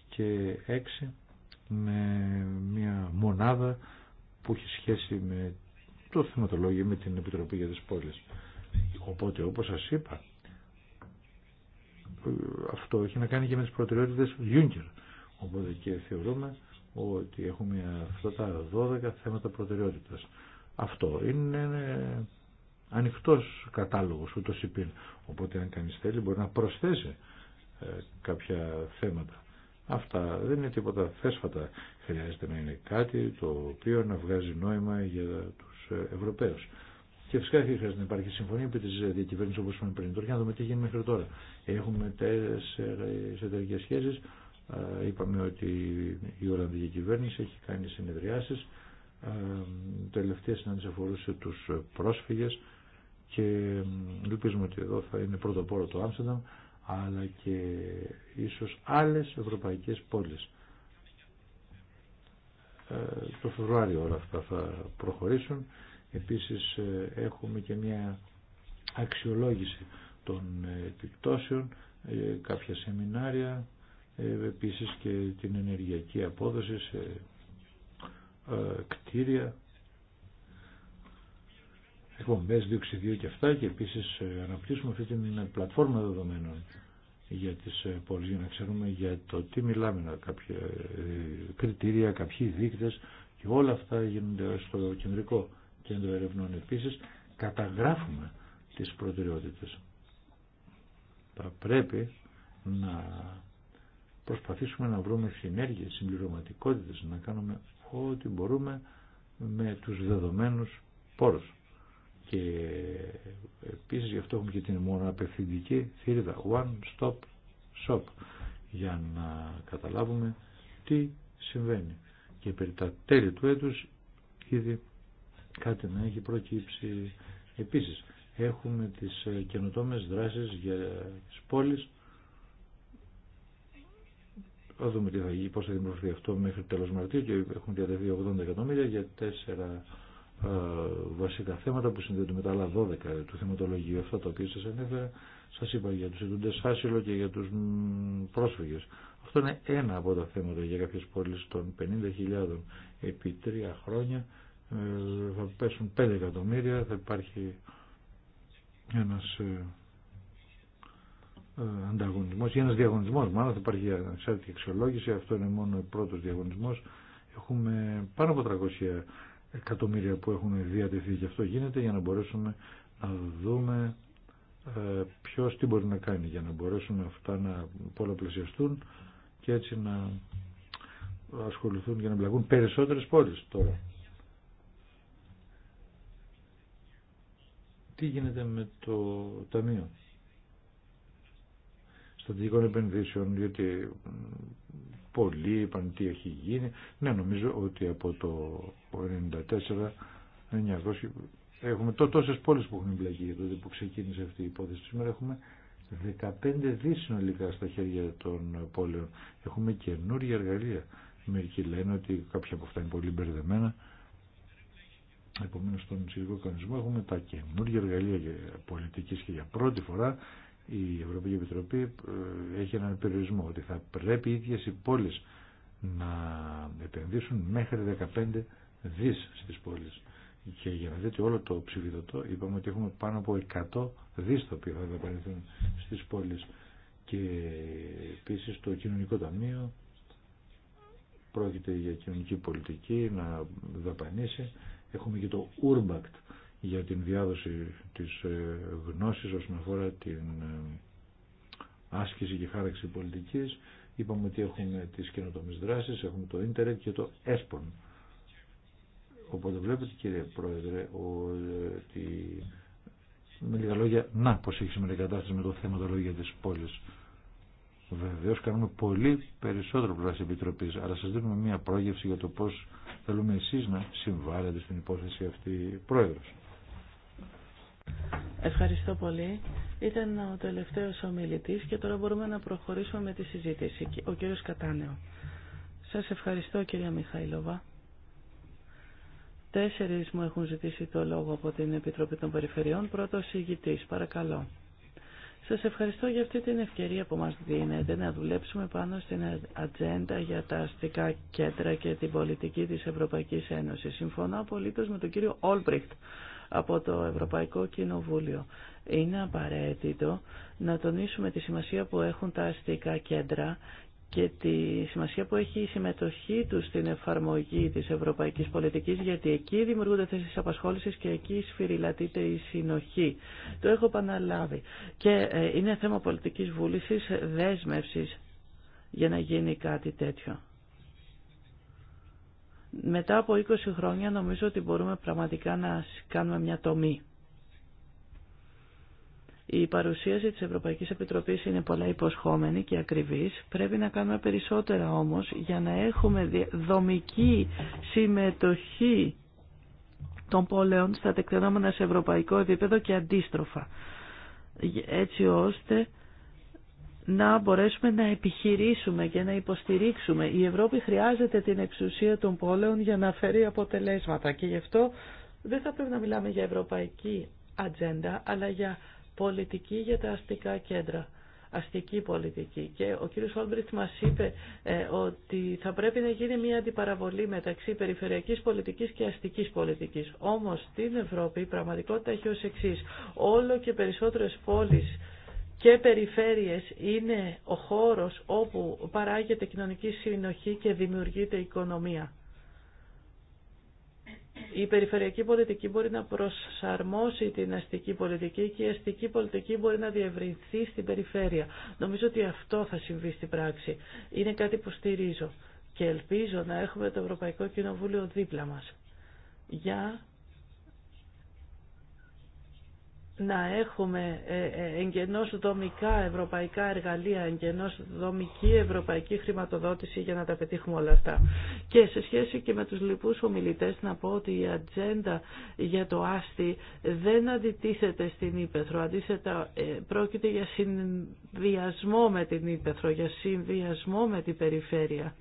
C: και 6 με μια μονάδα που έχει σχέση με το θεματολόγιο με την Επιτροπή για τις Πόλεις. Οπότε όπως σας είπα, αυτό έχει να κάνει και με τις προτεραιότητες Juncker. Οπότε και θεωρούμε ότι έχουμε αυτά τα 12 θέματα προτεραιότητας. Αυτό είναι ανοιχτός κατάλογος ούτως υπήν. Οπότε αν κανείς θέλει μπορεί να προσθέσει ε, κάποια θέματα Αυτά δεν είναι τίποτα θέσφατα. Χρειάζεται να είναι κάτι το οποίο να βγάζει νόημα για τους ε, Ευρωπαίους. Και φυσικά χρειάζεται να υπάρχει συμφωνία επί τη διακυβέρνηση όπω είπαμε πριν. Τώρα για να δούμε τι γίνει μέχρι τώρα. Έχουμε τέσσερι εταιρικέ σχέσει. Είπαμε ότι η Ολλανδική κυβέρνηση έχει κάνει συνεδριάσει. Τελευταία συνάντηση αφορούσε του πρόσφυγε και ελπίζουμε ότι εδώ θα είναι πρώτο πόρο το Άμστερνταμ αλλά και ίσως άλλες ευρωπαϊκές πόλεις. Ε, το Φεβρουάριο όλα αυτά θα προχωρήσουν. Επίσης ε, έχουμε και μια αξιολόγηση των επιπτώσεων, ε, κάποια σεμινάρια, επίσης και την ενεργειακή απόδοση σε κτίρια εκπομπέ διοξιδίου και αυτά και επίσης ε, αναπτύσσουμε αυτή την ε, πλατφόρμα δεδομένων για τι ε, πόλει για να ξέρουμε για το τι μιλάμε, κάποια κριτήρια, κάποιοι δείκτες και όλα αυτά γίνονται στο κεντρικό κέντρο ερευνών Επίση, καταγράφουμε τις προτεραιότητες. Θα πρέπει να προσπαθήσουμε να βρούμε συνέργειες, συμπληρωματικότητες, να κάνουμε ό,τι μπορούμε με τους δεδομένους πόρους. Και επίσης γι' αυτό έχουμε και την μοναπευθυντική θηρίδα One Stop Shop για να καταλάβουμε τι συμβαίνει. Και περί τα τέλη του έτους ήδη κάτι να έχει προκύψει. Επίσης έχουμε τις ε, καινοτόμες δράσεις για τις πόλεις. Θα δούμε τι θα γίνει, πώς θα δημιουργηθεί αυτό μέχρι τέλος Μαρτίου και έχουν διατεθεί 80 εκατομμύρια για τέσσερα ε, βασικά θέματα που συνδέονται με τα άλλα 12 του θεματολογίου, Αυτό το οποία σας ανέφερα, σας είπα για τους ειδούντες άσυλο και για τους πρόσφυγες. Αυτό είναι ένα από τα θέματα για κάποιες πόλεις των 50.000 επί τρία χρόνια, ε, θα πέσουν 5 εκατομμύρια, θα υπάρχει ένας ε, ανταγωνισμός ή ένας διαγωνισμός μάλλον θα υπάρχει ανεξάρτητη αξιολόγηση αυτό είναι μόνο ο πρώτος διαγωνισμός έχουμε πάνω από 300 εκατομμύρια που έχουν διατεθεί και αυτό γίνεται για να μπορέσουμε να δούμε ε, ποιος τι μπορεί να κάνει για να μπορέσουμε αυτά να πολλαπλασιαστούν και έτσι να ασχοληθούν για να μπλαγούν περισσότερες πόλεις τώρα. Τι γίνεται με το Ταμείο Στατικών Επενδύσεων, διότι πολλοί είπαν τι έχει γίνει. Ναι, νομίζω ότι από το 1994 έχουμε τόσες πόλεις που έχουν εμπλακεί τότε που ξεκίνησε αυτή η υπόθεση. Σήμερα έχουμε 15 δις συνολικά στα χέρια των πόλεων. Έχουμε καινούργια εργαλεία. Μερικοί λένε ότι κάποια από αυτά είναι πολύ μπερδεμένα. Επομένως στον ψηφικό κανονισμό έχουμε τα καινούργια εργαλεία πολιτικής και για πρώτη φορά η Ευρωπαϊκή Επιτροπή ε, έχει έναν περιορισμό ότι θα πρέπει οι ίδιες οι πόλεις να επενδύσουν μέχρι 15 δις στις πόλεις. Και για να δείτε όλο το ψηφιδωτό είπαμε ότι έχουμε πάνω από 100 δις τα οποία θα δαπανηθούν στις πόλεις και επίσης το κοινωνικό ταμείο πρόκειται για κοινωνική πολιτική να δαπανήσει. Έχουμε και το Urbact για την διάδοση της ε, γνώσης όσον αφορά την ε, άσκηση και χάραξη πολιτικής. Είπαμε ότι έχουμε τις καινοτομίες δράσεις, έχουμε το ίντερνετ και το ΕΣΠΟΝ. Οπότε βλέπετε κύριε Πρόεδρε ότι με λίγα λόγια, να πως έχει σήμερα η κατάσταση με το λόγια της πόλης. Βεβαίω κάνουμε πολύ περισσότερο πλευρά επιτροπής Επιτροπή, αλλά σα δίνουμε μια πρόγευση για το πώς θέλουμε εσείς να συμβάλλετε στην υπόθεση αυτή, Πρόεδρο.
A: Ευχαριστώ πολύ. Ήταν ο τελευταίος ομιλητής και τώρα μπορούμε να προχωρήσουμε με τη συζήτηση. Ο κύριο Κατάνεο. Σα ευχαριστώ κυρία Μιχαήλοβα. Τέσσερι μου έχουν ζητήσει το λόγο από την Επιτροπή των Περιφερειών. Πρώτο ηγητή, παρακαλώ. Σα ευχαριστώ για αυτή την ευκαιρία που μα δίνετε να δουλέψουμε πάνω στην ατζέντα για τα αστικά κέντρα και την πολιτική τη Ευρωπαϊκή Ένωση. Συμφωνώ απολύτω με τον κύριο Όλμπριχτ από το Ευρωπαϊκό Κοινοβούλιο. Είναι απαραίτητο να τονίσουμε τη σημασία που έχουν τα αστικά κέντρα και τη σημασία που έχει η συμμετοχή του στην εφαρμογή της ευρωπαϊκής πολιτικής γιατί εκεί δημιουργούνται θέσεις απασχόλησης και εκεί σφυριλατείται η συνοχή. Το έχω επαναλάβει. Και ε, είναι θέμα πολιτικής βούλησης, δέσμευσης για να γίνει κάτι τέτοιο μετά από 20 χρόνια νομίζω ότι μπορούμε πραγματικά να κάνουμε μια τομή. Η παρουσίαση της Ευρωπαϊκής Επιτροπής είναι πολλά υποσχόμενη και ακριβής. Πρέπει να κάνουμε περισσότερα όμως για να έχουμε δομική συμμετοχή των πόλεων στα τεκτενόμενα σε ευρωπαϊκό επίπεδο και αντίστροφα. Έτσι ώστε να μπορέσουμε να επιχειρήσουμε και να υποστηρίξουμε. Η Ευρώπη χρειάζεται την εξουσία των πόλεων για να φέρει αποτελέσματα και γι' αυτό δεν θα πρέπει να μιλάμε για ευρωπαϊκή ατζέντα, αλλά για πολιτική για τα αστικά κέντρα αστική πολιτική. Και ο κύριος Όλμπριτ μας είπε ε, ότι θα πρέπει να γίνει μια αντιπαραβολή μεταξύ περιφερειακής πολιτικής και αστικής πολιτικής. Όμως στην Ευρώπη η πραγματικότητα έχει ως εξής. Όλο και περισσότερες πόλεις και περιφέρειες είναι ο χώρος όπου παράγεται κοινωνική συνοχή και δημιουργείται οικονομία. Η περιφερειακή πολιτική μπορεί να προσαρμόσει την αστική πολιτική και η αστική πολιτική μπορεί να διευρυνθεί στην περιφέρεια. Νομίζω ότι αυτό θα συμβεί στην πράξη. Είναι κάτι που στηρίζω και ελπίζω να έχουμε το Ευρωπαϊκό Κοινοβούλιο δίπλα μας για να έχουμε ε, ε, εγγενώς δομικά ευρωπαϊκά εργαλεία, εγγενώς δομική ευρωπαϊκή χρηματοδότηση για να τα πετύχουμε όλα αυτά. Και σε σχέση και με τους λοιπούς ομιλητές να πω ότι η ατζέντα για το άστι δεν αντιτίθεται στην Ήπεθρο. Αντίθετα ε, πρόκειται για συνδυασμό με την Ήπεθρο, για συνδυασμό με την περιφέρεια,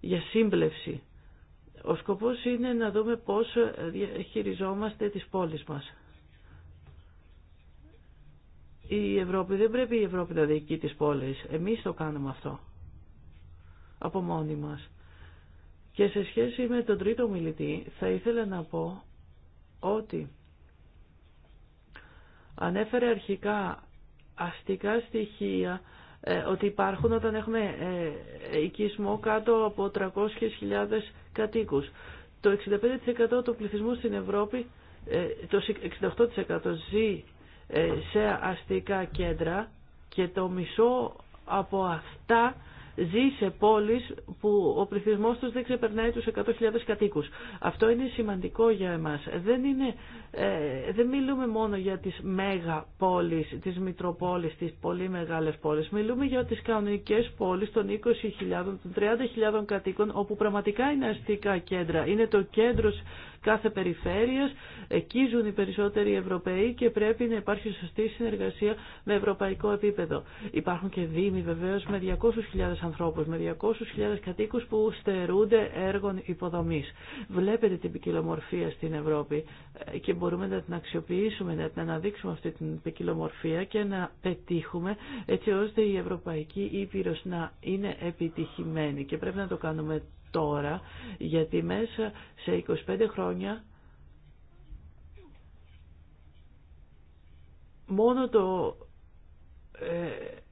A: για σύμπλευση. Ο σκοπός είναι να δούμε πώς χειριζόμαστε τις πόλεις μας η Ευρώπη, δεν πρέπει η Ευρώπη να διοικεί τις πόλεις. Εμείς το κάνουμε αυτό. Από μόνοι μας. Και σε σχέση με τον τρίτο μιλητή θα ήθελα να πω ότι ανέφερε αρχικά αστικά στοιχεία ε, ότι υπάρχουν όταν έχουμε ε, οικισμό κάτω από 300.000 κατοίκους. Το 65% του πληθυσμού στην Ευρώπη, ε, το 68% ζει ε, σε αστικά κέντρα και το μισό από αυτά ζει σε πόλεις που ο πληθυσμός τους δεν ξεπερνάει τους 100.000 κατοίκους. Αυτό είναι σημαντικό για εμάς. Δεν, είναι, ε, δεν μιλούμε μόνο για τις μέγα πόλεις, τις μητροπόλεις, τις πολύ μεγάλες πόλεις. Μιλούμε για τις κανονικές πόλεις των 20.000, των 30.000 κατοίκων όπου πραγματικά είναι αστικά κέντρα. Είναι το κέντρο κάθε περιφέρειας. Εκεί ζουν οι περισσότεροι Ευρωπαίοι και πρέπει να υπάρχει σωστή συνεργασία με ευρωπαϊκό επίπεδο. Υπάρχουν και δήμοι βεβαίω με 200.000 ανθρώπους, με 200.000 κατοίκους που στερούνται έργων υποδομής. Βλέπετε την ποικιλομορφία στην Ευρώπη ε, και μπορούμε να την αξιοποιήσουμε, να την αναδείξουμε αυτή την ποικιλομορφία και να πετύχουμε έτσι ώστε η Ευρωπαϊκή Ήπειρος να είναι επιτυχημένη και πρέπει να το κάνουμε τώρα, γιατί μέσα σε 25 χρόνια μόνο το 7%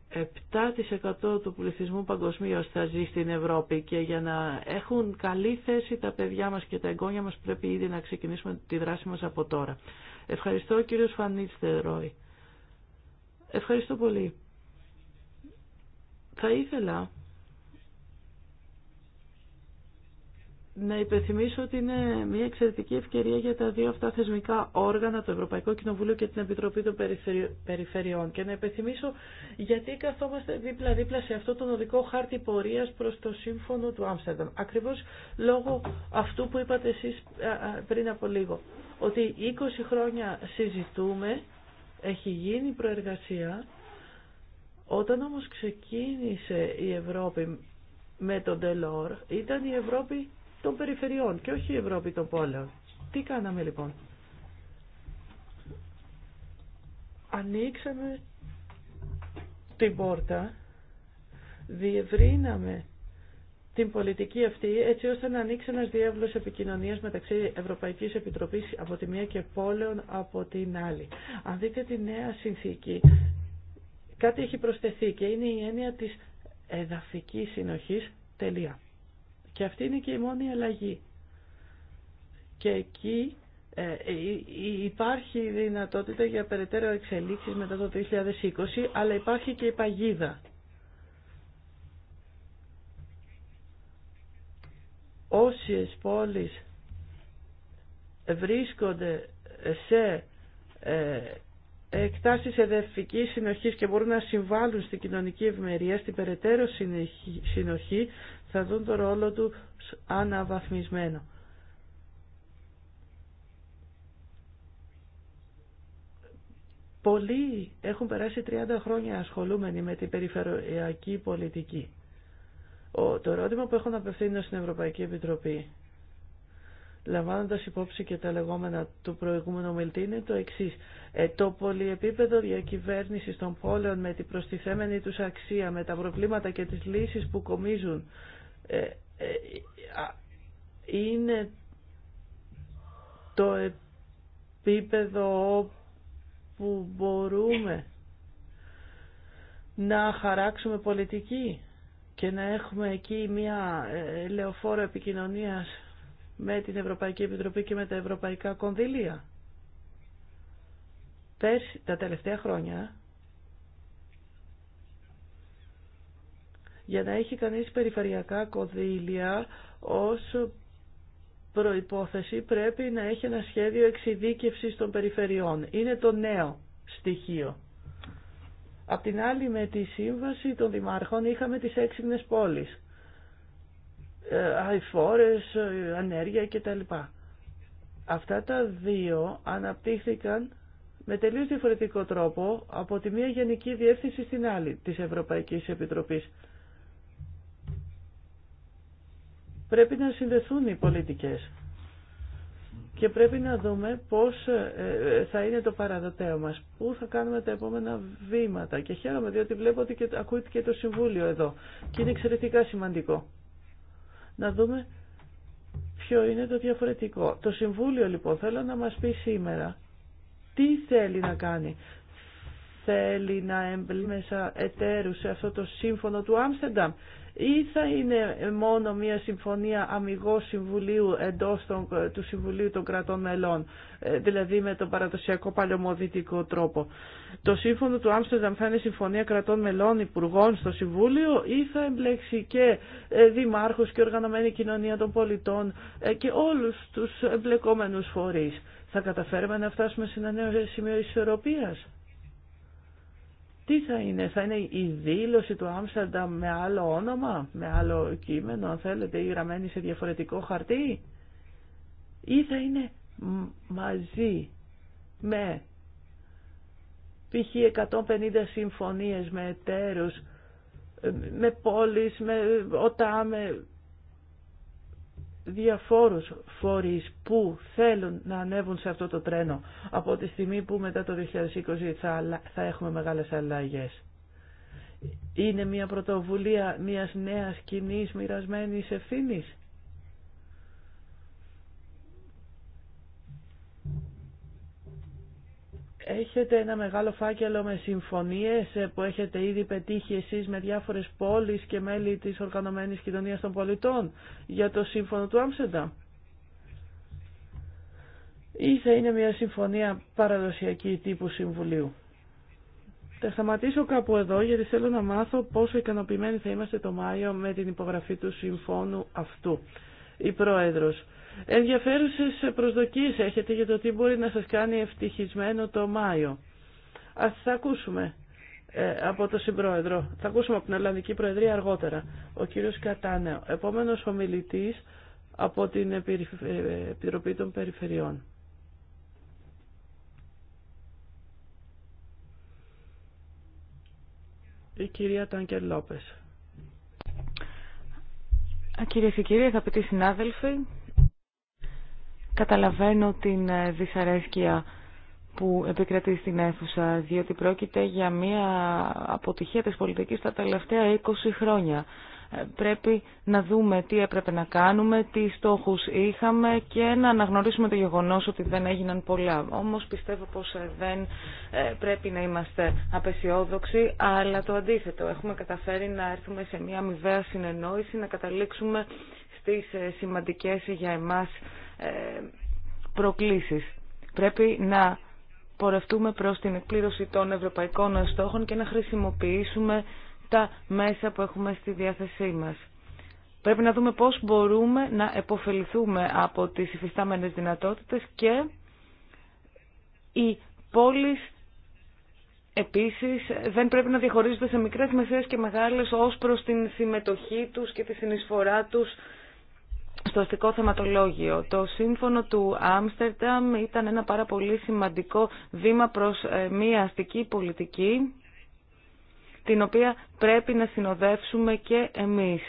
A: ε, του πληθυσμού παγκοσμίω θα ζει στην Ευρώπη και για να έχουν καλή θέση τα παιδιά μας και τα εγγόνια μας πρέπει ήδη να ξεκινήσουμε τη δράση μας από τώρα. Ευχαριστώ κύριο Φανίτς Ευχαριστώ πολύ. Θα ήθελα να υπενθυμίσω ότι είναι μια εξαιρετική ευκαιρία για τα δύο αυτά θεσμικά όργανα, το Ευρωπαϊκό Κοινοβούλιο και την Επιτροπή των Περιφερειών. Και να υπενθυμίσω γιατί καθόμαστε δίπλα-δίπλα σε αυτό τον οδικό χάρτη πορείας προς το σύμφωνο του Άμστερνταμ. Ακριβώς λόγω αυτού που είπατε εσείς πριν από λίγο. Ότι 20 χρόνια συζητούμε, έχει γίνει προεργασία. Όταν όμως ξεκίνησε η Ευρώπη με τον Τελόρ, ήταν η Ευρώπη των περιφερειών και όχι η Ευρώπη των πόλεων. Τι κάναμε λοιπόν. Ανοίξαμε την πόρτα, διευρύναμε την πολιτική αυτή έτσι ώστε να ανοίξει ένας διεύλος επικοινωνίας μεταξύ Ευρωπαϊκής Επιτροπής από τη μία και πόλεων από την άλλη. Αν δείτε τη νέα συνθήκη, κάτι έχει προσθεθεί και είναι η έννοια της εδαφικής συνοχής. Τελεία. Και αυτή είναι και η μόνη αλλαγή. Και εκεί ε, ε, υπάρχει δυνατότητα για περαιτέρω εξελίξεις μετά το 2020, αλλά υπάρχει και η παγίδα. Όσες πόλεις βρίσκονται σε ε, εκτάσεις εδερφικής συνοχής και μπορούν να συμβάλλουν στην κοινωνική ευμερία, στην περαιτέρω συνοχή, θα δουν το ρόλο του αναβαθμισμένο. Πολλοί έχουν περάσει 30 χρόνια ασχολούμενοι με την περιφερειακή πολιτική. το ερώτημα που έχω να απευθύνω στην Ευρωπαϊκή Επιτροπή λαμβάνοντας υπόψη και τα λεγόμενα του προηγούμενου ομιλητή, είναι το εξή. Ε, το πολυεπίπεδο διακυβέρνηση των πόλεων με την προστιθέμενη τους αξία, με τα προβλήματα και τις λύσεις που κομίζουν, ε, ε είναι το επίπεδο που μπορούμε να χαράξουμε πολιτική και να έχουμε εκεί μια ε, λεωφόρο επικοινωνίας με την Ευρωπαϊκή Επιτροπή και με τα Ευρωπαϊκά Κονδυλία. τα τελευταία χρόνια, για να έχει κανείς περιφερειακά κονδύλια ως προϋπόθεση πρέπει να έχει ένα σχέδιο εξειδίκευσης των περιφερειών. Είναι το νέο στοιχείο. Απ' την άλλη με τη σύμβαση των δημάρχων είχαμε τις έξυπνες πόλεις. Ε, αϊφόρες, ε, ανέργεια κτλ. Αυτά τα δύο αναπτύχθηκαν με τελείως διαφορετικό τρόπο από τη μία γενική διεύθυνση στην άλλη της Ευρωπαϊκής Επιτροπής. Πρέπει να συνδεθούν οι πολιτικές και πρέπει να δούμε πώς ε, θα είναι το παραδοτέο μας, πού θα κάνουμε τα επόμενα βήματα. Και χαίρομαι διότι βλέπω ότι ακούει και το Συμβούλιο εδώ και είναι εξαιρετικά σημαντικό να δούμε ποιο είναι το διαφορετικό. Το Συμβούλιο λοιπόν θέλω να μας πει σήμερα τι θέλει να κάνει. Θέλει να εμπλύνει μέσα εταίρους σε αυτό το σύμφωνο του Άμστερνταμ ή θα είναι μόνο μια συμφωνία αμυγό συμβουλίου εντό του Συμβουλίου των Κρατών Μελών, ε, δηλαδή με τον παραδοσιακό παλαιομοδητικό τρόπο. Το σύμφωνο του Άμστερνταμ θα είναι συμφωνία κρατών μελών υπουργών στο Συμβούλιο ή θα εμπλέξει και ε, δημάρχου και οργανωμένη κοινωνία των πολιτών ε, και όλους τους εμπλεκόμενους φορείς. Θα καταφέρουμε να φτάσουμε σε ένα νέο σημείο ισορροπίας. Τι θα είναι, θα είναι η δήλωση του Άμστερνταμ με άλλο όνομα, με άλλο κείμενο αν θέλετε ή γραμμένη σε διαφορετικό χαρτί ή θα είναι μαζί με π.χ. 150 συμφωνίες με εταίρους, ε, με πόλεις, με ε, οτάμε διαφόρους φορείς που θέλουν να ανέβουν σε αυτό το τρένο από τη στιγμή που μετά το 2020 θα έχουμε μεγάλες αλλαγές. Είναι μια πρωτοβουλία μιας νέας κοινή μοιρασμένη ευθύνη έχετε ένα μεγάλο φάκελο με συμφωνίες ε, που έχετε ήδη πετύχει εσείς με διάφορες πόλεις και μέλη της οργανωμένης κοινωνίας των πολιτών για το σύμφωνο του Άμσεντα Ή θα είναι μια συμφωνία παραδοσιακή τύπου Συμβουλίου. Θα σταματήσω κάπου εδώ γιατί θέλω να μάθω πόσο ικανοποιημένοι θα είμαστε το Μάιο με την υπογραφή του συμφώνου αυτού η Πρόεδρος. Ενδιαφέρουσες προσδοκίες έχετε για το τι μπορεί να σας κάνει ευτυχισμένο το Μάιο. Ας θα ακούσουμε ε, από τον Συμπρόεδρο. Θα ακούσουμε από την Ολλανδική Προεδρία αργότερα. Ο κύριος Κατάνεο, επόμενος ομιλητής από την ε, Επιτροπή των Περιφερειών. Η κυρία Τάνκερ Λόπες. Κυρίε και
B: κύριοι, αγαπητοί συνάδελφοι, καταλαβαίνω την ε, δυσαρέσκεια που επικρατεί στην αίθουσα, διότι πρόκειται για μια αποτυχία της πολιτικής τα τελευταία 20 χρόνια πρέπει να δούμε τι έπρεπε να κάνουμε, τι στόχους είχαμε και να αναγνωρίσουμε το γεγονός ότι δεν έγιναν πολλά. Όμως πιστεύω πως ε, δεν ε, πρέπει να είμαστε απεσιόδοξοι, αλλά το αντίθετο. Έχουμε καταφέρει να έρθουμε σε μια αμοιβαία συνεννόηση, να καταλήξουμε στις ε, σημαντικές για εμάς προκλήσεις. Πρέπει να πορευτούμε προς την εκπλήρωση των ευρωπαϊκών στόχων και να χρησιμοποιήσουμε τα μέσα που έχουμε στη διάθεσή μας. Πρέπει να δούμε πώς μπορούμε να επωφεληθούμε από τις υφιστάμενες δυνατότητες και οι πόλεις επίσης δεν πρέπει να διαχωρίζονται σε μικρές, μεσαίες και μεγάλες ως προς την συμμετοχή τους και τη συνεισφορά τους στο αστικό θεματολόγιο. Το σύμφωνο του Άμστερνταμ ήταν ένα πάρα πολύ σημαντικό βήμα προς ε, μια αστική πολιτική την οποία πρέπει να συνοδεύσουμε και εμείς.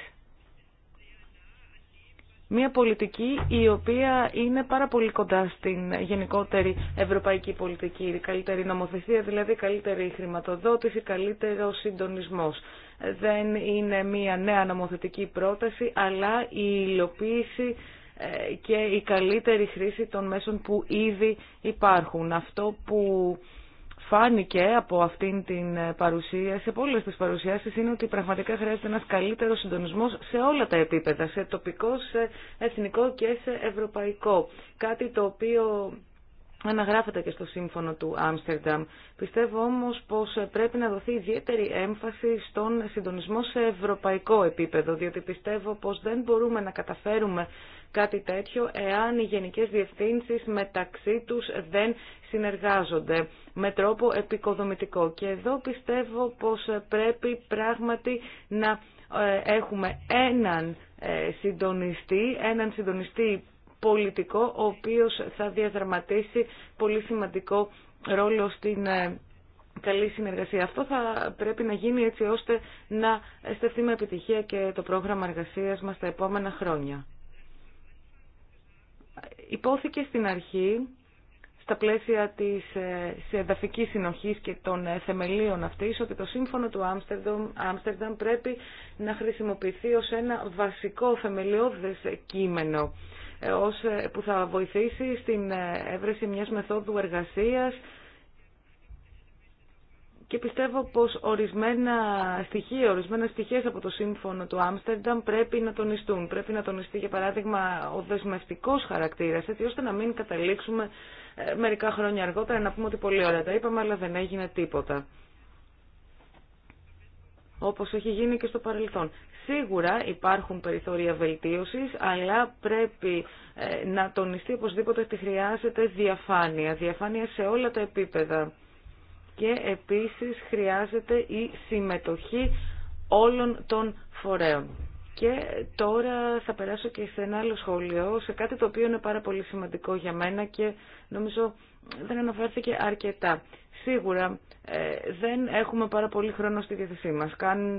B: Μία πολιτική η οποία είναι πάρα πολύ κοντά στην γενικότερη ευρωπαϊκή πολιτική, καλύτερη νομοθεσία, δηλαδή καλύτερη χρηματοδότηση, καλύτερο συντονισμός. Δεν είναι μία νέα νομοθετική πρόταση, αλλά η υλοποίηση ε, και η καλύτερη χρήση των μέσων που ήδη υπάρχουν. Αυτό που φάνηκε από αυτήν την ε, παρουσίαση, από όλε τις παρουσιάσεις, είναι ότι πραγματικά χρειάζεται ένας καλύτερος συντονισμός σε όλα τα επίπεδα, σε τοπικό, σε εθνικό και σε ευρωπαϊκό. Κάτι το οποίο αναγράφεται και στο σύμφωνο του Άμστερνταμ. Πιστεύω όμως πως πρέπει να δοθεί ιδιαίτερη έμφαση στον συντονισμό σε ευρωπαϊκό επίπεδο, διότι πιστεύω πως δεν μπορούμε να καταφέρουμε κάτι τέτοιο εάν οι γενικές διευθύνσεις μεταξύ τους δεν συνεργάζονται με τρόπο επικοδομητικό. Και εδώ πιστεύω πως πρέπει πράγματι να ε, έχουμε έναν ε, συντονιστή, έναν συντονιστή πολιτικό, ο οποίος θα διαδραματίσει πολύ σημαντικό ρόλο στην ε, καλή συνεργασία. Αυτό θα πρέπει να γίνει έτσι ώστε να στεφθεί με επιτυχία και το πρόγραμμα εργασίας μας τα επόμενα χρόνια. Υπόθηκε στην αρχή, στα πλαίσια της ε, σε εδαφικής συνοχής και των ε, θεμελίων αυτής, ότι το σύμφωνο του Άμστερνταμ πρέπει να χρησιμοποιηθεί ως ένα βασικό θεμελιώδες κείμενο, ε, ως, που θα βοηθήσει στην έβρεση μιας μεθόδου εργασίας και πιστεύω πως ορισμένα στοιχεία, ορισμένα στοιχεία από το σύμφωνο του Άμστερνταμ πρέπει να τονιστούν. Πρέπει να τονιστεί για παράδειγμα ο δεσμευτικός χαρακτήρας έτσι ώστε να μην καταλήξουμε ε, μερικά χρόνια αργότερα να πούμε ότι πολύ ωραία τα είπαμε αλλά δεν έγινε τίποτα. Όπως έχει γίνει και στο παρελθόν. Σίγουρα υπάρχουν περιθώρια βελτίωσης, αλλά πρέπει ε, να τονιστεί οπωσδήποτε ότι χρειάζεται διαφάνεια. Διαφάνεια σε όλα τα επίπεδα και επίσης χρειάζεται η συμμετοχή όλων των φορέων. Και τώρα θα περάσω και σε ένα άλλο σχόλιο, σε κάτι το οποίο είναι πάρα πολύ σημαντικό για μένα και νομίζω δεν αναφέρθηκε αρκετά. Σίγουρα ε, δεν έχουμε πάρα πολύ χρόνο στη διάθεσή μας.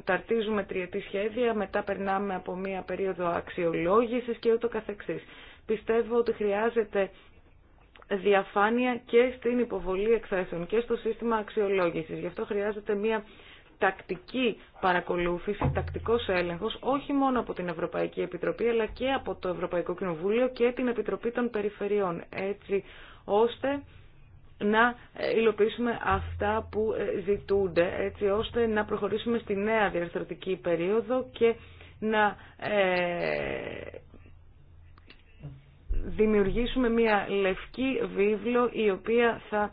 B: ταρτίζουμε τριετή σχέδια, μετά περνάμε από μία περίοδο αξιολόγησης και ούτω καθεξής. Πιστεύω ότι χρειάζεται διαφάνεια και στην υποβολή εκθέσεων και στο σύστημα αξιολόγησης. Γι' αυτό χρειάζεται μια τακτική παρακολούθηση, τακτικός έλεγχος, όχι μόνο από την Ευρωπαϊκή Επιτροπή, αλλά και από το Ευρωπαϊκό Κοινοβούλιο και την Επιτροπή των Περιφερειών, έτσι ώστε να υλοποιήσουμε αυτά που ε, ζητούνται, έτσι ώστε να προχωρήσουμε στη νέα διαρθρωτική περίοδο και να ε, δημιουργήσουμε μια λευκή βίβλο η οποία θα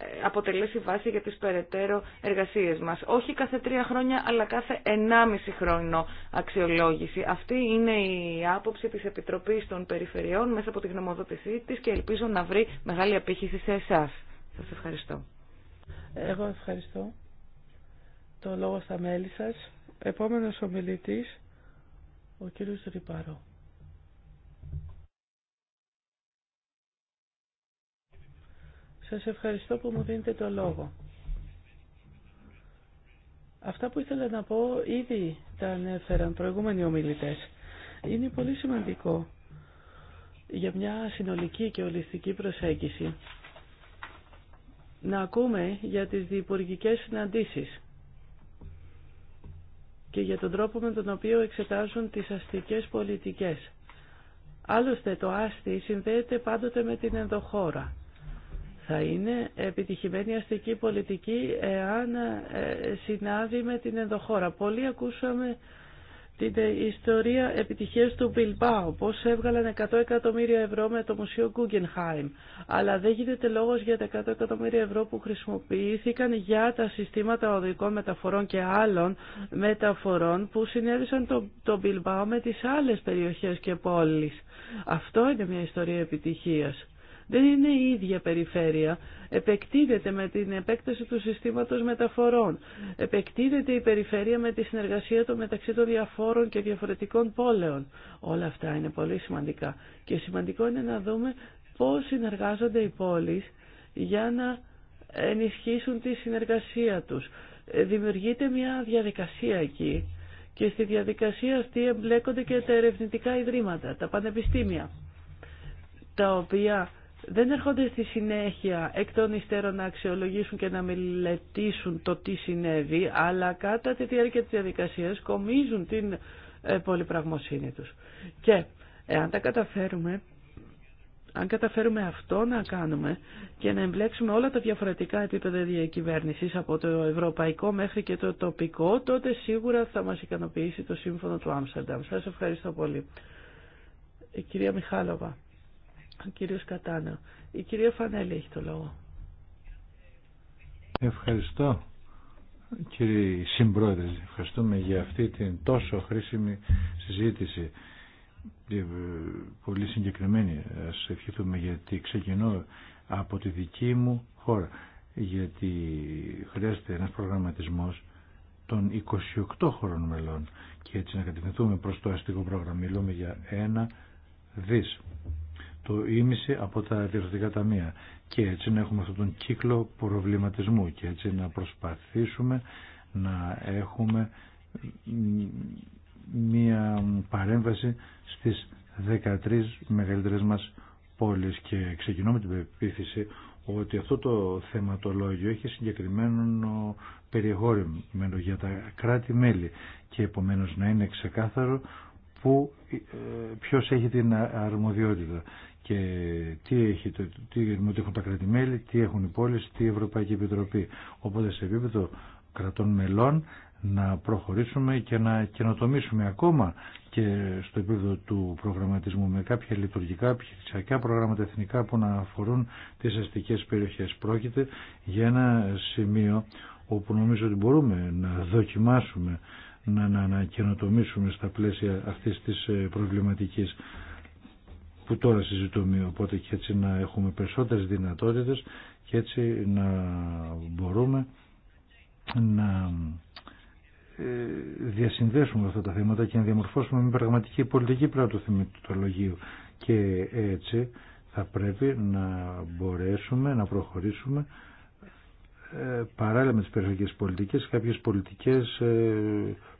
B: ε, αποτελέσει βάση για τις περαιτέρω εργασίες μας. Όχι κάθε τρία χρόνια, αλλά κάθε ενάμιση χρόνο αξιολόγηση. Αυτή είναι η άποψη της Επιτροπής των Περιφερειών μέσα από τη γνωμοδότησή της και ελπίζω να βρει μεγάλη απήχηση σε εσάς. Σας ευχαριστώ.
A: Εγώ ευχαριστώ. Το λόγο στα μέλη σας. Επόμενος ομιλητής, ο κύριος Ριπαρό. Σας ευχαριστώ που μου δίνετε το λόγο. Αυτά που ήθελα να πω ήδη τα ανέφεραν προηγούμενοι ομιλητές. Είναι πολύ σημαντικό για μια συνολική και ολιστική προσέγγιση να ακούμε για τις διπουργικές συναντήσεις και για τον τρόπο με τον οποίο εξετάζουν τις αστικές πολιτικές. Άλλωστε το άστι συνδέεται πάντοτε με την ενδοχώρα θα είναι επιτυχημένη αστική πολιτική εάν ε, συνάδει με την ενδοχώρα. Πολλοί ακούσαμε την ε, ιστορία επιτυχίας του Μπιλμπάου, πώς έβγαλαν 100 εκατομμύρια ευρώ με το Μουσείο Guggenheim. Αλλά δεν γίνεται λόγος για τα 100 εκατομμύρια ευρώ που χρησιμοποιήθηκαν για τα συστήματα οδικών μεταφορών και άλλων μεταφορών που συνέβησαν το, το Μπιλμπάου με τις άλλες περιοχές και πόλεις. Αυτό είναι μια ιστορία επιτυχίας δεν είναι η ίδια περιφέρεια. Επεκτείνεται με την επέκταση του συστήματος μεταφορών. Επεκτείνεται η περιφέρεια με τη συνεργασία των μεταξύ των διαφόρων και διαφορετικών πόλεων. Όλα αυτά είναι πολύ σημαντικά. Και σημαντικό είναι να δούμε πώς συνεργάζονται οι πόλεις για να ενισχύσουν τη συνεργασία τους. Δημιουργείται μια διαδικασία εκεί και στη διαδικασία αυτή εμπλέκονται και τα ερευνητικά ιδρύματα, τα πανεπιστήμια, τα οποία δεν έρχονται στη συνέχεια εκ των υστέρων να αξιολογήσουν και να μελετήσουν το τι συνέβη, αλλά κατά τη διάρκεια της διαδικασίας κομίζουν την ε, πολυπραγμοσύνη τους. Και εάν τα καταφέρουμε, αν καταφέρουμε αυτό να κάνουμε και να εμπλέξουμε όλα τα διαφορετικά επίπεδα διακυβέρνησης από το ευρωπαϊκό μέχρι και το τοπικό, τότε σίγουρα θα μας ικανοποιήσει το σύμφωνο του Άμστερνταμ. Σας ευχαριστώ πολύ. Η ε, κυρία Μιχάλοβα. Ο κύριος Κατάνα. Η κυρία Φανέλη έχει το
C: λόγο. Ευχαριστώ κύριε συμπρόεδρε. Ευχαριστούμε για αυτή την τόσο χρήσιμη συζήτηση. Ε, πολύ συγκεκριμένη. Ας ευχηθούμε γιατί ξεκινώ από τη δική μου χώρα. Γιατί χρειάζεται ένας προγραμματισμός των 28 χωρών μελών και έτσι να κατευθυνθούμε προς το αστικό πρόγραμμα. Μιλούμε για ένα δις το ίμιση από τα διευθυντικά ταμεία. Και έτσι να έχουμε αυτόν τον κύκλο προβληματισμού και έτσι να προσπαθήσουμε να έχουμε μία παρέμβαση στις 13 μεγαλύτερες μας πόλεις και ξεκινώ με την πεποίθηση ότι αυτό το θεματολόγιο έχει συγκεκριμένο περιεχόμενο για τα κράτη-μέλη και επομένως να είναι ξεκάθαρο που, ε, ποιος έχει την αρμοδιότητα και τι, έχει, τι, έχουν τα κράτη-μέλη, τι έχουν οι πόλεις, τι η Ευρωπαϊκή Επιτροπή. Οπότε σε επίπεδο κρατών μελών να προχωρήσουμε και να καινοτομήσουμε ακόμα και στο επίπεδο του προγραμματισμού με κάποια λειτουργικά, ψηφιακά προγράμματα εθνικά που να αφορούν τις αστικές περιοχές. Πρόκειται για ένα σημείο όπου νομίζω ότι μπορούμε να δοκιμάσουμε, να, να, στα πλαίσια αυτής της ε, προβληματικής που τώρα συζητούμε οπότε και έτσι να έχουμε περισσότερες δυνατότητες και έτσι να μπορούμε να ε, διασυνδέσουμε αυτά τα θέματα και να διαμορφώσουμε μια πραγματική πολιτική πλευρά του θυμητολογίου και έτσι θα πρέπει να μπορέσουμε να προχωρήσουμε ε, παράλληλα με τις περιφερειακές πολιτικές κάποιες πολιτικές ε,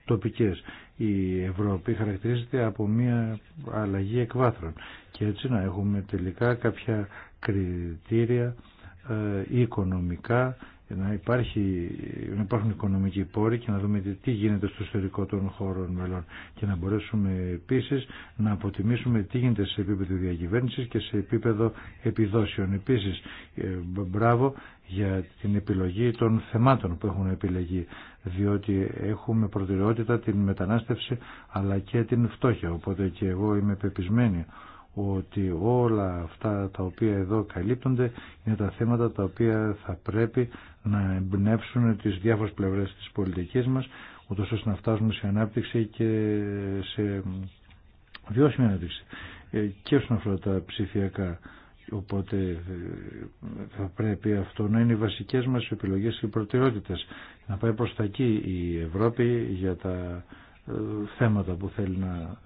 C: τοπικές. Η Ευρώπη χαρακτηρίζεται από μια αλλαγή εκβάθρων και έτσι να έχουμε τελικά κάποια κριτήρια ε, οικονομικά να, υπάρχει, να υπάρχουν οικονομικοί πόροι και να δούμε τι γίνεται στο ιστορικό των χώρων μελών και να μπορέσουμε επίσης να αποτιμήσουμε τι γίνεται σε επίπεδο διακυβέρνησης και σε επίπεδο επιδόσεων. Επίσης, ε, μπράβο για την επιλογή των θεμάτων που έχουν επιλεγεί, διότι έχουμε προτεραιότητα την μετανάστευση αλλά και την φτώχεια, οπότε και εγώ είμαι πεπισμένη ότι όλα αυτά τα οποία εδώ καλύπτονται είναι τα θέματα τα οποία θα πρέπει να εμπνεύσουν τις διάφορες πλευρές της πολιτικής μας, ούτως ώστε να φτάσουμε σε ανάπτυξη και σε βιώσιμη ανάπτυξη ε, και όσον αφορά τα ψηφιακά. Οπότε ε, θα πρέπει αυτό να είναι οι βασικές μας επιλογές και προτεραιότητες. Να πάει προς τα εκεί η Ευρώπη για τα ε, θέματα που θέλει να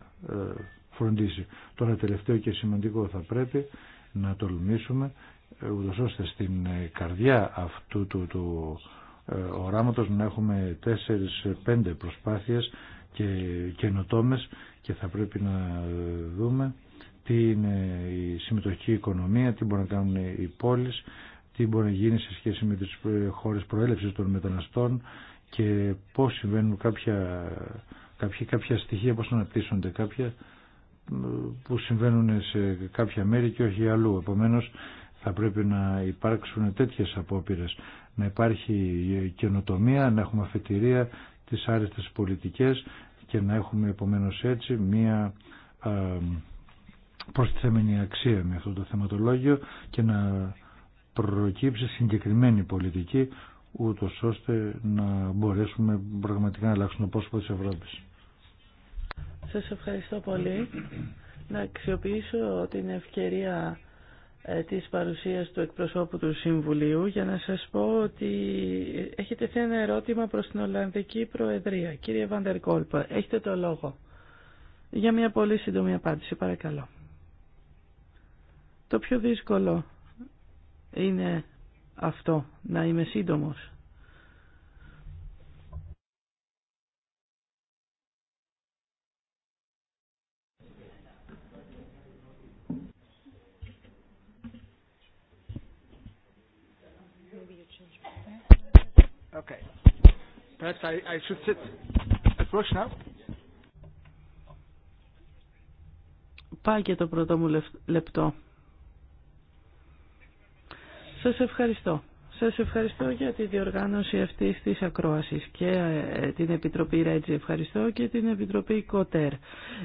C: φροντίσει. Τώρα τελευταίο και σημαντικό θα πρέπει να τολμήσουμε ε, ούτως ώστε στην ε, καρδιά αυτού του, του ε, οράματος να έχουμε 4-5 προσπάθειες και καινοτόμες και θα πρέπει να δούμε τι είναι η συμμετοχική οικονομία, τι μπορεί να κάνουν οι πόλεις, τι μπορεί να γίνει σε σχέση με τις χώρες προέλευσης των μεταναστών και πώς συμβαίνουν κάποια, κάποια, κάποια στοιχεία, πώς αναπτύσσονται κάποια που συμβαίνουν σε κάποια μέρη και όχι αλλού. Επομένως θα πρέπει να υπάρξουν τέτοιες απόπειρες, να υπάρχει καινοτομία, να έχουμε αφετηρία τις άρεστες πολιτικές και να έχουμε επομένως έτσι μία προστιθέμενη αξία με αυτό το θεματολόγιο και να προκύψει συγκεκριμένη πολιτική ούτως ώστε να μπορέσουμε πραγματικά να αλλάξουμε το πρόσωπο της Ευρώπης.
A: Σας ευχαριστώ πολύ. Να αξιοποιήσω την ευκαιρία ε, της παρουσίας του εκπροσώπου του Συμβουλίου για να σας πω ότι έχετε θέσει ένα ερώτημα προς την Ολλανδική Προεδρία. Κύριε Κόλπα, έχετε το λόγο. Για μια πολύ σύντομη απάντηση, παρακαλώ. Το πιο δύσκολο είναι αυτό, να είμαι σύντομος.
B: Okay.
C: Perhaps I, should sit
A: now. Πάει και το πρώτο μου λεπτό. Σας ευχαριστώ. Σας ευχαριστώ για τη διοργάνωση αυτής της ακρόασης και ε, την Επιτροπή Ρέτζη ευχαριστώ και την Επιτροπή Κοτέρ.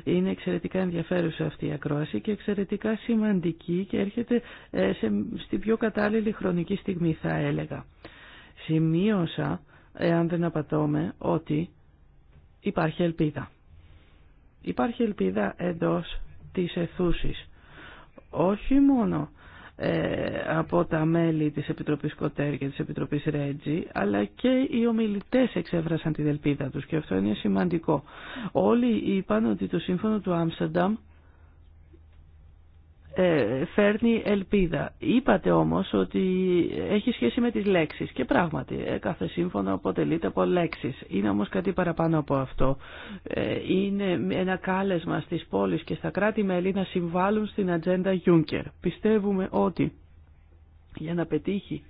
A: Είναι εξαιρετικά ενδιαφέρουσα αυτή η ακρόαση και εξαιρετικά σημαντική και έρχεται ε, σε, στην πιο κατάλληλη χρονική στιγμή θα έλεγα. Σημείωσα, εάν δεν απατώμε, ότι υπάρχει ελπίδα. Υπάρχει ελπίδα εντός της εθούσης. Όχι μόνο ε, από τα μέλη της Επιτροπής Κοτέρ και της Επιτροπής Ρέτζι, αλλά και οι ομιλητές εξέφρασαν την ελπίδα τους και αυτό είναι σημαντικό. Όλοι είπαν ότι το σύμφωνο του Άμστερνταμ ε, φέρνει ελπίδα. Είπατε όμως ότι έχει σχέση με τις λέξεις και πράγματι ε, κάθε σύμφωνο αποτελείται από λέξεις. Είναι όμως κάτι παραπάνω από αυτό. Ε, είναι ένα κάλεσμα στις πόλεις και στα κράτη-μέλη να συμβάλλουν στην ατζέντα Juncker. Πιστεύουμε ότι για να πετύχει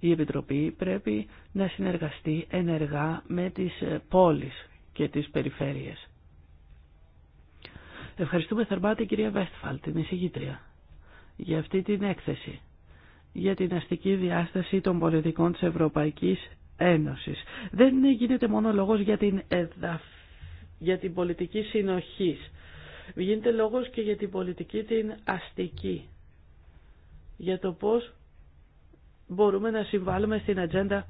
A: η Επιτροπή πρέπει να συνεργαστεί ενεργά με τις πόλεις και τις περιφέρειες. Ευχαριστούμε θερμά την κυρία Βέστφαλ, την εισηγήτρια, για αυτή την έκθεση για την αστική διάσταση των πολιτικών της Ευρωπαϊκής Ένωσης. Δεν γίνεται μόνο λόγος για την, εδαφ... για την πολιτική συνοχής. Γίνεται λόγος και για την πολιτική την αστική. Για το πώς μπορούμε να συμβάλλουμε στην ατζέντα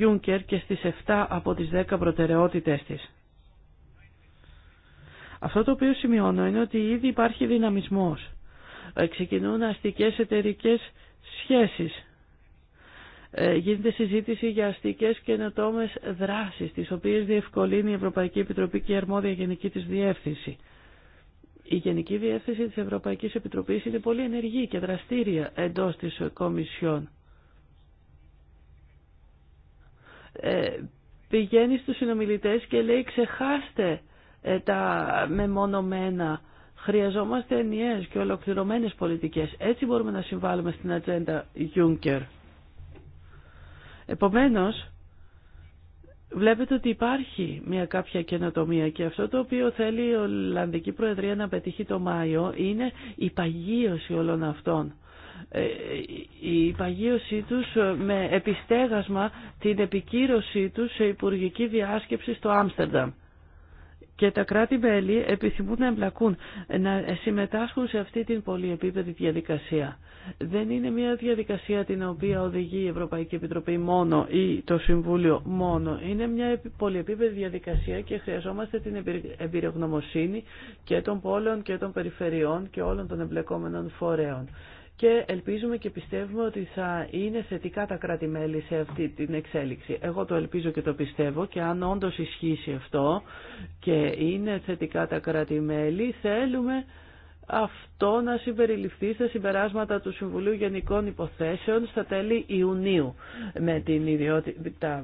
A: Juncker και στις 7 από τις 10 προτεραιότητές της. Αυτό το οποίο σημειώνω είναι ότι ήδη υπάρχει δυναμισμός. Ε, ξεκινούν αστικές εταιρικές σχέσεις. Ε, γίνεται συζήτηση για αστικές καινοτόμε δράσεις, τις οποίες διευκολύνει η Ευρωπαϊκή Επιτροπή και η αρμόδια γενική της διεύθυνση. Η Γενική Διεύθυνση της Ευρωπαϊκής Επιτροπής είναι πολύ ενεργή και δραστήρια εντός της Κομισιόν. Ε, πηγαίνει στους συνομιλητές και λέει ξεχάστε ε, τα μεμονωμένα. Χρειαζόμαστε ενιαίες και ολοκληρωμένες πολιτικές. Έτσι μπορούμε να συμβάλλουμε στην ατζέντα Juncker. Επομένως, βλέπετε ότι υπάρχει μια κάποια καινοτομία και αυτό το οποίο θέλει η Ολλανδική Προεδρία να πετύχει το Μάιο είναι η παγίωση όλων αυτών. Ε, η παγίωσή τους με επιστέγασμα την επικύρωσή τους σε υπουργική διάσκεψη στο Άμστερνταμ και τα κράτη-μέλη επιθυμούν να εμπλακούν, να συμμετάσχουν σε αυτή την πολυεπίπεδη διαδικασία. Δεν είναι μια διαδικασία την οποία οδηγεί η Ευρωπαϊκή Επιτροπή μόνο ή το Συμβούλιο μόνο. Είναι μια πολυεπίπεδη διαδικασία και χρειαζόμαστε την εμπειρογνωμοσύνη και των πόλεων και των περιφερειών και όλων των εμπλεκόμενων φορέων και ελπίζουμε και πιστεύουμε ότι θα είναι θετικά τα κράτη-μέλη σε αυτή την εξέλιξη. Εγώ το ελπίζω και το πιστεύω και αν όντως ισχύσει αυτό και είναι θετικά τα κράτη-μέλη θέλουμε αυτό να συμπεριληφθεί στα συμπεράσματα του Συμβουλίου Γενικών Υποθέσεων στα τέλη Ιουνίου με την,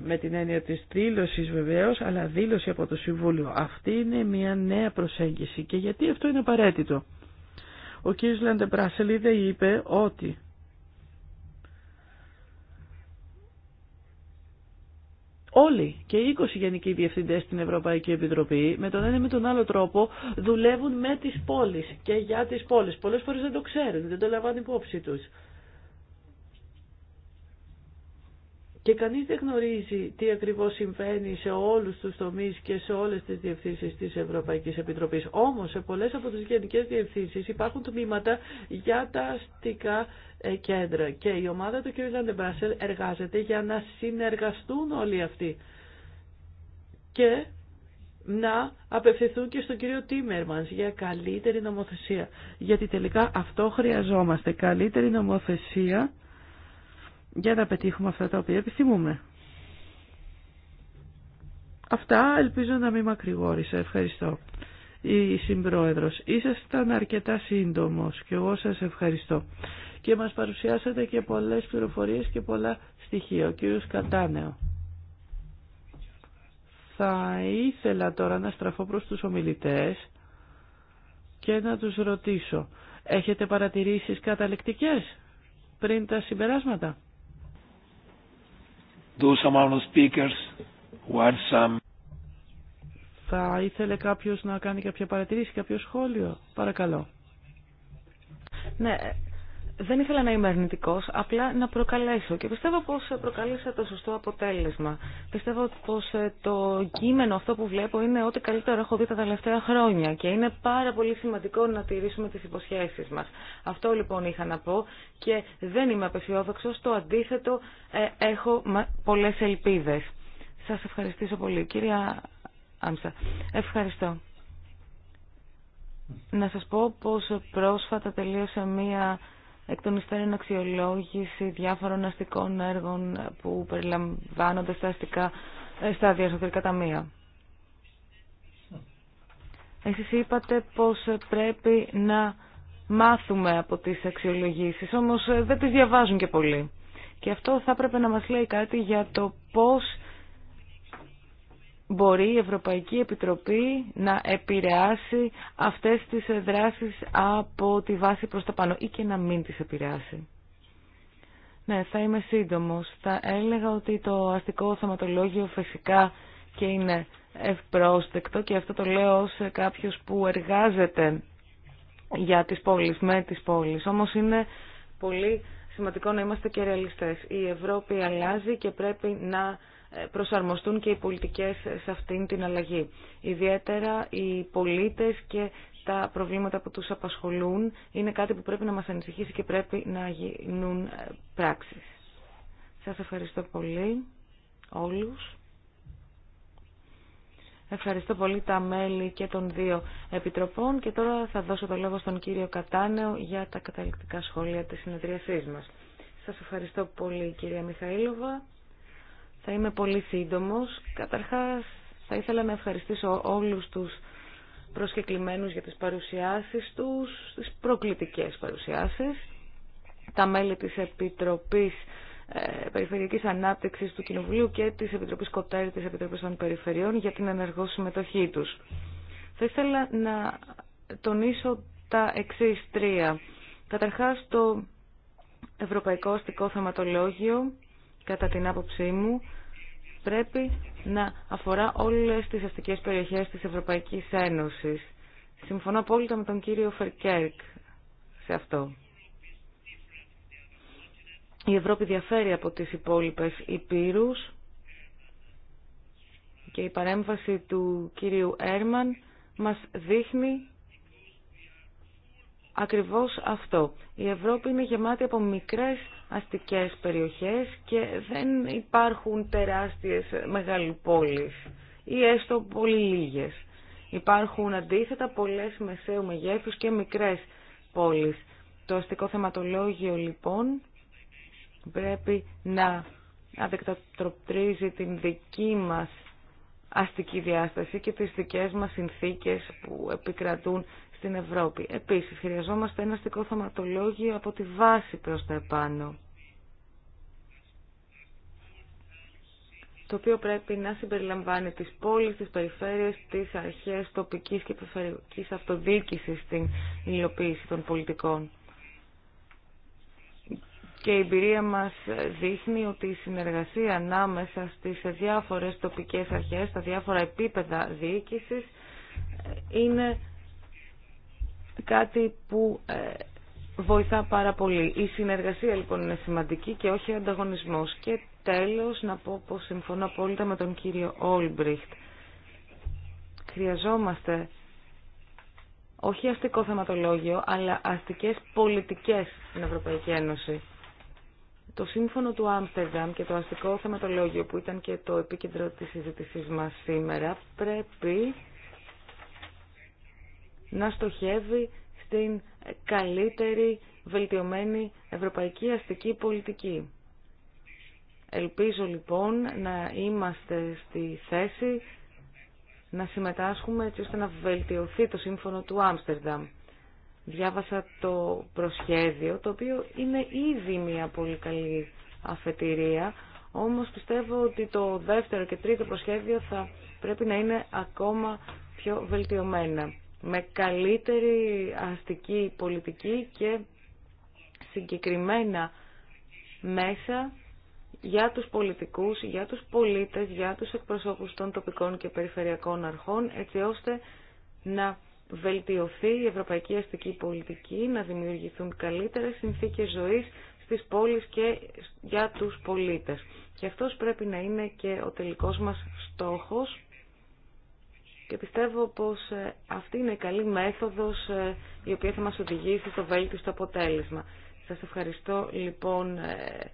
A: με την έννοια της δήλωση βεβαίως αλλά δήλωση από το Συμβούλιο. Αυτή είναι μια νέα προσέγγιση και γιατί αυτό είναι απαραίτητο. Ο κ. είδε είπε ότι Όλοι και 20 γενικοί διευθυντέ στην Ευρωπαϊκή Επιτροπή με τον ένα ή με τον άλλο τρόπο δουλεύουν με τι πόλεις και για τι πόλει. Πολλέ φορέ δεν το ξέρουν, δεν το λαμβάνουν υπόψη του. Και κανείς δεν γνωρίζει τι ακριβώς συμβαίνει σε όλους τους τομείς και σε όλες τις διευθύνσεις της Ευρωπαϊκής Επιτροπής. Όμως σε πολλές από τις γενικές διευθύνσεις υπάρχουν τμήματα για τα αστικά ε, κέντρα. Και η ομάδα του κ. Λαντεμπράσελ εργάζεται για να συνεργαστούν όλοι αυτοί. Και να απευθυνθούν και στον κύριο Τίμερμανς για καλύτερη νομοθεσία. Γιατί τελικά αυτό χρειαζόμαστε, καλύτερη νομοθεσία για να πετύχουμε αυτά τα οποία επιθυμούμε. Αυτά ελπίζω να μην μακρηγόρησα. Ευχαριστώ. Η Συμπρόεδρος, ήσασταν αρκετά σύντομος και εγώ σας ευχαριστώ. Και μας παρουσιάσατε και πολλές πληροφορίες και πολλά στοιχεία. Ο κύριος Κατάνεο. Θα ήθελα τώρα να στραφώ προς τους ομιλητές και να τους ρωτήσω. Έχετε παρατηρήσεις καταληκτικές πριν τα συμπεράσματα
C: those speakers who some...
A: Θα ήθελε κάποιος να κάνει κάποια παρατηρήση, κάποιο σχόλιο. Παρακαλώ. Ναι, δεν ήθελα να είμαι αρνητικό, απλά να
B: προκαλέσω. Και πιστεύω πω προκαλέσα το σωστό αποτέλεσμα. Πιστεύω πω ε, το κείμενο αυτό που βλέπω είναι ό,τι καλύτερο έχω δει τα τελευταία χρόνια και είναι πάρα πολύ σημαντικό να τηρήσουμε τι υποσχέσει μα. Αυτό λοιπόν είχα να πω και δεν είμαι απεσιόδοξο. Το αντίθετο, ε, έχω πολλέ ελπίδε. Σα ευχαριστήσω πολύ. Κυρία Άμσα, ευχαριστώ. Να σας πω πως πρόσφατα τελείωσε μία εκ των υστέρων αξιολόγηση διάφορων αστικών έργων που περιλαμβάνονται στα αστικά ε, στα διαστατικά ταμεία. Εσείς είπατε πως πρέπει να μάθουμε από τις αξιολογήσεις, όμως ε, δεν τις διαβάζουν και πολύ. Και αυτό θα έπρεπε να μας λέει κάτι για το πώς μπορεί η Ευρωπαϊκή Επιτροπή να επηρεάσει αυτές τις δράσεις από τη βάση προς τα πάνω ή και να μην τις επηρεάσει. Ναι, θα είμαι σύντομος. Θα έλεγα ότι το αστικό θεματολόγιο φυσικά και είναι ευπρόστεκτο και αυτό το λέω σε κάποιος που εργάζεται για τις πόλεις, με τις πόλεις. Όμως είναι πολύ σημαντικό να είμαστε και ρεαλιστές. Η Ευρώπη αλλάζει και πρέπει να προσαρμοστούν και οι πολιτικές σε αυτήν την αλλαγή. Ιδιαίτερα οι πολίτες και τα προβλήματα που τους απασχολούν είναι κάτι που πρέπει να μας ανησυχήσει και πρέπει να γίνουν ε, πράξεις. Σας ευχαριστώ πολύ όλους. Ευχαριστώ πολύ τα μέλη και των δύο επιτροπών και τώρα θα δώσω το λόγο στον κύριο Κατάνεο για τα καταληκτικά σχόλια της συνεδρίασής μας. Σας ευχαριστώ πολύ κυρία Μιχαήλοβα. Θα είμαι πολύ σύντομος. Καταρχάς, θα ήθελα να ευχαριστήσω όλους τους προσκεκλημένους για τις παρουσιάσεις τους, τις προκλητικές παρουσιάσεις, τα μέλη της Επιτροπής ε, Περιφερειακής Ανάπτυξης του Κοινοβουλίου και της Επιτροπής Κοτέρη της Επιτροπής των Περιφερειών για την ενεργό συμμετοχή τους. Θα ήθελα να τονίσω τα εξής τρία. Καταρχάς το Ευρωπαϊκό Αστικό Θεματολόγιο, κατά την άποψή μου, πρέπει να αφορά όλες τις αστικές περιοχές της Ευρωπαϊκής Ένωσης. Συμφωνώ απόλυτα με τον κύριο Φερκέρκ σε αυτό. Η Ευρώπη διαφέρει από τις υπόλοιπες υπήρους και η παρέμβαση του κύριου Έρμαν μας δείχνει ακριβώς αυτό. Η Ευρώπη είναι γεμάτη από μικρές αστικές περιοχές και δεν υπάρχουν τεράστιες μεγάλου πόλεις ή έστω πολύ λίγες. Υπάρχουν αντίθετα πολλές μεσαίου μεγέθους και μικρές πόλεις. Το αστικό θεματολόγιο λοιπόν πρέπει να αδεκτατροπτρίζει την δική μας αστική διάσταση και τις δικές μας συνθήκες που επικρατούν στην Ευρώπη. Επίσης, χρειαζόμαστε ένα αστικό θεματολόγιο από τη βάση προς τα επάνω. το οποίο πρέπει να συμπεριλαμβάνει τις πόλεις, τις περιφέρειες, τις αρχές τοπικής και περιφερειακής αυτοδιοίκησης στην υλοποίηση των πολιτικών. Και η εμπειρία μας δείχνει ότι η συνεργασία ανάμεσα στις διάφορες τοπικές αρχές, στα διάφορα επίπεδα διοίκησης, είναι κάτι που ε, βοηθά πάρα πολύ. Η συνεργασία λοιπόν είναι σημαντική και όχι ο ανταγωνισμός. Και τέλος να πω πως συμφωνώ απόλυτα με τον κύριο Όλμπριχτ. Χρειαζόμαστε όχι αστικό θεματολόγιο, αλλά αστικές πολιτικές στην Ευρωπαϊκή Ένωση. Το σύμφωνο του Άμστερνταμ και το αστικό θεματολόγιο που ήταν και το επίκεντρο της συζήτησής μας σήμερα πρέπει να στοχεύει στην καλύτερη βελτιωμένη ευρωπαϊκή αστική πολιτική. Ελπίζω λοιπόν να είμαστε στη θέση να συμμετάσχουμε έτσι ώστε να βελτιωθεί το σύμφωνο του Άμστερνταμ. Διάβασα το προσχέδιο, το οποίο είναι ήδη μια πολύ καλή αφετηρία, όμως πιστεύω ότι το δεύτερο και τρίτο προσχέδιο θα πρέπει να είναι ακόμα πιο βελτιωμένα με καλύτερη αστική πολιτική και συγκεκριμένα μέσα για τους πολιτικούς, για τους πολίτες, για τους εκπροσώπους των τοπικών και περιφερειακών αρχών, έτσι ώστε να βελτιωθεί η ευρωπαϊκή αστική πολιτική, να δημιουργηθούν καλύτερες συνθήκες ζωής στις πόλεις και για τους πολίτες. Και αυτός πρέπει να είναι και ο τελικός μας στόχος και πιστεύω πως ε, αυτή είναι η καλή μέθοδος ε, η οποία θα μας οδηγήσει στο βέλτιστο αποτέλεσμα. Σας ευχαριστώ λοιπόν ε,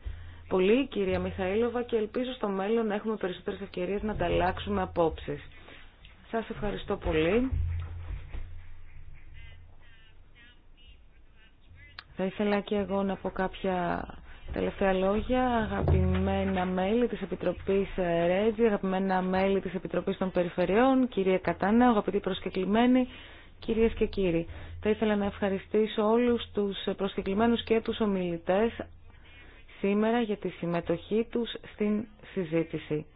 B: πολύ κυρία Μιχαήλωβα και ελπίζω στο μέλλον να έχουμε περισσότερες ευκαιρίες να ανταλλάξουμε απόψεις. Σας ευχαριστώ πολύ. Θα ήθελα και εγώ να πω κάποια Τελευταία λόγια, αγαπημένα μέλη της Επιτροπής Ρέτζη, αγαπημένα μέλη της Επιτροπής των Περιφερειών, κυρία Κατάνα, αγαπητοί προσκεκλημένοι, κυρίες και κύριοι. Θα ήθελα να ευχαριστήσω όλους τους προσκεκλημένους και τους ομιλητές σήμερα για τη συμμετοχή τους στην συζήτηση.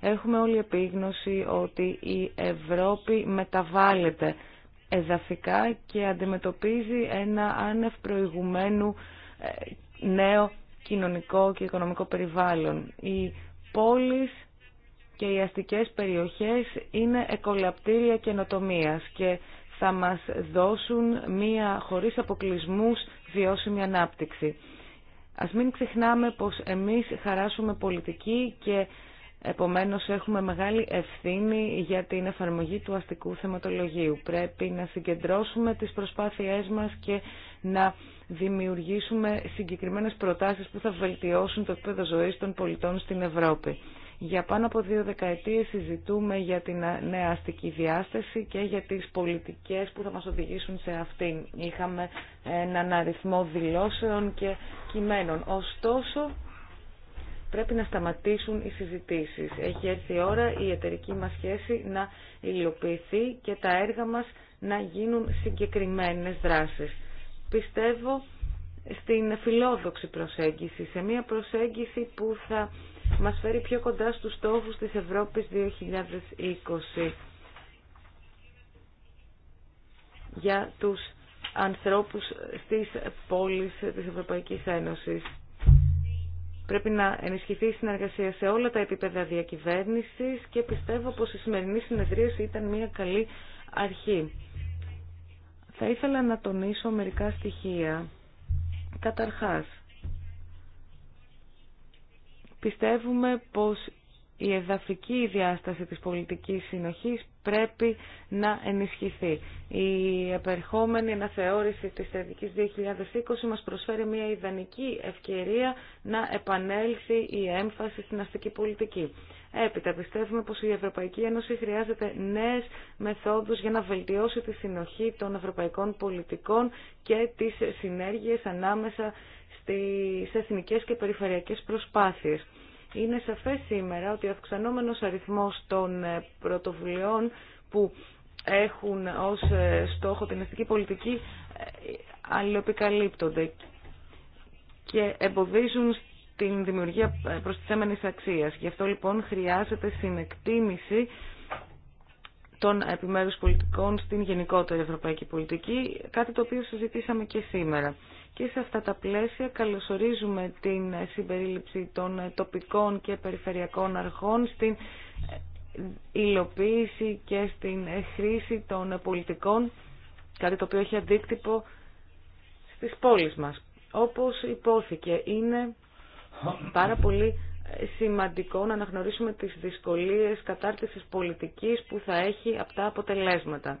B: Έχουμε όλη επίγνωση ότι η Ευρώπη μεταβάλλεται εδαφικά και αντιμετωπίζει ένα άνευ προηγουμένου ε, νέο κοινωνικό και οικονομικό περιβάλλον. Οι πόλεις και οι αστικές περιοχές είναι εκολαπτήρια καινοτομία και θα μας δώσουν μία χωρίς αποκλεισμούς βιώσιμη ανάπτυξη. Ας μην ξεχνάμε πως εμείς χαράσουμε πολιτική και Επομένως έχουμε μεγάλη ευθύνη για την εφαρμογή του αστικού θεματολογίου. Πρέπει να συγκεντρώσουμε τις προσπάθειές μας και να δημιουργήσουμε συγκεκριμένες προτάσεις που θα βελτιώσουν το επίπεδο ζωής των πολιτών στην Ευρώπη. Για πάνω από δύο δεκαετίες συζητούμε για την νέα αστική διάσταση και για τις πολιτικές που θα μας οδηγήσουν σε αυτήν. Είχαμε έναν αριθμό δηλώσεων και κειμένων. Ωστόσο, Πρέπει να σταματήσουν οι συζητήσεις. Έχει έρθει η ώρα η εταιρική μας σχέση να υλοποιηθεί και τα έργα μας να γίνουν συγκεκριμένες δράσεις. Πιστεύω στην φιλόδοξη προσέγγιση, σε μια προσέγγιση που θα μας φέρει πιο κοντά στους στόχους της Ευρώπης 2020 για τους ανθρώπους στις πόλεις της Ευρωπαϊκής Ένωσης. Πρέπει να ενισχυθεί η συνεργασία σε όλα τα επίπεδα διακυβέρνησης και πιστεύω πως η σημερινή συνεδρίαση ήταν μια καλή αρχή. Θα ήθελα να τονίσω μερικά στοιχεία. Καταρχάς, πιστεύουμε πως η εδαφική διάσταση της πολιτικής συνοχής πρέπει να ενισχυθεί. Η επερχόμενη αναθεώρηση της θετικής 2020 μας προσφέρει μια ιδανική ευκαιρία να επανέλθει η έμφαση στην αστική πολιτική. Έπειτα πιστεύουμε πως η Ευρωπαϊκή Ένωση χρειάζεται νέες μεθόδους για να βελτιώσει τη συνοχή των ευρωπαϊκών πολιτικών και τις συνέργειες ανάμεσα στις εθνικές και περιφερειακές προσπάθειες. Είναι σαφές σήμερα ότι ο αυξανόμενος αριθμός των ε, πρωτοβουλειών που έχουν ως ε, στόχο την αστική πολιτική ε, αλληλοπικαλύπτονται και εμποδίζουν την δημιουργία προστιθέμενης αξίας. Γι' αυτό λοιπόν χρειάζεται συνεκτίμηση των επιμέρους πολιτικών στην γενικότερη ευρωπαϊκή πολιτική, κάτι το οποίο συζητήσαμε και σήμερα. Και σε αυτά τα πλαίσια καλωσορίζουμε την συμπερίληψη των τοπικών και περιφερειακών αρχών στην υλοποίηση και στην χρήση των πολιτικών, κάτι το οποίο έχει αντίκτυπο στις πόλεις μας. Όπως υπόθηκε, είναι πάρα πολύ σημαντικό να αναγνωρίσουμε τις δυσκολίες κατάρτισης πολιτικής που θα έχει από τα αποτελέσματα.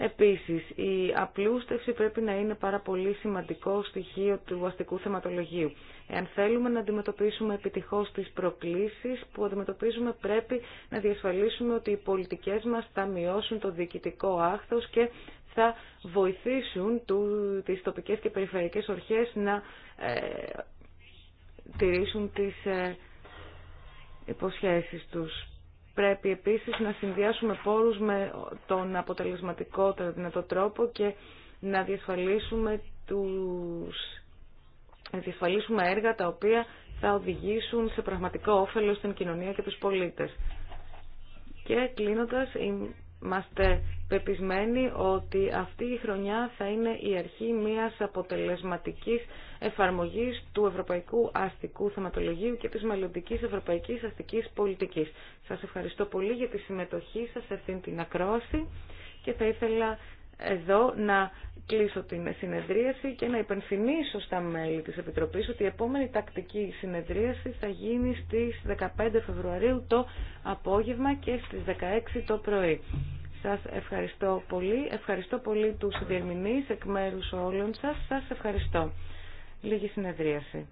B: Επίσης, η απλούστευση πρέπει να είναι πάρα πολύ σημαντικό στοιχείο του αστικού θεματολογίου. Εάν θέλουμε να αντιμετωπίσουμε επιτυχώς τις προκλήσεις που αντιμετωπίζουμε, πρέπει να διασφαλίσουμε ότι οι πολιτικές μας θα μειώσουν το διοικητικό άχθος και θα βοηθήσουν τις τοπικές και περιφερειακές ορχές να ε, τηρήσουν τις ε, υποσχέσεις τους. Πρέπει επίσης να συνδυάσουμε πόρους με τον αποτελεσματικότερο δυνατό τρόπο και να διασφαλίσουμε, τους... διασφαλίσουμε έργα τα οποία θα οδηγήσουν σε πραγματικό όφελο στην κοινωνία και τους πολίτες. Και κλείνοντας, Είμαστε πεπισμένοι ότι αυτή η χρονιά θα είναι η αρχή μιας αποτελεσματικής εφαρμογής του Ευρωπαϊκού Αστικού Θεματολογίου και της μελλοντικής Ευρωπαϊκής Αστικής Πολιτικής. Σας ευχαριστώ πολύ για τη συμμετοχή σας σε αυτήν την ακρόαση και θα ήθελα εδώ να κλείσω την συνεδρίαση και να υπενθυμίσω στα μέλη της Επιτροπής ότι η επόμενη τακτική συνεδρίαση θα γίνει στις 15 Φεβρουαρίου το απόγευμα και στις 16 το πρωί. Σας ευχαριστώ πολύ. Ευχαριστώ πολύ τους διερμηνείς εκ μέρους όλων σας. Σας ευχαριστώ. Λίγη συνεδρίαση.